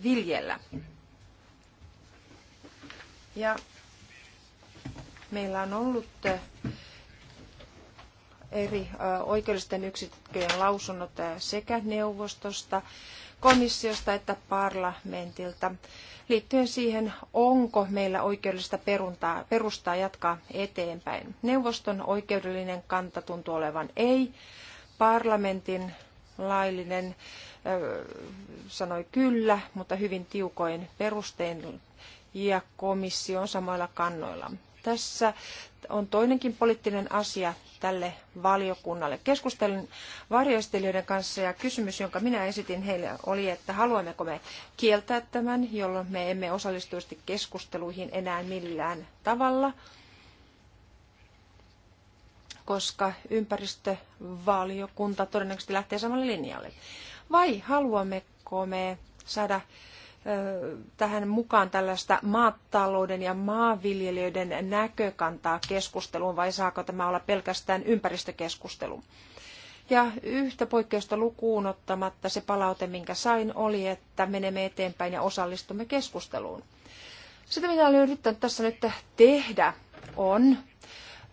viljellä. Ja meillä on ollut eri oikeudellisten yksikköjen lausunnot sekä neuvostosta, komissiosta että parlamentilta liittyen siihen, onko meillä oikeudellista peruntaa, perustaa jatkaa eteenpäin. Neuvoston oikeudellinen kanta tuntuu olevan ei, parlamentin laillinen sanoi kyllä, mutta hyvin tiukoin perustein ja komissio on samoilla kannoilla. Tässä on toinenkin poliittinen asia tälle valiokunnalle. Keskustelin varjoistelijoiden kanssa ja kysymys, jonka minä esitin heille, oli, että haluammeko me kieltää tämän, jolloin me emme osallistuisi keskusteluihin enää millään tavalla, koska ympäristövaliokunta todennäköisesti lähtee samalle linjalle. Vai haluammeko me saada tähän mukaan tällaista maatalouden ja maanviljelijöiden näkökantaa keskusteluun vai saako tämä olla pelkästään ympäristökeskustelu? Ja yhtä poikkeusta lukuun ottamatta se palaute, minkä sain, oli, että menemme eteenpäin ja osallistumme keskusteluun. Sitä minä olen yrittänyt tässä nyt tehdä on,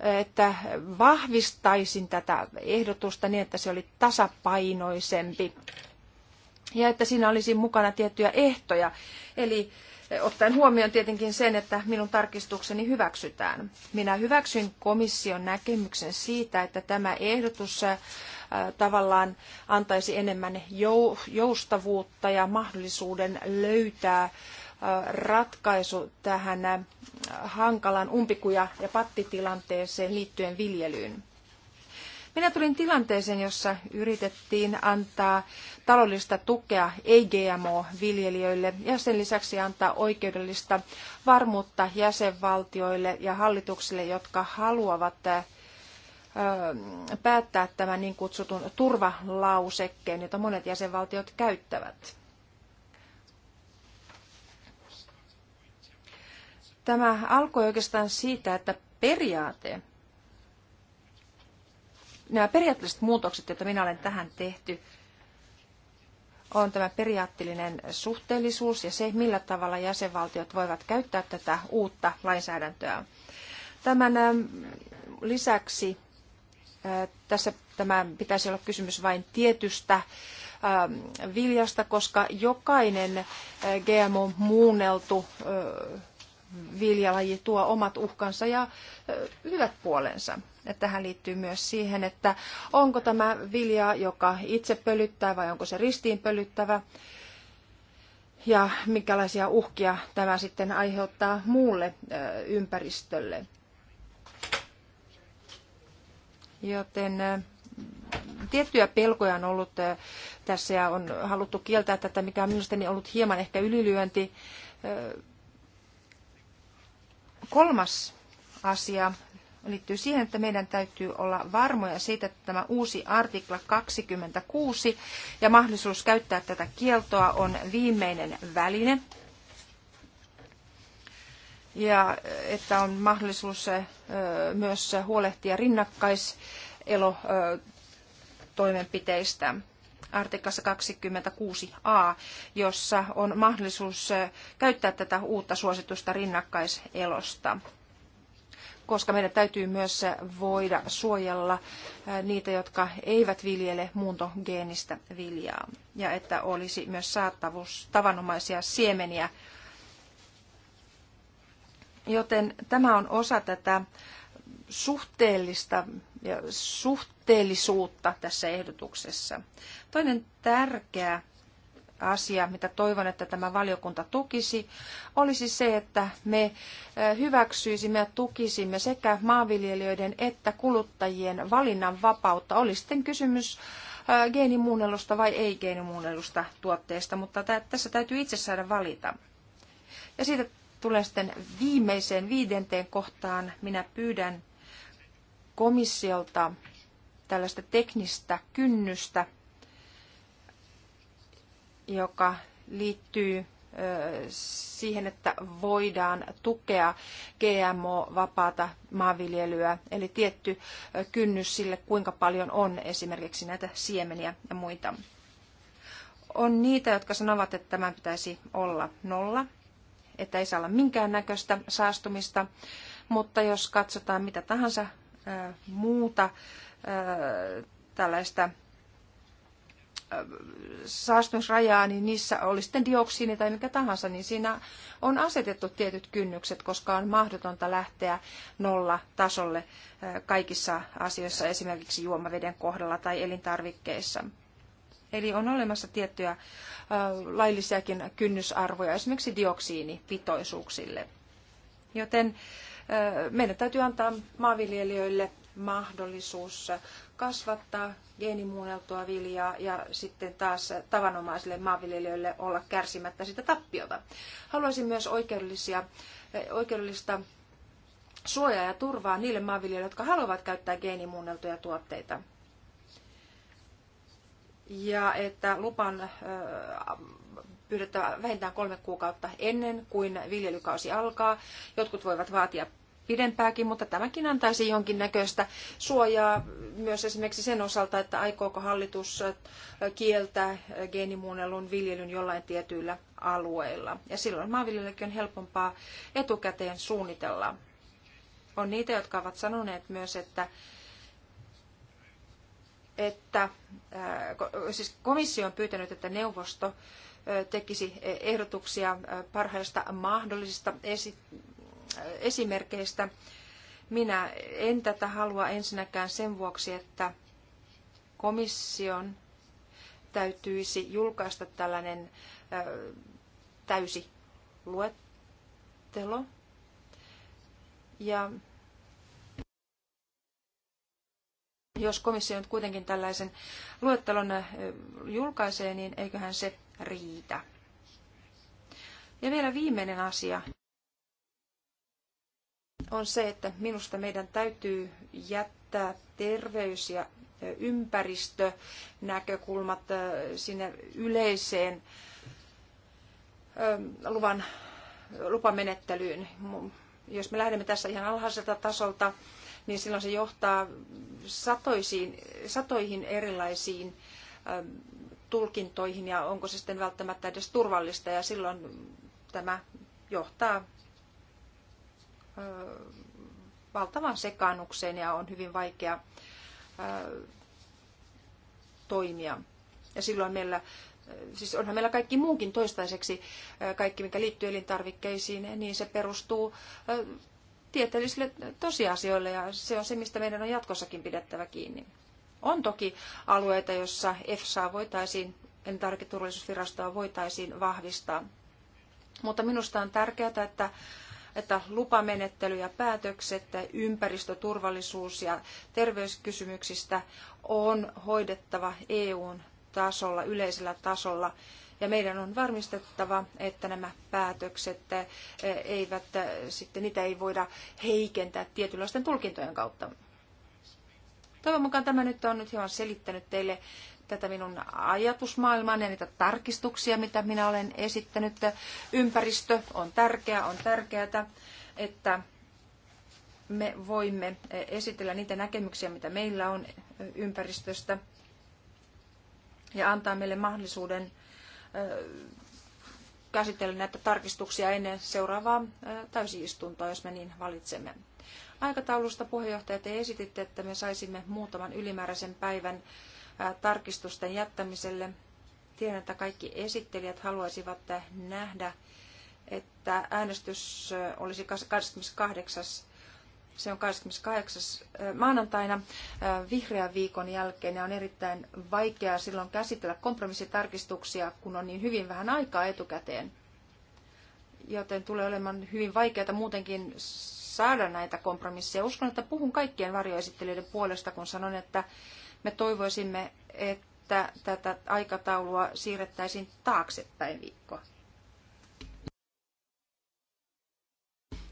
että vahvistaisin tätä ehdotusta niin, että se oli tasapainoisempi ja että siinä olisi mukana tiettyjä ehtoja. Eli ottaen huomioon tietenkin sen, että minun tarkistukseni hyväksytään. Minä hyväksyn komission näkemyksen siitä, että tämä ehdotus äh, tavallaan antaisi enemmän joustavuutta ja mahdollisuuden löytää äh, ratkaisu tähän äh, hankalan umpikuja- ja pattitilanteeseen liittyen viljelyyn. Minä tulin tilanteeseen, jossa yritettiin antaa taloudellista tukea ei-GMO-viljelijöille ja sen lisäksi antaa oikeudellista varmuutta jäsenvaltioille ja hallituksille, jotka haluavat päättää tämän niin kutsutun turvalausekkeen, jota monet jäsenvaltiot käyttävät. Tämä alkoi oikeastaan siitä, että periaate, nämä periaatteelliset muutokset, joita minä olen tähän tehty, on tämä periaatteellinen suhteellisuus ja se, millä tavalla jäsenvaltiot voivat käyttää tätä uutta lainsäädäntöä. Tämän lisäksi tässä tämä pitäisi olla kysymys vain tietystä viljasta, koska jokainen GMO-muunneltu viljalaji tuo omat uhkansa ja hyvät puolensa tähän liittyy myös siihen, että onko tämä vilja, joka itse pölyttää vai onko se ristiin pölyttävä ja minkälaisia uhkia tämä sitten aiheuttaa muulle ympäristölle. Joten tiettyjä pelkoja on ollut tässä ja on haluttu kieltää tätä, mikä on mielestäni ollut hieman ehkä ylilyönti. Kolmas asia liittyy siihen, että meidän täytyy olla varmoja siitä, että tämä uusi artikla 26 ja mahdollisuus käyttää tätä kieltoa on viimeinen väline. Ja että on mahdollisuus myös huolehtia rinnakkaiselotoimenpiteistä. toimenpiteistä artiklassa 26a, jossa on mahdollisuus käyttää tätä uutta suositusta rinnakkaiselosta koska meidän täytyy myös voida suojella niitä, jotka eivät viljele muuntogeenistä viljaa ja että olisi myös saatavuus tavanomaisia siemeniä. Joten tämä on osa tätä suhteellista ja suhteellisuutta tässä ehdotuksessa. Toinen tärkeä asia, mitä toivon, että tämä valiokunta tukisi, olisi se, että me hyväksyisimme ja tukisimme sekä maanviljelijöiden että kuluttajien valinnan vapautta. Oli sitten kysymys geenimuunnelusta vai ei geenimuunnelusta tuotteesta, mutta tässä täytyy itse saada valita. Ja siitä tulen sitten viimeiseen viidenteen kohtaan. Minä pyydän komissiolta tällaista teknistä kynnystä – joka liittyy siihen, että voidaan tukea GMO-vapaata maanviljelyä, eli tietty kynnys sille, kuinka paljon on esimerkiksi näitä siemeniä ja muita. On niitä, jotka sanovat, että tämän pitäisi olla nolla, että ei saa olla minkäännäköistä saastumista, mutta jos katsotaan mitä tahansa muuta tällaista saastumisrajaa, niin niissä oli sitten dioksiini tai mikä tahansa, niin siinä on asetettu tietyt kynnykset, koska on mahdotonta lähteä nolla tasolle kaikissa asioissa, esimerkiksi juomaveden kohdalla tai elintarvikkeissa. Eli on olemassa tiettyjä laillisiakin kynnysarvoja, esimerkiksi dioksiinipitoisuuksille. Joten meidän täytyy antaa maanviljelijöille mahdollisuus kasvattaa geenimuunneltua viljaa ja sitten taas tavanomaisille maanviljelijöille olla kärsimättä sitä tappiota. Haluaisin myös oikeudellisia, eh, oikeudellista suojaa ja turvaa niille maanviljelijöille, jotka haluavat käyttää geenimuunneltuja tuotteita. Ja että lupan eh, pyydettävä vähintään kolme kuukautta ennen kuin viljelykausi alkaa. Jotkut voivat vaatia pidempääkin, mutta tämäkin antaisi jonkinnäköistä suojaa myös esimerkiksi sen osalta, että aikooko hallitus äh, kieltää äh, geenimuunnelun viljelyn jollain tietyillä alueilla. Ja silloin maanviljelijöillekin on helpompaa etukäteen suunnitella. On niitä, jotka ovat sanoneet myös, että että äh, siis komissio on pyytänyt, että neuvosto tekisi e-, ehdotuksia parhaista mahdollisista esi- esimerkkeistä. Minä en tätä halua ensinnäkään sen vuoksi, että komission täytyisi julkaista tällainen täysi luettelo. Ja jos komissio nyt kuitenkin tällaisen luettelon julkaisee, niin eiköhän se riitä. Ja vielä viimeinen asia on se, että minusta meidän täytyy jättää terveys ja ympäristönäkökulmat sinne yleiseen luvan, lupamenettelyyn. Jos me lähdemme tässä ihan alhaiselta tasolta, niin silloin se johtaa satoisiin, satoihin erilaisiin tulkintoihin ja onko se sitten välttämättä edes turvallista ja silloin tämä johtaa valtavan sekaannukseen ja on hyvin vaikea toimia. Ja silloin meillä, siis onhan meillä kaikki muukin toistaiseksi, kaikki mikä liittyy elintarvikkeisiin, niin se perustuu tieteellisille tosiasioille ja se on se, mistä meidän on jatkossakin pidettävä kiinni. On toki alueita, jossa EFSA voitaisiin, elintarviketurvallisuusvirastoa voitaisiin vahvistaa. Mutta minusta on tärkeää, että että lupamenettely ja päätökset ympäristöturvallisuus- ja terveyskysymyksistä on hoidettava EUn tasolla, yleisellä tasolla. Ja meidän on varmistettava, että nämä päätökset eh, eivät, eh, sitten niitä ei voida heikentää tietynlaisten tulkintojen kautta. Toivon mukaan tämä nyt on nyt hieman selittänyt teille tätä minun ajatusmaailmaani ja niitä tarkistuksia, mitä minä olen esittänyt. Ympäristö on tärkeää, on tärkeää, että me voimme esitellä niitä näkemyksiä, mitä meillä on ympäristöstä ja antaa meille mahdollisuuden käsitellä näitä tarkistuksia ennen seuraavaa täysistuntoa, jos me niin valitsemme. Aikataulusta puheenjohtaja te esititte, että me saisimme muutaman ylimääräisen päivän tarkistusten jättämiselle. Tiedän, että kaikki esittelijät haluaisivat nähdä, että äänestys olisi 28. Se on 28. maanantaina vihreän viikon jälkeen ja on erittäin vaikeaa silloin käsitellä kompromissitarkistuksia, kun on niin hyvin vähän aikaa etukäteen. Joten tulee olemaan hyvin vaikeaa muutenkin saada näitä kompromisseja. Uskon, että puhun kaikkien varjoesittelijöiden puolesta, kun sanon, että me toivoisimme, että tätä aikataulua siirrettäisiin taaksepäin viikkoa.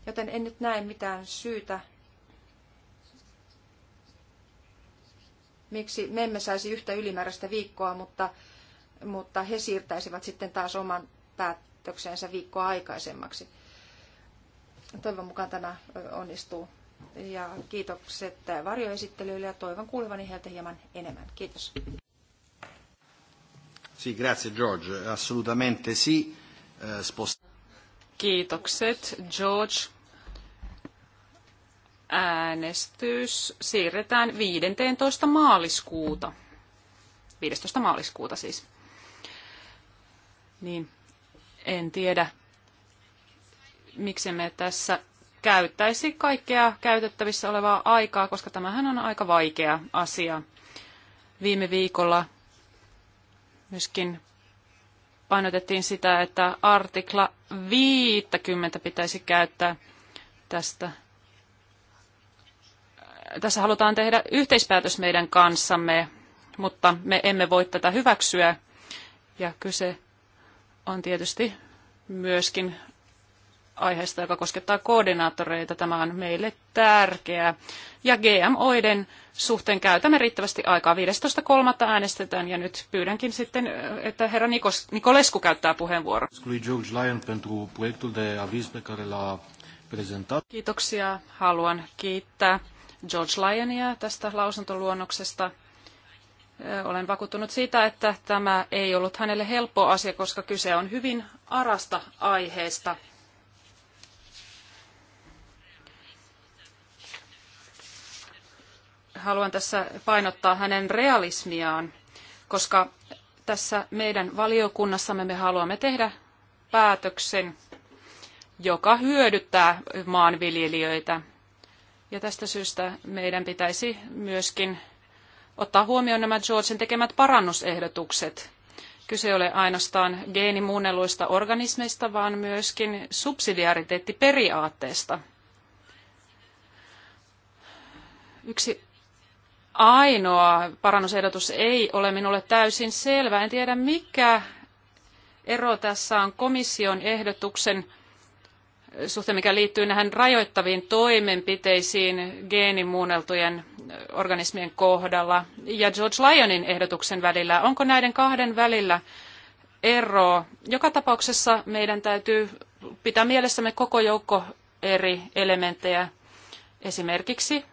Joten en nyt näe mitään syytä, miksi me emme saisi yhtä ylimääräistä viikkoa, mutta, mutta he siirtäisivät sitten taas oman päätöksensä viikkoa aikaisemmaksi. Toivon mukaan tämä onnistuu. Ja kiitokset varjoesittelijöille ja toivon kuulevani heiltä hieman enemmän. Kiitos.
Sì, grazie George, assolutamente sì. Eh, spost- Kiitokset
George. Äänestys siirretään 15. maaliskuuta. 15. maaliskuuta siis. Niin, en tiedä, miksi me tässä käyttäisi kaikkea käytettävissä olevaa aikaa, koska tämähän on aika vaikea asia. Viime viikolla myöskin painotettiin sitä, että artikla 50 pitäisi käyttää tästä. Tässä halutaan tehdä yhteispäätös meidän kanssamme, mutta me emme voi tätä hyväksyä. Ja kyse on tietysti myöskin aiheesta, joka koskettaa koordinaattoreita. Tämä on meille tärkeää. Ja GMOiden suhteen käytämme riittävästi aikaa. 15.3. äänestetään ja nyt pyydänkin sitten, että herra Nikos, Nikolesku käyttää puheenvuoron. Kiitoksia. Haluan kiittää George Lyonia tästä lausuntoluonnoksesta. Olen vakuuttunut siitä, että tämä ei ollut hänelle helppo asia, koska kyse on hyvin arasta aiheesta. haluan tässä painottaa hänen realismiaan, koska tässä meidän valiokunnassamme me haluamme tehdä päätöksen, joka hyödyttää maanviljelijöitä. Ja tästä syystä meidän pitäisi myöskin ottaa huomioon nämä Georgen tekemät parannusehdotukset. Kyse ei ole ainoastaan geenimuunnelluista organismeista, vaan myöskin subsidiariteettiperiaatteesta. Yksi ainoa parannusehdotus ei ole minulle täysin selvä. En tiedä, mikä ero tässä on komission ehdotuksen suhteen, mikä liittyy näihin rajoittaviin toimenpiteisiin geenimuunneltujen organismien kohdalla ja George Lyonin ehdotuksen välillä. Onko näiden kahden välillä ero? Joka tapauksessa meidän täytyy pitää mielessämme koko joukko eri elementtejä. Esimerkiksi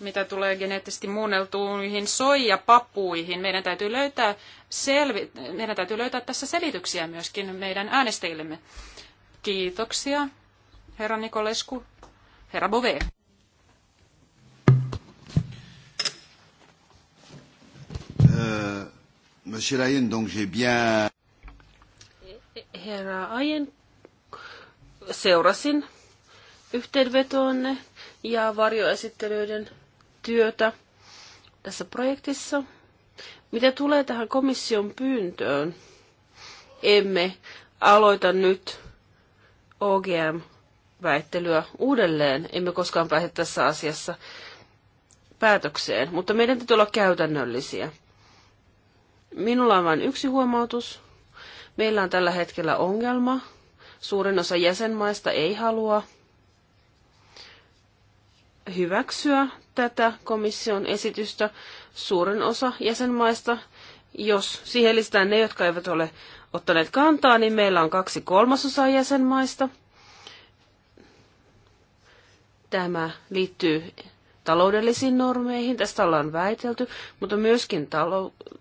mitä tulee geneettisesti muunneltuihin soijapapuihin. Meidän täytyy löytää, selvi- meidän täytyy löytää tässä selityksiä myöskin meidän äänestäjillemme. Kiitoksia, herra Nikolesku, herra Bove.
Euh, monsieur Ayen, donc j'ai bien...
Herra Ayen, seurasin yhteenvetoonne ja varjoesittelyiden työtä tässä projektissa. Mitä tulee tähän komission pyyntöön, emme aloita nyt OGM-väittelyä uudelleen. Emme koskaan pääse tässä asiassa päätökseen, mutta meidän täytyy olla käytännöllisiä. Minulla on vain yksi huomautus. Meillä on tällä hetkellä ongelma. Suurin osa jäsenmaista ei halua hyväksyä tätä komission esitystä suurin osa jäsenmaista. Jos siihen lisätään ne, jotka eivät ole ottaneet kantaa, niin meillä on kaksi kolmasosaa jäsenmaista. Tämä liittyy taloudellisiin normeihin, tästä ollaan väitelty, mutta myöskin talou-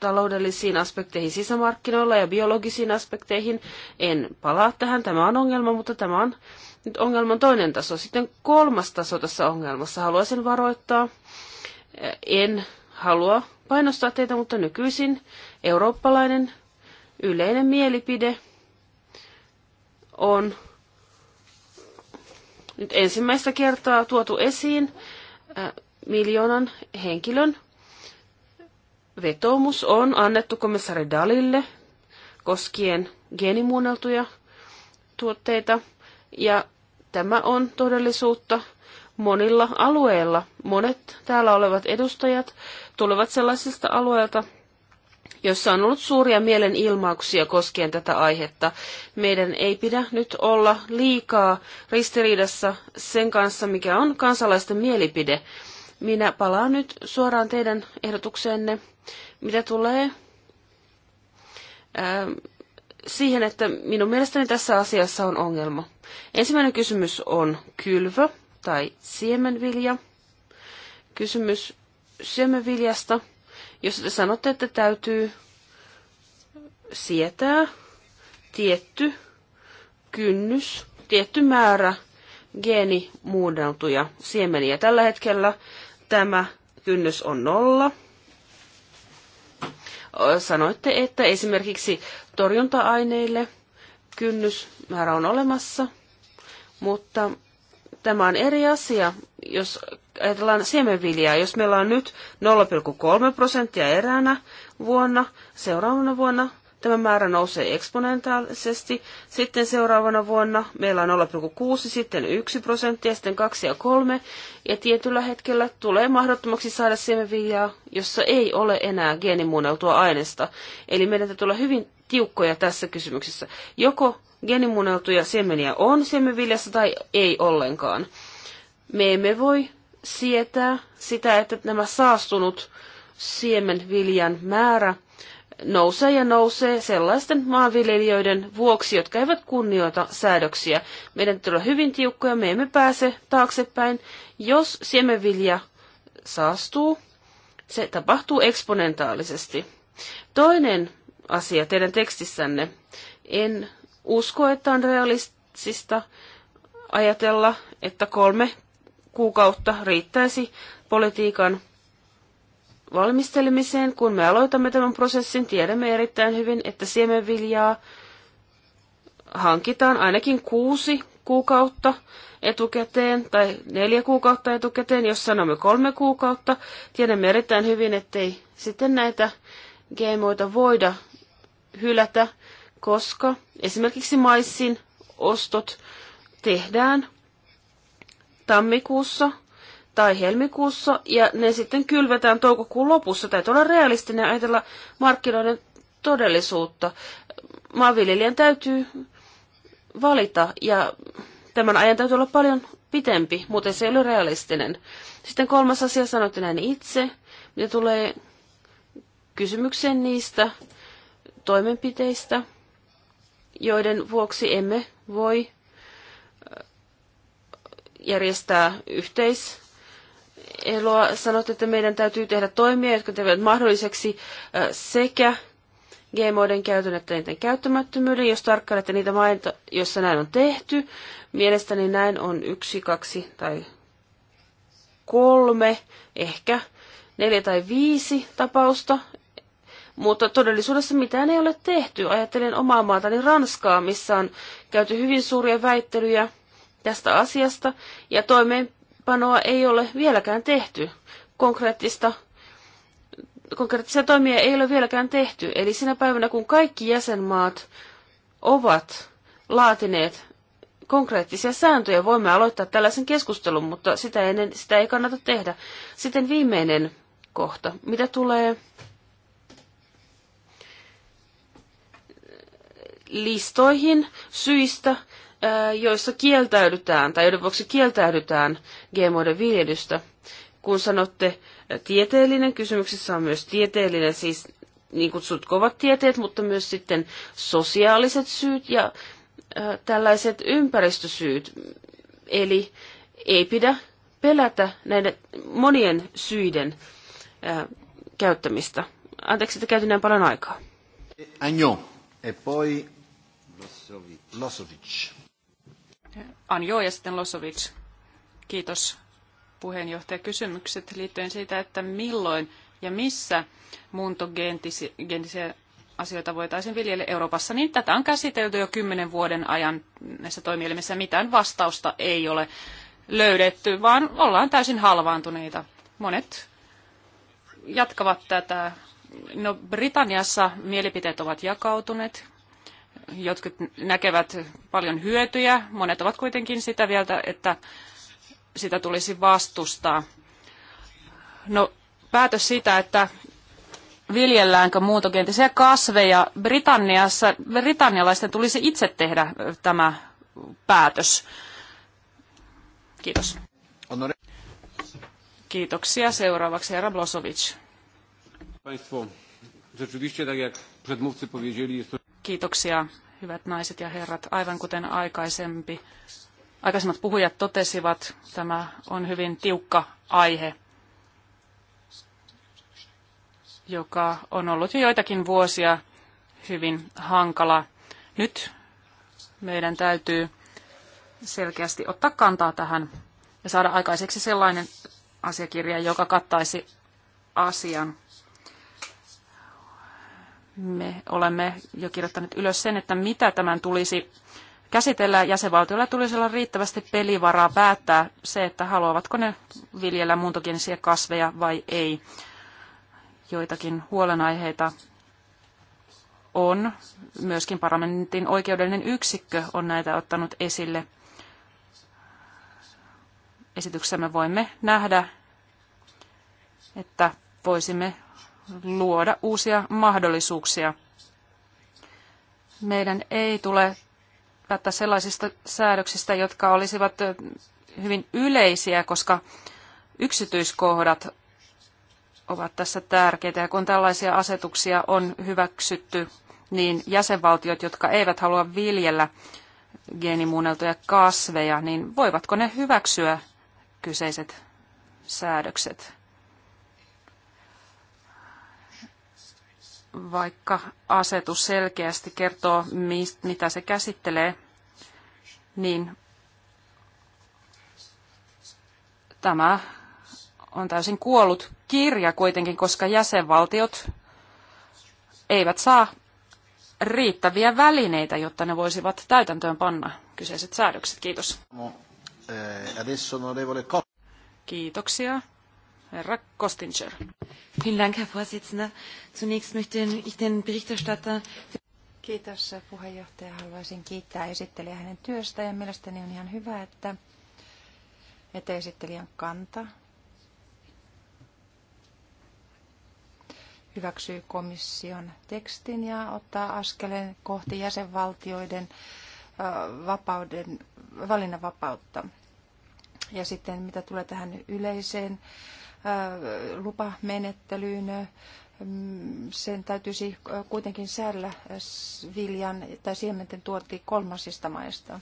taloudellisiin aspekteihin sisämarkkinoilla ja biologisiin aspekteihin. En palaa tähän, tämä on ongelma, mutta tämä on nyt ongelman toinen taso. Sitten kolmas taso tässä ongelmassa haluaisin varoittaa. En halua painostaa teitä, mutta nykyisin eurooppalainen yleinen mielipide on nyt ensimmäistä kertaa tuotu esiin äh, miljoonan henkilön vetoomus on annettu komissari Dalille koskien geenimuunneltuja tuotteita. Ja tämä on todellisuutta monilla alueilla. Monet täällä olevat edustajat tulevat sellaisista alueilta, jossa on ollut suuria mielenilmauksia koskien tätä aihetta. Meidän ei pidä nyt olla liikaa ristiriidassa sen kanssa, mikä on kansalaisten mielipide. Minä palaan nyt suoraan teidän ehdotukseenne, mitä tulee ää, ähm, siihen, että minun mielestäni tässä asiassa on ongelma. Ensimmäinen kysymys on kylvö tai siemenvilja. Kysymys siemenviljasta, jos te sanotte, että täytyy sietää tietty kynnys, tietty määrä geenimuunneltuja siemeniä. Tällä hetkellä tämä kynnys on nolla. Sanoitte, että esimerkiksi torjunta-aineille kynnysmäärä on olemassa, mutta tämä on eri asia, jos ajatellaan siemenviljaa. Jos meillä on nyt 0,3 prosenttia eräänä vuonna, seuraavana vuonna Tämä määrä nousee eksponentaalisesti. Sitten seuraavana vuonna meillä on 0,6, sitten 1 prosenttia, sitten 2 ja 3. Ja tietyllä hetkellä tulee mahdottomaksi saada siemenviljaa, jossa ei ole enää geenimuunneltua aineesta. Eli meidän täytyy olla hyvin tiukkoja tässä kysymyksessä. Joko geenimuunneltuja siemeniä on siemenviljassa tai ei ollenkaan. Me emme voi sietää sitä, että nämä saastunut siemenviljan määrä – nousee ja nousee sellaisten maanviljelijöiden vuoksi, jotka eivät kunnioita säädöksiä. Meidän täytyy olla hyvin tiukkoja, me emme pääse taaksepäin. Jos siemenvilja saastuu, se tapahtuu eksponentaalisesti. Toinen asia teidän tekstissänne. En usko, että on realistista ajatella, että kolme kuukautta riittäisi politiikan valmistelemiseen. Kun me aloitamme tämän prosessin, tiedämme erittäin hyvin, että siemenviljaa hankitaan ainakin kuusi kuukautta etukäteen tai neljä kuukautta etukäteen, jos sanomme kolme kuukautta. Tiedämme erittäin hyvin, ettei sitten näitä GMOita voida hylätä, koska esimerkiksi maissin ostot tehdään tammikuussa tai helmikuussa, ja ne sitten kylvetään toukokuun lopussa. Täytyy olla realistinen ajatella markkinoiden todellisuutta. Maanviljelijän täytyy valita, ja tämän ajan täytyy olla paljon pitempi, muuten se ei ole realistinen. Sitten kolmas asia sanoitte näin itse, mitä tulee kysymykseen niistä toimenpiteistä, joiden vuoksi emme voi järjestää yhteis Eloa sanot, että meidän täytyy tehdä toimia, jotka tekevät mahdolliseksi sekä GMOiden käytön että niiden käyttämättömyyden, jos tarkkailette niitä maita, joissa näin on tehty. Mielestäni näin on yksi, kaksi tai kolme, ehkä neljä tai viisi tapausta, mutta todellisuudessa mitään ei ole tehty. Ajattelen omaa maatani Ranskaa, missä on käyty hyvin suuria väittelyjä tästä asiasta, ja toimeen panoa ei ole vieläkään tehty. Konkreettista, konkreettisia toimia ei ole vieläkään tehty. Eli sinä päivänä, kun kaikki jäsenmaat ovat laatineet konkreettisia sääntöjä, voimme aloittaa tällaisen keskustelun, mutta sitä, ennen, sitä ei kannata tehdä. Sitten viimeinen kohta. Mitä tulee listoihin syistä, joissa kieltäydytään tai joiden vuoksi kieltäydytään GMOiden viljelystä. Kun sanotte tieteellinen, kysymyksessä on myös tieteellinen, siis niin kutsut kovat tieteet, mutta myös sitten sosiaaliset syyt ja ä, tällaiset ympäristösyyt. Eli ei pidä pelätä näiden monien syiden ä, käyttämistä. Anteeksi, että käytin näin paljon aikaa.
Agno, e poi Losovic.
Anjo
ja sitten Losovic. Kiitos puheenjohtaja. Kysymykset liittyen siitä, että milloin ja missä muuntogeenisiä asioita voitaisiin viljellä Euroopassa, niin tätä on käsitelty jo kymmenen vuoden ajan näissä toimielimissä. Mitään vastausta ei ole löydetty, vaan ollaan täysin halvaantuneita. Monet jatkavat tätä. No, Britanniassa mielipiteet ovat jakautuneet jotkut näkevät paljon hyötyjä. Monet ovat kuitenkin sitä vielä, että sitä tulisi vastustaa. No, päätös siitä, että viljelläänkö muuntogeenisiä kasveja Britanniassa, britannialaisten tulisi itse tehdä tämä päätös. Kiitos. Kiitoksia. Seuraavaksi herra Blosovic. Państwo, rzeczywiście tak jak przedmówcy powiedzieli, jest to... Kiitoksia, hyvät naiset ja herrat. Aivan kuten aikaisempi, aikaisemmat puhujat totesivat, tämä on hyvin tiukka aihe, joka on ollut jo joitakin vuosia hyvin hankala. Nyt meidän täytyy selkeästi ottaa kantaa tähän ja saada aikaiseksi sellainen asiakirja, joka kattaisi asian. Me olemme jo kirjoittaneet ylös sen, että mitä tämän tulisi käsitellä. Jäsenvaltioilla tulisi olla riittävästi pelivaraa päättää se, että haluavatko ne viljellä muuntokielisiä kasveja vai ei. Joitakin huolenaiheita on. Myöskin parlamentin oikeudellinen yksikkö on näitä ottanut esille. Esityksessä me voimme nähdä, että voisimme luoda uusia mahdollisuuksia. Meidän ei tule päättää sellaisista säädöksistä, jotka olisivat hyvin yleisiä, koska yksityiskohdat ovat tässä tärkeitä. Ja kun tällaisia asetuksia on hyväksytty, niin jäsenvaltiot, jotka eivät halua viljellä geenimuunneltuja kasveja, niin voivatko ne hyväksyä kyseiset säädökset? vaikka asetus selkeästi kertoo, mitä se käsittelee, niin tämä on täysin kuollut kirja kuitenkin, koska jäsenvaltiot eivät saa riittäviä välineitä, jotta ne voisivat täytäntöön panna kyseiset säädökset. Kiitos.
Eh,
Kiitoksia. Herra Kostinger.
Vielen Dank, Herr Vorsitzender. Zunächst möchte ich den Berichterstatter... Kiitos puheenjohtaja. Haluaisin kiittää esittelijä hänen työstä ja mielestäni on ihan hyvä, että, että esittelijän kanta hyväksyy komission tekstin ja ottaa askeleen kohti jäsenvaltioiden vapauden, valinnanvapautta. Ja sitten mitä tulee tähän yleiseen Äh, lupamenettelyyn. Äh, sen täytyisi äh, kuitenkin säädellä viljan tai siementen tuonti kolmansista maista.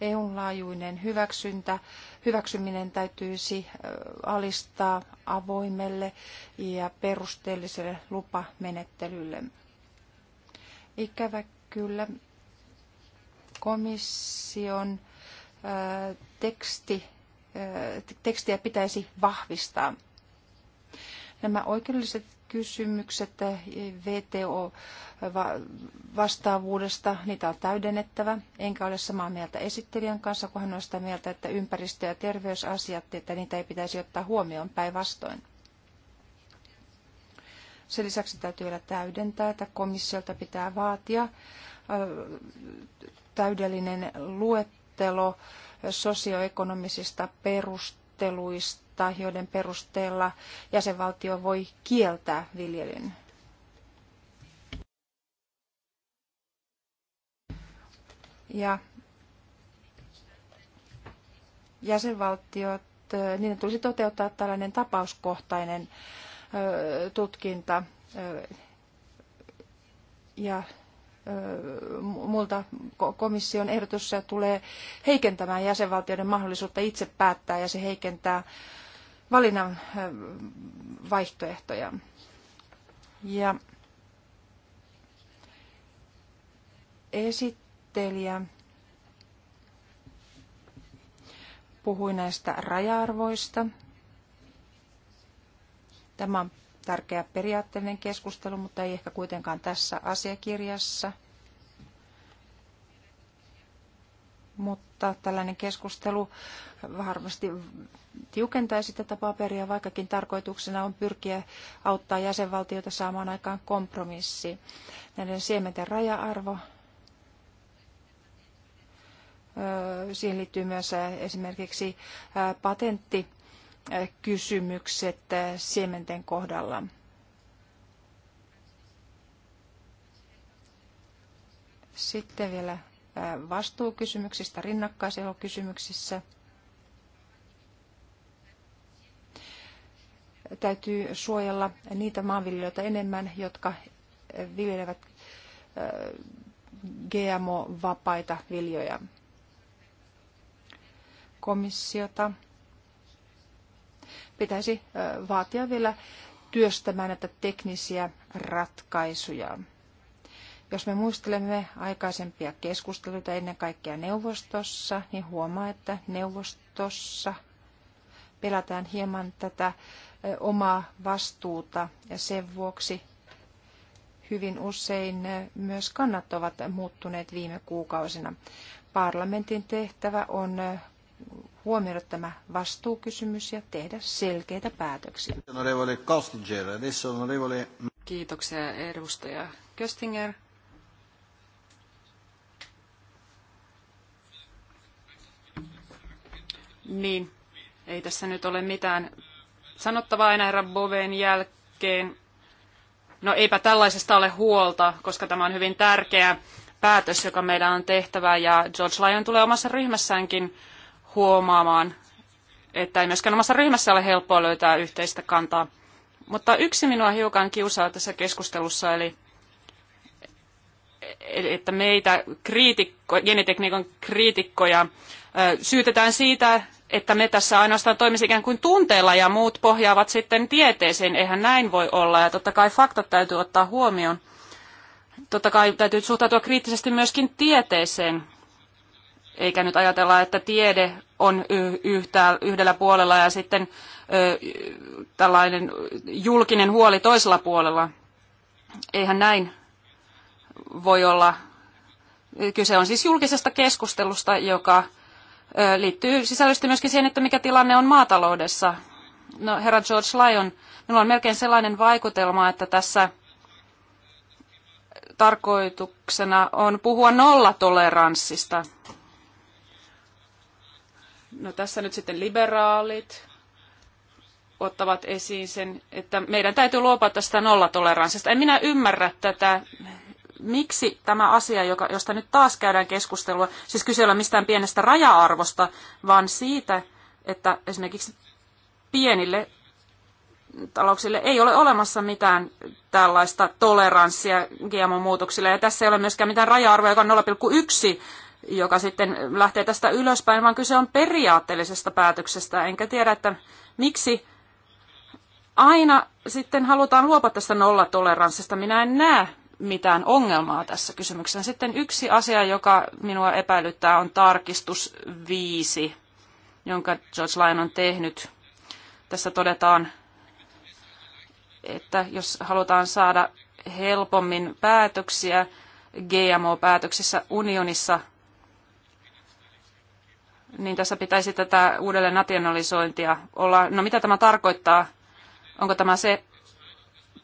EUn laajuinen hyväksyntä, hyväksyminen täytyisi alistaa avoimelle ja perusteelliselle lupamenettelylle. Ikävä kyllä komission teksti tekstiä pitäisi vahvistaa. Nämä oikeudelliset kysymykset VTO-vastaavuudesta, niitä on täydennettävä. Enkä ole samaa mieltä esittelijän kanssa, kun hän on sitä mieltä, että ympäristö- ja terveysasiat, että niitä ei pitäisi ottaa huomioon päinvastoin. Sen lisäksi täytyy vielä täydentää, että komissiolta pitää vaatia täydellinen luettelo sosioekonomisista perusteluista, joiden perusteella jäsenvaltio voi kieltää viljelyn. Ja jäsenvaltiot, niin tulisi toteuttaa tällainen tapauskohtainen tutkinta ja Multa komission ehdotus tulee heikentämään jäsenvaltioiden mahdollisuutta itse päättää ja se heikentää valinnan vaihtoehtoja. Ja esittelijä puhui näistä raja-arvoista. Tämä on tärkeä periaatteellinen keskustelu, mutta ei ehkä kuitenkaan tässä asiakirjassa. Mutta tällainen keskustelu varmasti tiukentaisi tätä paperia, vaikkakin tarkoituksena on pyrkiä auttaa jäsenvaltiota saamaan aikaan kompromissi. Näiden siementen raja-arvo öö, Siihen liittyy myös esimerkiksi öö, patentti Äh, kysymykset äh, siementen kohdalla. Sitten vielä äh, vastuukysymyksistä rinnakkaiselokysymyksissä. Täytyy suojella niitä maanviljelijöitä enemmän, jotka viljelevät GMO-vapaita viljoja. Komissiota pitäisi vaatia vielä työstämään näitä teknisiä ratkaisuja. Jos me muistelemme aikaisempia keskusteluita ennen kaikkea neuvostossa, niin huomaa, että neuvostossa pelätään hieman tätä omaa vastuuta ja sen vuoksi hyvin usein myös kannat ovat muuttuneet viime kuukausina. Parlamentin tehtävä on huomioida tämä vastuukysymys ja tehdä selkeitä päätöksiä.
Kiitoksia edustaja
Köstinger.
Niin, ei tässä nyt ole mitään sanottavaa enää herra Boven jälkeen. No eipä tällaisesta ole huolta, koska tämä on hyvin tärkeä päätös, joka meidän on tehtävä, ja George Lyon tulee omassa ryhmässäänkin huomaamaan, että ei myöskään omassa ryhmässä ole helppoa löytää yhteistä kantaa. Mutta yksi minua hiukan kiusaa tässä keskustelussa, eli että meitä kriitikko, genitekniikan kriitikkoja syytetään siitä, että me tässä ainoastaan toimisi ikään kuin tunteella ja muut pohjaavat sitten tieteeseen. Eihän näin voi olla ja totta kai faktat täytyy ottaa huomioon. Totta kai täytyy suhtautua kriittisesti myöskin tieteeseen eikä nyt ajatella, että tiede on yhtä, yhdellä puolella ja sitten tällainen julkinen huoli toisella puolella. Eihän näin voi olla. Kyse on siis julkisesta keskustelusta, joka liittyy sisällöllisesti myöskin siihen, että mikä tilanne on maataloudessa. No, herra George Lyon, minulla on melkein sellainen vaikutelma, että tässä tarkoituksena on puhua nollatoleranssista. No tässä nyt sitten liberaalit ottavat esiin sen, että meidän täytyy luopua tästä nollatoleranssista. En minä ymmärrä tätä miksi tämä asia, joka, josta nyt taas käydään keskustelua, siis kyse ei ole mistään pienestä raja-arvosta, vaan siitä, että esimerkiksi pienille talouksille ei ole olemassa mitään tällaista toleranssia GMO-muutoksille, ja tässä ei ole myöskään mitään raja-arvoa, joka on 0,1 joka sitten lähtee tästä ylöspäin, vaan kyse on periaatteellisesta päätöksestä. Enkä tiedä, että miksi aina sitten halutaan luopua tästä nollatoleranssista. Minä en näe mitään ongelmaa tässä kysymyksessä. Sitten yksi asia, joka minua epäilyttää, on tarkistus viisi, jonka George Lyon on tehnyt. Tässä todetaan, että jos halutaan saada helpommin päätöksiä GMO-päätöksissä unionissa, niin tässä pitäisi tätä uudelleen nationalisointia olla. No mitä tämä tarkoittaa? Onko tämä se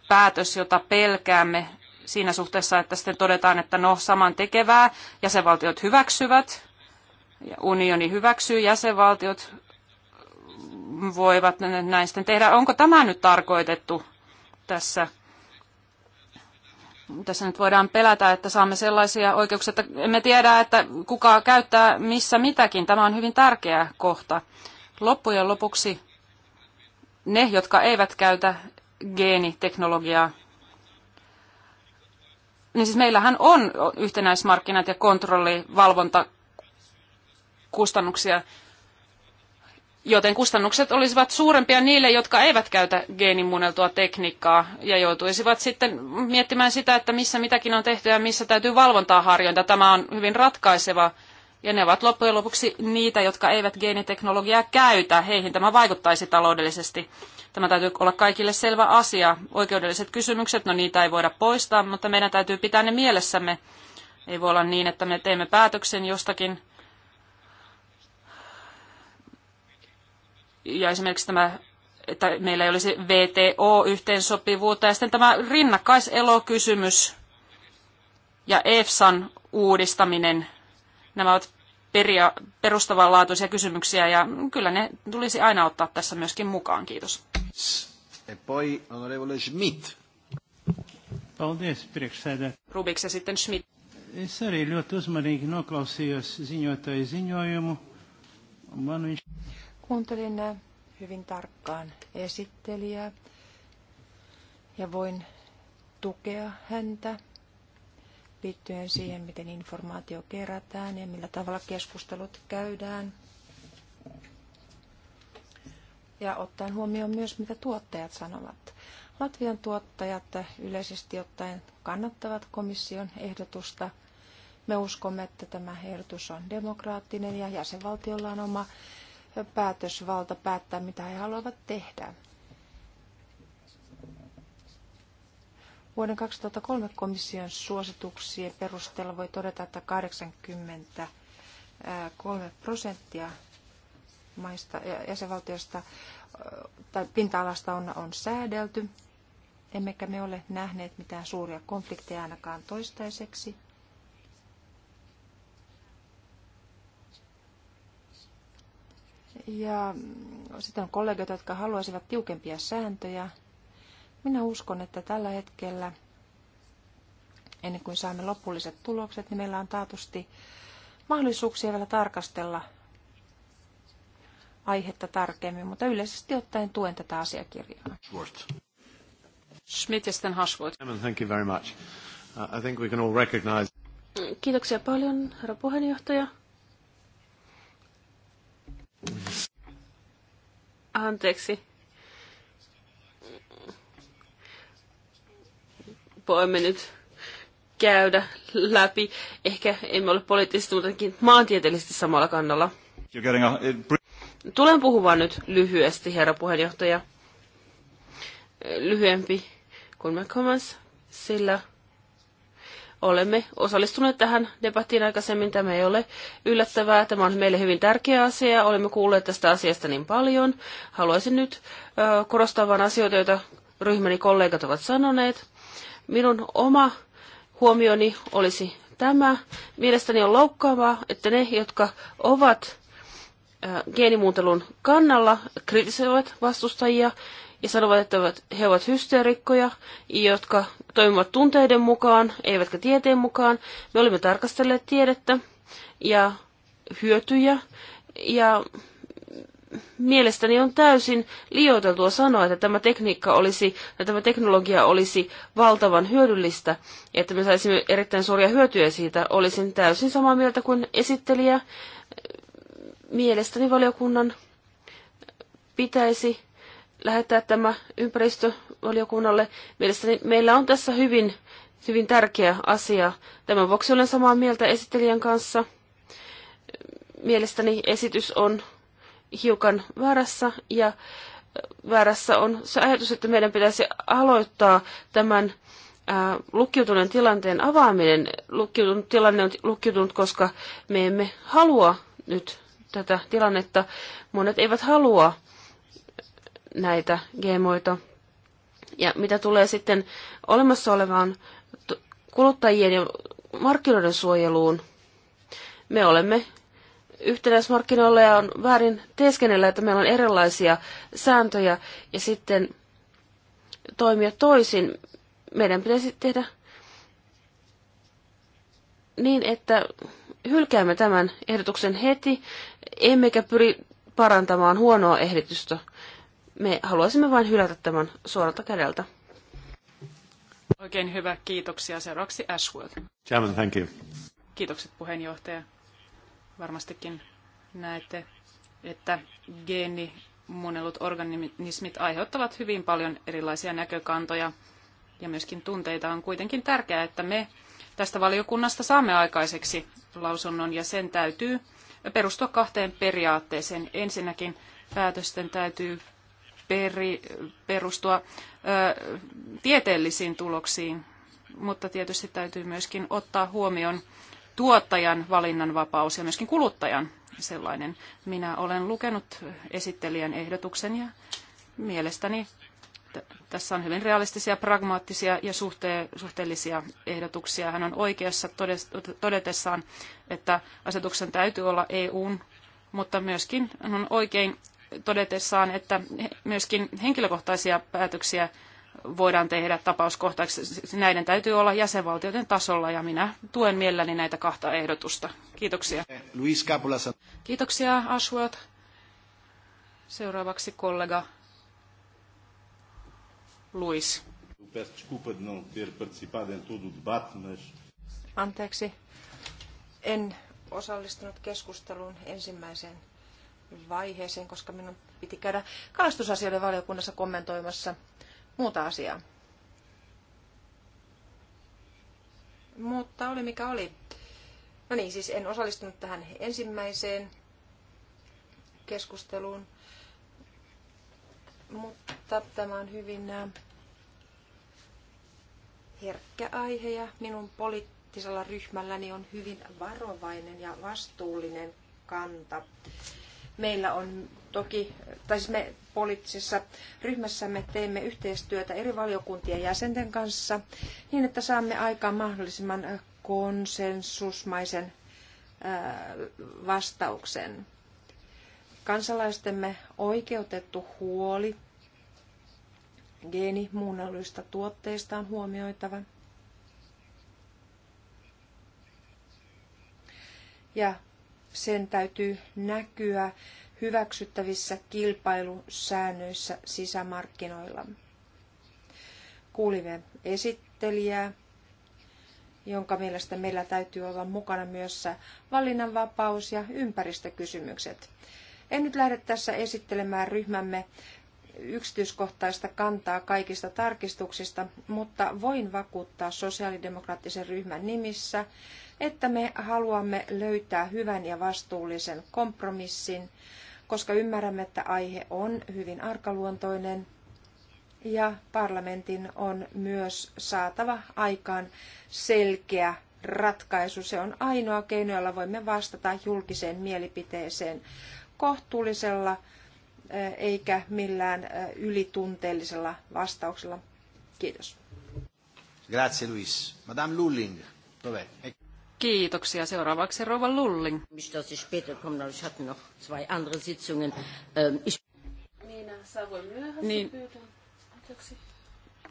päätös, jota pelkäämme siinä suhteessa, että sitten todetaan, että no saman tekevää, jäsenvaltiot hyväksyvät, ja unioni hyväksyy, jäsenvaltiot voivat näin sitten tehdä. Onko tämä nyt tarkoitettu tässä tässä nyt voidaan pelätä, että saamme sellaisia oikeuksia, että emme tiedä, että kuka käyttää missä mitäkin. Tämä on hyvin tärkeä kohta. Loppujen lopuksi ne, jotka eivät käytä geeniteknologiaa, niin siis meillähän on yhtenäismarkkinat ja kontrolli, valvonta, kustannuksia joten kustannukset olisivat suurempia niille, jotka eivät käytä geenimuunneltua tekniikkaa ja joutuisivat sitten miettimään sitä, että missä mitäkin on tehty ja missä täytyy valvontaa harjoittaa. Tämä on hyvin ratkaiseva ja ne ovat loppujen lopuksi niitä, jotka eivät geeniteknologiaa käytä. Heihin tämä vaikuttaisi taloudellisesti. Tämä täytyy olla kaikille selvä asia. Oikeudelliset kysymykset, no niitä ei voida poistaa, mutta meidän täytyy pitää ne mielessämme. Ei voi olla niin, että me teemme päätöksen jostakin ja esimerkiksi tämä että meillä ei olisi VTO-yhteensopivuutta. Ja sitten tämä rinnakkaiselokysymys ja EFSAn uudistaminen, nämä ovat peria- perustavanlaatuisia kysymyksiä ja kyllä ne tulisi aina ottaa tässä myöskin mukaan. Kiitos.
E poi onorevole Schmidt.
Rubiks ja sitten Schmidt.
Sari, arī ļoti uzmanīgi noklausījos ziņotāju ziņojumu.
Kuuntelin äh, hyvin tarkkaan esittelijää ja voin tukea häntä liittyen siihen, miten informaatio kerätään ja millä tavalla keskustelut käydään. Ja ottaen huomioon myös, mitä tuottajat sanovat. Latvian tuottajat yleisesti ottaen kannattavat komission ehdotusta. Me uskomme, että tämä ehdotus on demokraattinen ja jäsenvaltiolla on oma päätösvalta päättää, mitä he haluavat tehdä. Vuoden 2003 komission suosituksien perusteella voi todeta, että 83 prosenttia maista, jäsenvaltiosta tai pinta-alasta on, on säädelty, emmekä me ole nähneet mitään suuria konflikteja ainakaan toistaiseksi. Ja sitten on kollegoita, jotka haluaisivat tiukempia sääntöjä. Minä uskon, että tällä hetkellä, ennen kuin saamme lopulliset tulokset, niin meillä on taatusti mahdollisuuksia vielä tarkastella aihetta tarkemmin, mutta yleisesti ottaen tuen tätä asiakirjaa. Schwartz. Schmidt ja sitten Hashwood.
Thank you very much. Uh, I think we can all recognize...
Kiitoksia paljon, herra
puheenjohtaja. Anteeksi. Voimme nyt käydä läpi. Ehkä emme ole poliittisesti, mutta maantieteellisesti samalla kannalla. Tulen puhumaan nyt lyhyesti, herra puheenjohtaja. Lyhyempi kuin McComas, sillä Olemme osallistuneet tähän debattiin aikaisemmin. Tämä ei ole yllättävää. Tämä on meille hyvin tärkeä asia. Olemme kuulleet tästä asiasta niin paljon. Haluaisin nyt korostaa vain asioita, joita ryhmäni kollegat ovat sanoneet. Minun oma huomioni olisi tämä. Mielestäni on loukkaavaa, että ne, jotka ovat geenimuuntelun kannalla, kritisoivat vastustajia ja sanovat, että he ovat hysteerikkoja, jotka toimivat tunteiden mukaan, eivätkä tieteen mukaan. Me olemme tarkastelleet tiedettä ja hyötyjä ja mielestäni on täysin liioiteltua sanoa, että tämä tekniikka olisi, että tämä teknologia olisi valtavan hyödyllistä, että me saisimme erittäin suuria hyötyjä siitä. Olisin täysin samaa mieltä kuin esittelijä. Mielestäni valiokunnan pitäisi lähettää tämä ympäristövaliokunnalle. Mielestäni meillä on tässä hyvin, hyvin tärkeä asia. Tämän vuoksi olen samaa mieltä esittelijän kanssa. Mielestäni esitys on hiukan väärässä ja väärässä on se ajatus, että meidän pitäisi aloittaa tämän lukkiutuneen tilanteen avaaminen. Lukkiutunut tilanne on lukkiutunut, koska me emme halua nyt tätä tilannetta. Monet eivät halua näitä GMOita. Ja mitä tulee sitten olemassa olevaan kuluttajien ja markkinoiden suojeluun, me olemme yhtenäismarkkinoilla ja on väärin teeskennellä, että meillä on erilaisia sääntöjä ja sitten toimia toisin. Meidän pitäisi tehdä niin, että hylkäämme tämän ehdotuksen heti, emmekä pyri parantamaan huonoa ehdotusta. Me haluaisimme vain hylätä tämän suoralta kädeltä.
Oikein hyvä, kiitoksia. Seuraavaksi Ashworth. Chairman, thank you. Kiitokset puheenjohtaja. Varmastikin näette, että geeni muunnellut organismit aiheuttavat hyvin paljon erilaisia näkökantoja ja myöskin tunteita. On kuitenkin tärkeää, että me tästä valiokunnasta saamme aikaiseksi lausunnon ja sen täytyy perustua kahteen periaatteeseen. Ensinnäkin päätösten täytyy peri, perustua ö, tieteellisiin tuloksiin, mutta tietysti täytyy myöskin ottaa huomioon tuottajan valinnanvapaus ja myöskin kuluttajan sellainen. Minä olen lukenut esittelijän ehdotuksen ja mielestäni tässä on hyvin realistisia, pragmaattisia ja suhte- suhteellisia ehdotuksia. Hän on oikeassa todetessaan, että asetuksen täytyy olla EUn, mutta myöskin on oikein todetessaan, että myöskin henkilökohtaisia päätöksiä voidaan tehdä tapauskohtaisesti. Näiden täytyy olla jäsenvaltioiden tasolla ja minä tuen mielelläni näitä kahta ehdotusta. Kiitoksia.
Luis Capula.
Kiitoksia Ashworth. Seuraavaksi
kollega Luis. Anteeksi, en osallistunut keskusteluun ensimmäiseen vaiheeseen, koska minun piti käydä kalastusasioiden valiokunnassa kommentoimassa muuta asiaa. Mutta oli mikä oli. No niin, siis en osallistunut tähän ensimmäiseen keskusteluun, mutta tämä on hyvin äh, herkkä aihe ja minun poliittisella ryhmälläni on hyvin varovainen ja vastuullinen kanta Meillä on toki, tai siis me poliittisessa ryhmässämme teemme yhteistyötä eri valiokuntien jäsenten kanssa niin, että saamme aikaan mahdollisimman konsensusmaisen vastauksen. Kansalaistemme oikeutettu huoli geenimuunnelluista tuotteista on huomioitava. Ja sen täytyy näkyä hyväksyttävissä kilpailusäännöissä sisämarkkinoilla. Kuulimme esittelijää, jonka mielestä meillä täytyy olla mukana myös valinnanvapaus ja ympäristökysymykset. En nyt lähde tässä esittelemään ryhmämme yksityiskohtaista kantaa kaikista tarkistuksista, mutta voin vakuuttaa sosiaalidemokraattisen ryhmän nimissä, että me haluamme löytää hyvän ja vastuullisen kompromissin, koska ymmärrämme, että aihe on hyvin arkaluontoinen ja parlamentin on myös saatava aikaan selkeä ratkaisu. Se on ainoa keino, jolla voimme vastata julkiseen mielipiteeseen kohtuullisella eh, eikä millään eh, ylitunteellisella vastauksella. Kiitos.
Grazie Luis. Madame Lulling, dov'è?
Kiitoksia. Seuraavaksi Rova
Lulling. Ähm,
Minä niin.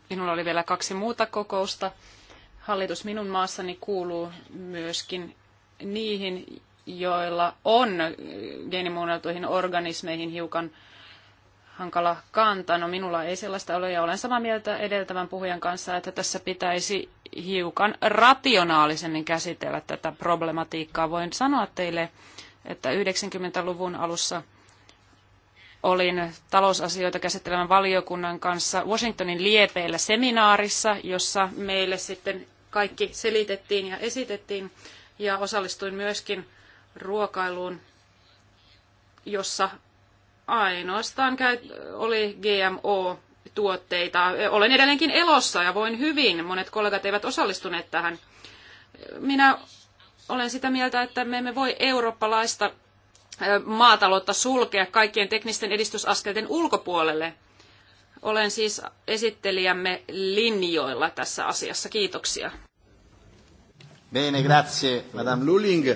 Minulla oli vielä kaksi muuta kokousta. Hallitus minun maassani kuuluu myöskin niihin, joilla on geenimuunneltuihin organismeihin hiukan hankala kanta. No minulla ei sellaista ole ja olen samaa mieltä edeltävän puhujan kanssa, että tässä pitäisi hiukan rationaalisemmin käsitellä tätä problematiikkaa. Voin sanoa teille, että 90-luvun alussa olin talousasioita käsittelevän valiokunnan kanssa Washingtonin liepeillä seminaarissa, jossa meille sitten kaikki selitettiin ja esitettiin, ja osallistuin myöskin ruokailuun, jossa ainoastaan oli GMO tuotteita. Olen edelleenkin elossa ja voin hyvin. Monet kollegat eivät osallistuneet tähän. Minä olen sitä mieltä, että me emme voi eurooppalaista maataloutta sulkea kaikkien teknisten edistysaskelten ulkopuolelle. Olen siis esittelijämme linjoilla tässä asiassa. Kiitoksia.
Bene, grazie, Madame Lulling.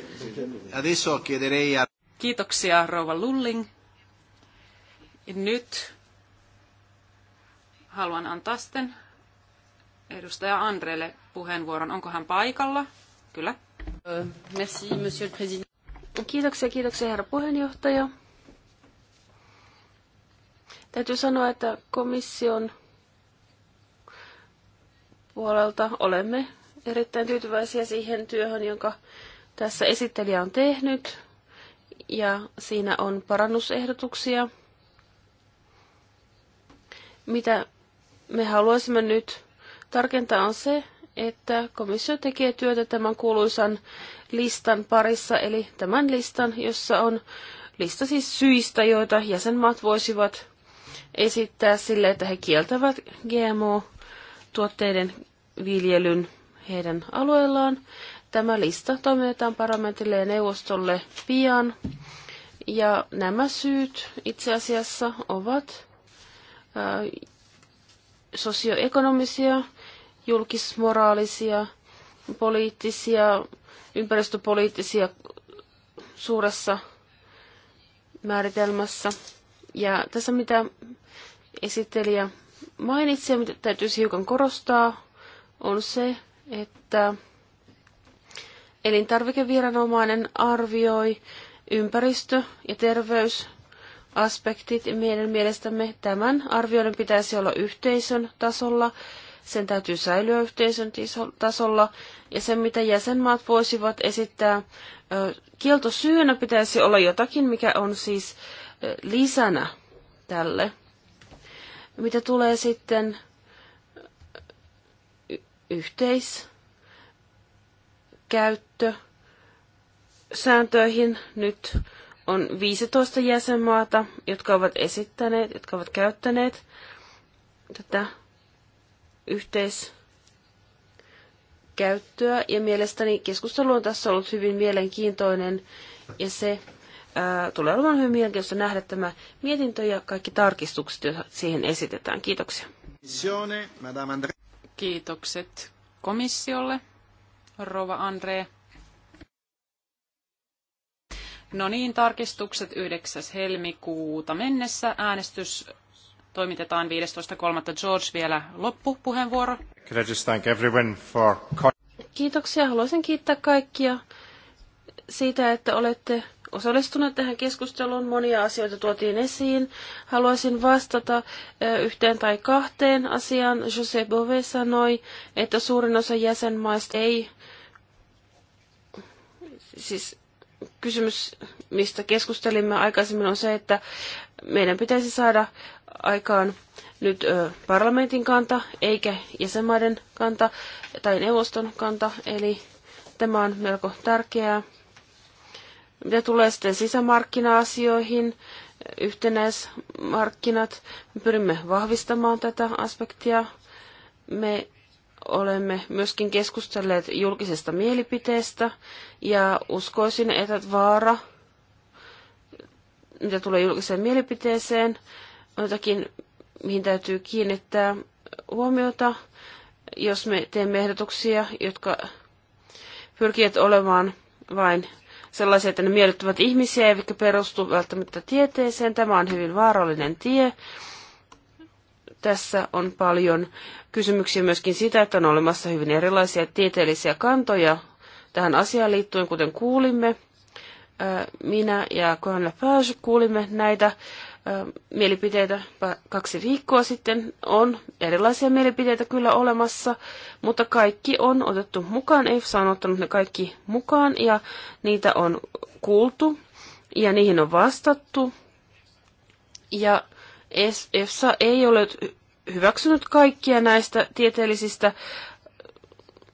Adesso chiederei a...
Kiitoksia, rouva Lulling. Nyt haluan antaa sitten edustaja Andrelle puheenvuoron. Onko hän paikalla? Kyllä.
Merci, monsieur le président. Kiitoksia, kiitoksia herra puheenjohtaja. Täytyy sanoa, että komission puolelta olemme erittäin tyytyväisiä siihen työhön, jonka tässä esittelijä on tehnyt. Ja siinä on parannusehdotuksia, mitä me haluaisimme nyt tarkentaa on se, että komissio tekee työtä tämän kuuluisan listan parissa, eli tämän listan, jossa on lista siis syistä, joita jäsenmaat voisivat esittää sille, että he kieltävät GMO-tuotteiden viljelyn heidän alueellaan. Tämä lista toimitetaan parlamentille ja neuvostolle pian. Ja nämä syyt itse asiassa ovat äh, sosioekonomisia, julkismoraalisia, poliittisia, ympäristöpoliittisia suuressa määritelmässä. Ja tässä mitä esittelijä mainitsi ja mitä täytyisi hiukan korostaa, on se, että elintarvikeviranomainen arvioi ympäristö- ja terveys- aspektit. Meidän mielestämme tämän arvioiden pitäisi olla yhteisön tasolla, sen täytyy säilyä yhteisön tasolla, ja sen mitä jäsenmaat voisivat esittää kieltosyynä pitäisi olla jotakin, mikä on siis lisänä tälle. Mitä tulee sitten yhteis käyttö sääntöihin nyt on 15 jäsenmaata, jotka ovat esittäneet, jotka ovat käyttäneet tätä yhteiskäyttöä. Ja mielestäni keskustelu on tässä ollut hyvin mielenkiintoinen ja se ää, tulee olemaan hyvin mielenkiintoista nähdä tämä mietintö ja kaikki tarkistukset, joita siihen esitetään. Kiitoksia.
Kiitokset
komissiolle, Rova Andre. No niin, tarkistukset 9. helmikuuta mennessä. Äänestys toimitetaan 15.3. George vielä loppupuheenvuoro.
Kiitoksia. Haluaisin kiittää kaikkia siitä, että olette osallistuneet tähän keskusteluun. Monia asioita tuotiin esiin. Haluaisin vastata yhteen tai kahteen asiaan. Jose Bove sanoi, että suurin osa jäsenmaista ei, siis kysymys, mistä keskustelimme aikaisemmin, on se, että meidän pitäisi saada aikaan nyt parlamentin kanta, eikä jäsenmaiden kanta tai neuvoston kanta, eli tämä on melko tärkeää. Mitä tulee sitten sisämarkkina-asioihin, yhtenäismarkkinat, me pyrimme vahvistamaan tätä aspektia. Me olemme myöskin keskustelleet julkisesta mielipiteestä ja uskoisin, että vaara, mitä tulee julkiseen mielipiteeseen, on jotakin, mihin täytyy kiinnittää huomiota, jos me teemme ehdotuksia, jotka pyrkivät olemaan vain sellaisia, että ne miellyttävät ihmisiä, eivätkä perustu välttämättä tieteeseen. Tämä on hyvin vaarallinen tie tässä on paljon kysymyksiä myöskin sitä, että on olemassa hyvin erilaisia tieteellisiä kantoja tähän asiaan liittyen, kuten kuulimme. Minä ja Kohan Lepage kuulimme näitä mielipiteitä kaksi viikkoa sitten. On erilaisia mielipiteitä kyllä olemassa, mutta kaikki on otettu mukaan. EFSA on ottanut ne kaikki mukaan ja niitä on kuultu ja niihin on vastattu. Ja EFSA ei ole hyväksynyt kaikkia näistä tieteellisistä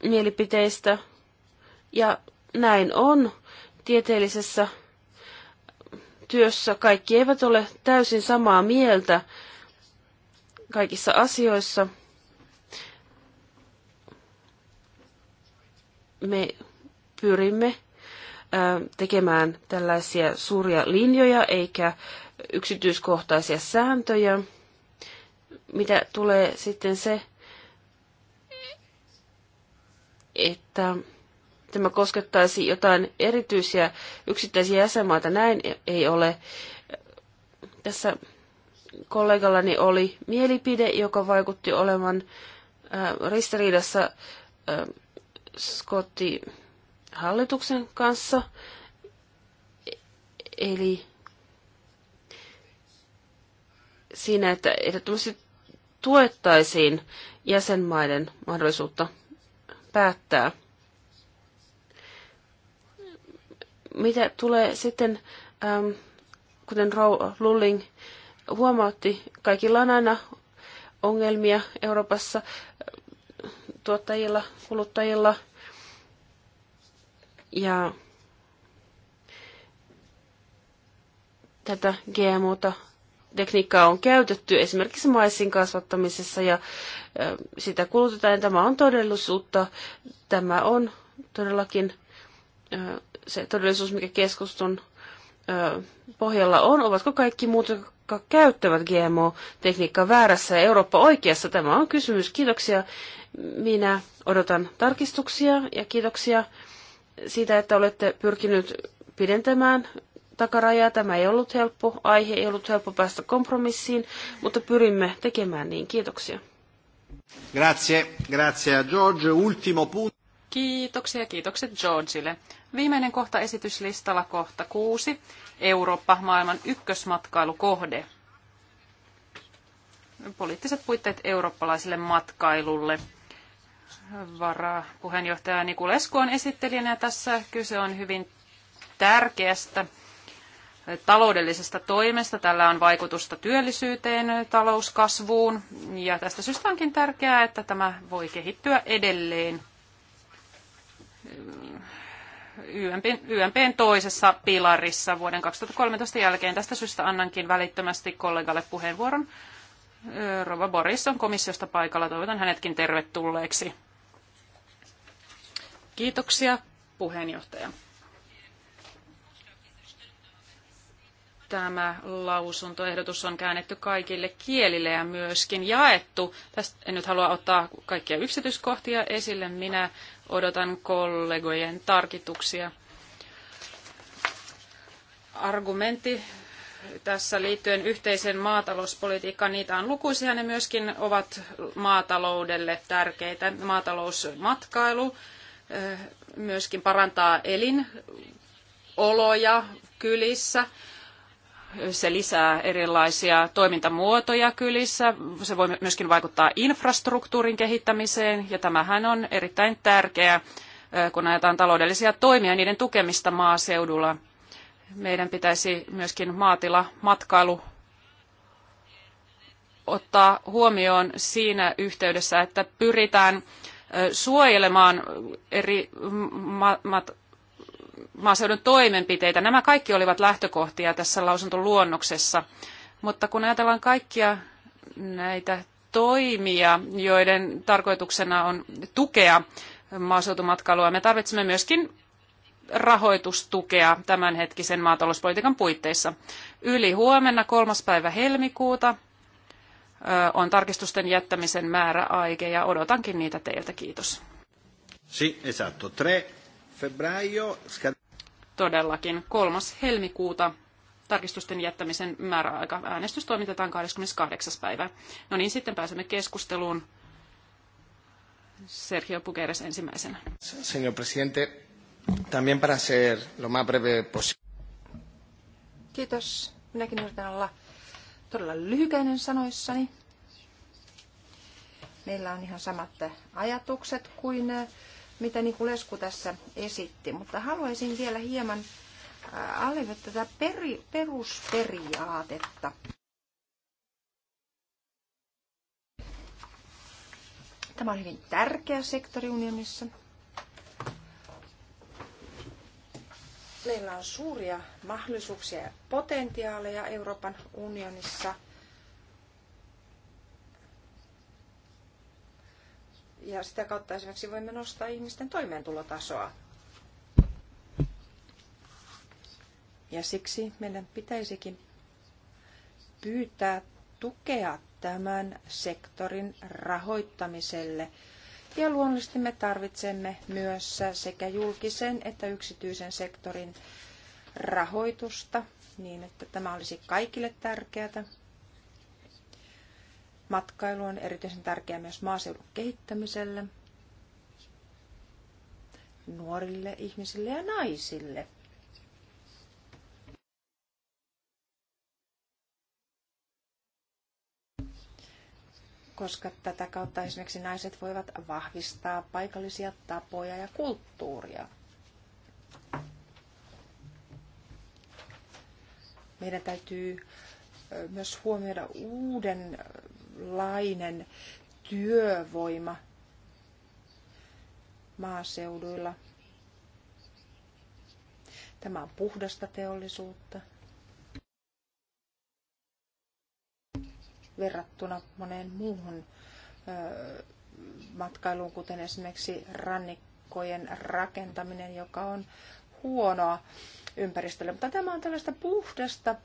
mielipiteistä. Ja näin on tieteellisessä työssä. Kaikki eivät ole täysin samaa mieltä kaikissa asioissa. Me pyrimme tekemään tällaisia suuria linjoja eikä yksityiskohtaisia sääntöjä. Mitä tulee sitten se, että tämä koskettaisi jotain erityisiä yksittäisiä jäsenmaita, näin ei ole. Tässä kollegallani oli mielipide, joka vaikutti olevan äh, ristiriidassa äh, hallituksen kanssa. Eli siinä, että ehdottomasti tuettaisiin jäsenmaiden mahdollisuutta päättää. Mitä tulee sitten, äm, kuten Lulling huomautti, kaikilla on aina ongelmia Euroopassa tuottajilla, kuluttajilla ja tätä GMOta tekniikkaa on käytetty esimerkiksi maissin kasvattamisessa ja sitä kulutetaan. Tämä on todellisuutta. Tämä on todellakin se todellisuus, mikä keskuston pohjalla on. Ovatko kaikki muut, jotka käyttävät GMO-tekniikkaa väärässä ja Eurooppa oikeassa? Tämä on kysymys. Kiitoksia. Minä odotan tarkistuksia ja kiitoksia siitä, että olette pyrkinyt pidentämään takarajaa. Tämä ei ollut helppo aihe, ei ollut helppo päästä kompromissiin, mutta pyrimme tekemään niin. Kiitoksia.
Grazie, grazie a George. Ultimo punto.
Kiitoksia, kiitokset Georgeille. Viimeinen kohta esityslistalla kohta kuusi. Eurooppa, maailman ykkösmatkailukohde. Poliittiset puitteet eurooppalaiselle matkailulle. Varapuheenjohtaja Nikulesku on esittelijänä tässä. Kyse on hyvin tärkeästä taloudellisesta toimesta. Tällä on vaikutusta työllisyyteen, talouskasvuun ja tästä syystä onkin tärkeää, että tämä voi kehittyä edelleen. YMPn, YMPn toisessa pilarissa vuoden 2013 jälkeen. Tästä syystä annankin välittömästi kollegalle puheenvuoron. Rova Boris on komissiosta paikalla. Toivotan hänetkin tervetulleeksi. Kiitoksia puheenjohtaja. tämä lausuntoehdotus on käännetty kaikille kielille ja myöskin jaettu. Tästä en nyt halua ottaa kaikkia yksityiskohtia esille. Minä odotan kollegojen tarkituksia. Argumentti tässä liittyen yhteisen maatalouspolitiikkaan, niitä on lukuisia, ne myöskin ovat maataloudelle tärkeitä. Maatalousmatkailu eh, myöskin parantaa elinoloja kylissä se lisää erilaisia toimintamuotoja kylissä. Se voi myöskin vaikuttaa infrastruktuurin kehittämiseen ja tämähän on erittäin tärkeää, kun ajetaan taloudellisia toimia ja niiden tukemista maaseudulla. Meidän pitäisi myöskin maatila, matkailu ottaa huomioon siinä yhteydessä, että pyritään suojelemaan eri mat- maaseudun toimenpiteitä. Nämä kaikki olivat lähtökohtia tässä lausuntoluonnoksessa. Mutta kun ajatellaan kaikkia näitä toimia, joiden tarkoituksena on tukea maaseutumatkailua, me tarvitsemme myöskin rahoitustukea tämänhetkisen maatalouspolitiikan puitteissa. Yli huomenna kolmas päivä helmikuuta on tarkistusten jättämisen määräaike ja odotankin niitä teiltä. Kiitos.
Sì, esatto. Tre febbraio.
Todellakin 3. helmikuuta tarkistusten jättämisen määräaika. Äänestys toimitetaan 28. päivä. No niin, sitten pääsemme keskusteluun. Sergio
Pukeres ensimmäisenä.
Señor presidente, también para ser lo más breve posible.
Kiitos. Minäkin yritän olla todella lyhykäinen sanoissani. Meillä on ihan samat ajatukset kuin mitä kuin Lesku tässä esitti, mutta haluaisin vielä hieman äh, alleviivata tätä peri, perusperiaatetta. Tämä on hyvin tärkeä sektori unionissa. Meillä on suuria mahdollisuuksia ja potentiaaleja Euroopan unionissa – ja sitä kautta esimerkiksi voimme nostaa ihmisten toimeentulotasoa. Ja siksi meidän pitäisikin pyytää tukea tämän sektorin rahoittamiselle. Ja luonnollisesti me tarvitsemme myös sekä julkisen että yksityisen sektorin rahoitusta niin, että tämä olisi kaikille tärkeää. Matkailu on erityisen tärkeää myös maaseudun kehittämiselle, nuorille ihmisille ja naisille. koska tätä kautta esimerkiksi naiset voivat vahvistaa paikallisia tapoja ja kulttuuria. Meidän täytyy myös huomioida uuden minkälainen työvoima maaseuduilla. Tämä on puhdasta teollisuutta verrattuna moneen muuhun matkailuun, kuten esimerkiksi rannikkojen rakentaminen, joka on huonoa ympäristölle. Mutta tämä on tällaista puhdasta,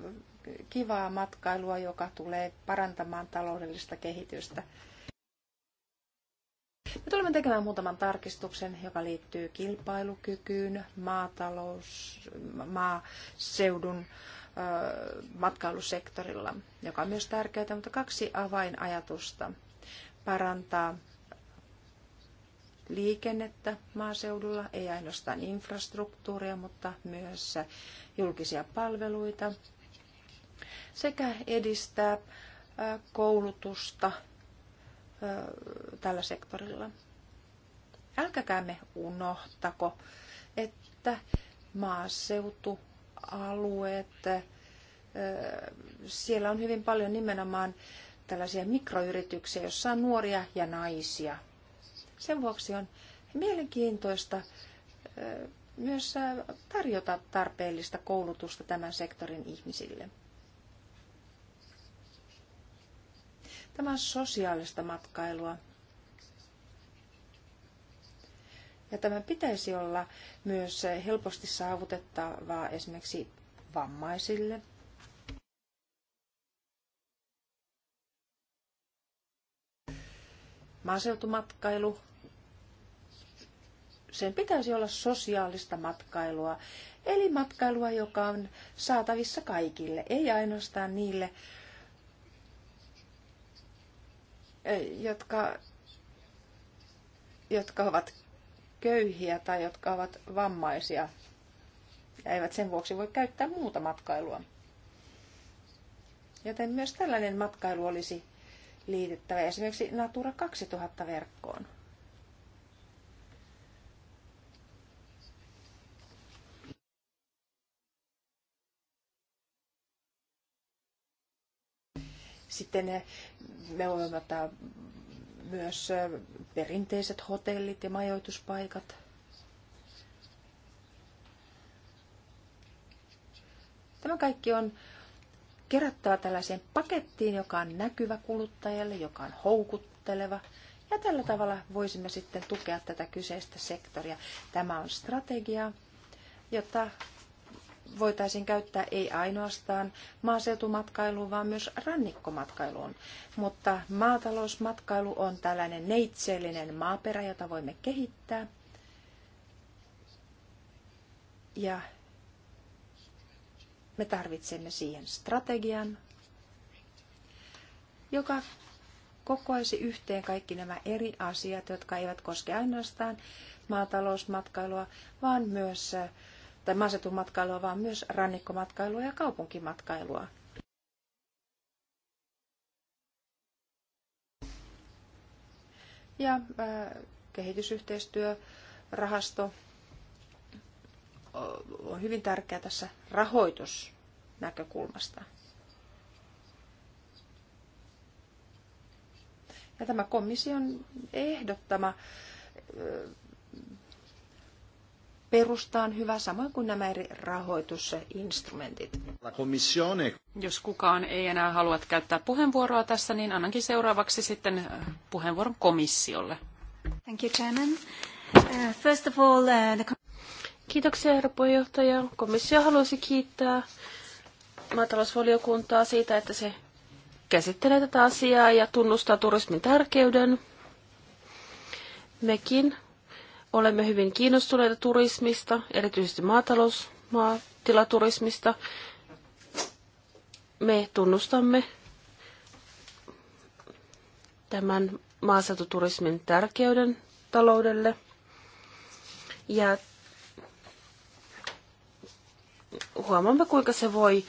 kivaa matkailua, joka tulee parantamaan taloudellista kehitystä. Me tulemme tekemään muutaman tarkistuksen, joka liittyy kilpailukykyyn, maatalous, maaseudun matkailusektorilla, joka on myös tärkeää, mutta kaksi avainajatusta parantaa liikennettä maaseudulla, ei ainoastaan infrastruktuuria, mutta myös julkisia palveluita sekä edistää koulutusta tällä sektorilla. Älkäkäämme unohtako, että maaseutualueet, siellä on hyvin paljon nimenomaan tällaisia mikroyrityksiä, jossa on nuoria ja naisia sen vuoksi on mielenkiintoista myös tarjota tarpeellista koulutusta tämän sektorin ihmisille. Tämä on sosiaalista matkailua. Ja tämä pitäisi olla myös helposti saavutettavaa esimerkiksi vammaisille. Maaseutumatkailu sen pitäisi olla sosiaalista matkailua, eli matkailua, joka on saatavissa kaikille, ei ainoastaan niille, jotka, jotka ovat köyhiä tai jotka ovat vammaisia ja eivät sen vuoksi voi käyttää muuta matkailua. Joten myös tällainen matkailu olisi liitettävä esimerkiksi Natura 2000-verkkoon. Sitten me olemme ottaa myös perinteiset hotellit ja majoituspaikat. Tämä kaikki on kerättävä tällaiseen pakettiin, joka on näkyvä kuluttajalle, joka on houkutteleva. Ja tällä tavalla voisimme sitten tukea tätä kyseistä sektoria. Tämä on strategia, jota voitaisiin käyttää ei ainoastaan maaseutumatkailuun, vaan myös rannikkomatkailuun. Mutta maatalousmatkailu on tällainen neitsellinen maaperä, jota voimme kehittää. Ja me tarvitsemme siihen strategian, joka kokoaisi yhteen kaikki nämä eri asiat, jotka eivät koske ainoastaan maatalousmatkailua, vaan myös pelkästään maaseutumatkailua, vaan myös rannikkomatkailua ja kaupunkimatkailua. Ja kehitysyhteistyö, rahasto on hyvin tärkeä tässä rahoitusnäkökulmasta. Ja tämä komission ehdottama perusta on hyvä, samoin kuin nämä eri rahoitusinstrumentit. Jos
kukaan ei enää halua käyttää puheenvuoroa tässä, niin annankin seuraavaksi sitten äh, puheenvuoron komissiolle.
Thank you, Chairman. Uh, first of all, uh, the... Kiitoksia, herra puheenjohtaja. Komissio haluaisi kiittää maatalousvaliokuntaa siitä, että se käsittelee tätä asiaa ja tunnustaa turismin tärkeyden. Mekin Olemme hyvin kiinnostuneita turismista, erityisesti maatalous, Me tunnustamme tämän maaseututurismin tärkeyden taloudelle. Ja huomaamme, kuinka se voi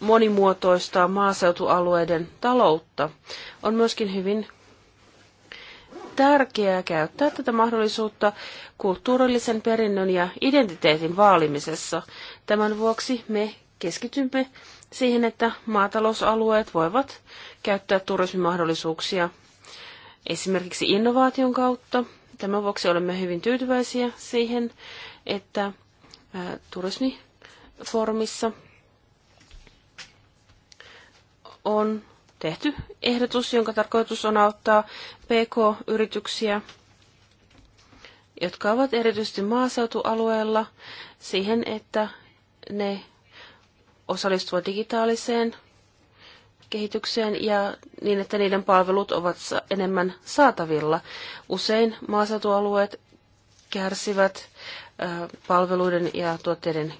monimuotoistaa maaseutualueiden taloutta. On myöskin hyvin tärkeää käyttää tätä mahdollisuutta kulttuurillisen perinnön ja identiteetin vaalimisessa. Tämän vuoksi me keskitymme siihen, että maatalousalueet voivat käyttää turismimahdollisuuksia esimerkiksi innovaation kautta. Tämän vuoksi olemme hyvin tyytyväisiä siihen, että turismiformissa on tehty ehdotus, jonka tarkoitus on auttaa PK-yrityksiä, jotka ovat erityisesti maaseutualueella, siihen, että ne osallistuvat digitaaliseen kehitykseen ja niin, että niiden palvelut ovat enemmän saatavilla. Usein maaseutualueet kärsivät palveluiden ja tuotteiden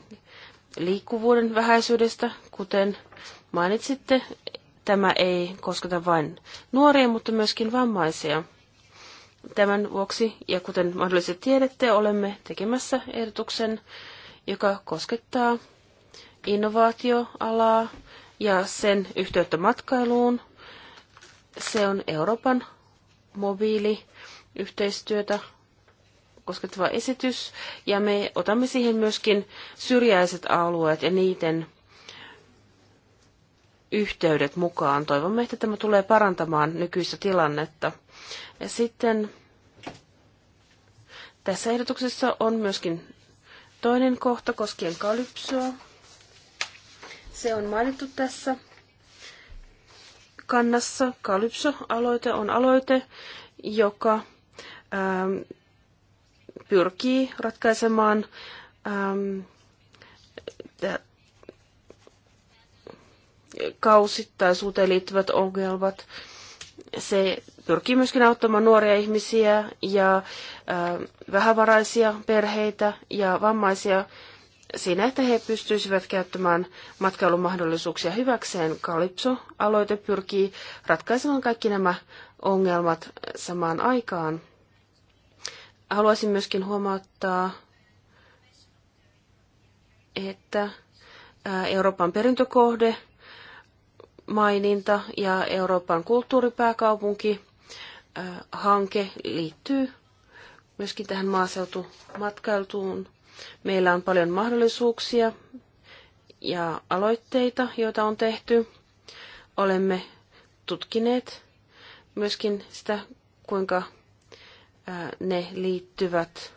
liikkuvuuden vähäisyydestä, kuten mainitsitte, Tämä ei kosketa vain nuoria, mutta myöskin vammaisia. Tämän vuoksi, ja kuten mahdollisesti tiedätte, olemme tekemässä ehdotuksen, joka koskettaa innovaatioalaa ja sen yhteyttä matkailuun. Se on Euroopan mobiiliyhteistyötä koskettava esitys, ja me otamme siihen myöskin syrjäiset alueet ja niiden yhteydet mukaan. Toivomme, että tämä tulee parantamaan nykyistä tilannetta. Ja sitten tässä ehdotuksessa on myöskin toinen kohta koskien kalypsoa. Se on mainittu tässä kannassa. Kalypso-aloite on aloite, joka ähm, pyrkii ratkaisemaan ähm, kausittaisuuteen liittyvät ongelmat. Se pyrkii myöskin auttamaan nuoria ihmisiä ja vähävaraisia perheitä ja vammaisia siinä, että he pystyisivät käyttämään matkailumahdollisuuksia hyväkseen. kalipso aloite pyrkii ratkaisemaan kaikki nämä ongelmat samaan aikaan. Haluaisin myöskin huomauttaa, että Euroopan perintökohde maininta ja Euroopan kulttuuripääkaupunki hanke liittyy myöskin tähän maaseutumatkailuun. Meillä on paljon mahdollisuuksia ja aloitteita, joita on tehty. Olemme tutkineet myöskin sitä, kuinka ne liittyvät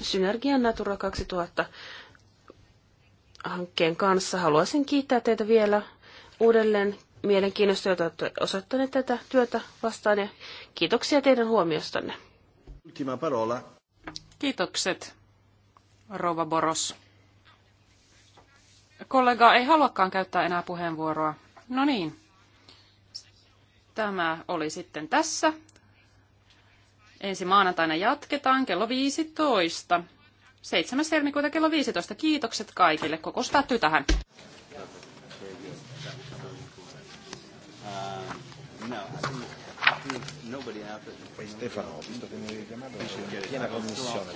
Synergia Natura 2000 hankkeen kanssa. Haluaisin kiittää teitä vielä uudelleen mielenkiinnosta, jota olette osoittaneet tätä työtä vastaan ja kiitoksia teidän huomiostanne.
Ultima parola.
Kiitokset, Rova Boros.
Kollega ei haluakaan käyttää enää puheenvuoroa. No niin. Tämä oli sitten tässä. Ensi maanantaina jatketaan kello 15. 7. helmikuuta kello 15. Kiitokset kaikille. Kokous päättyy tähän.
Stefano, visto che mi hai in piena commissione.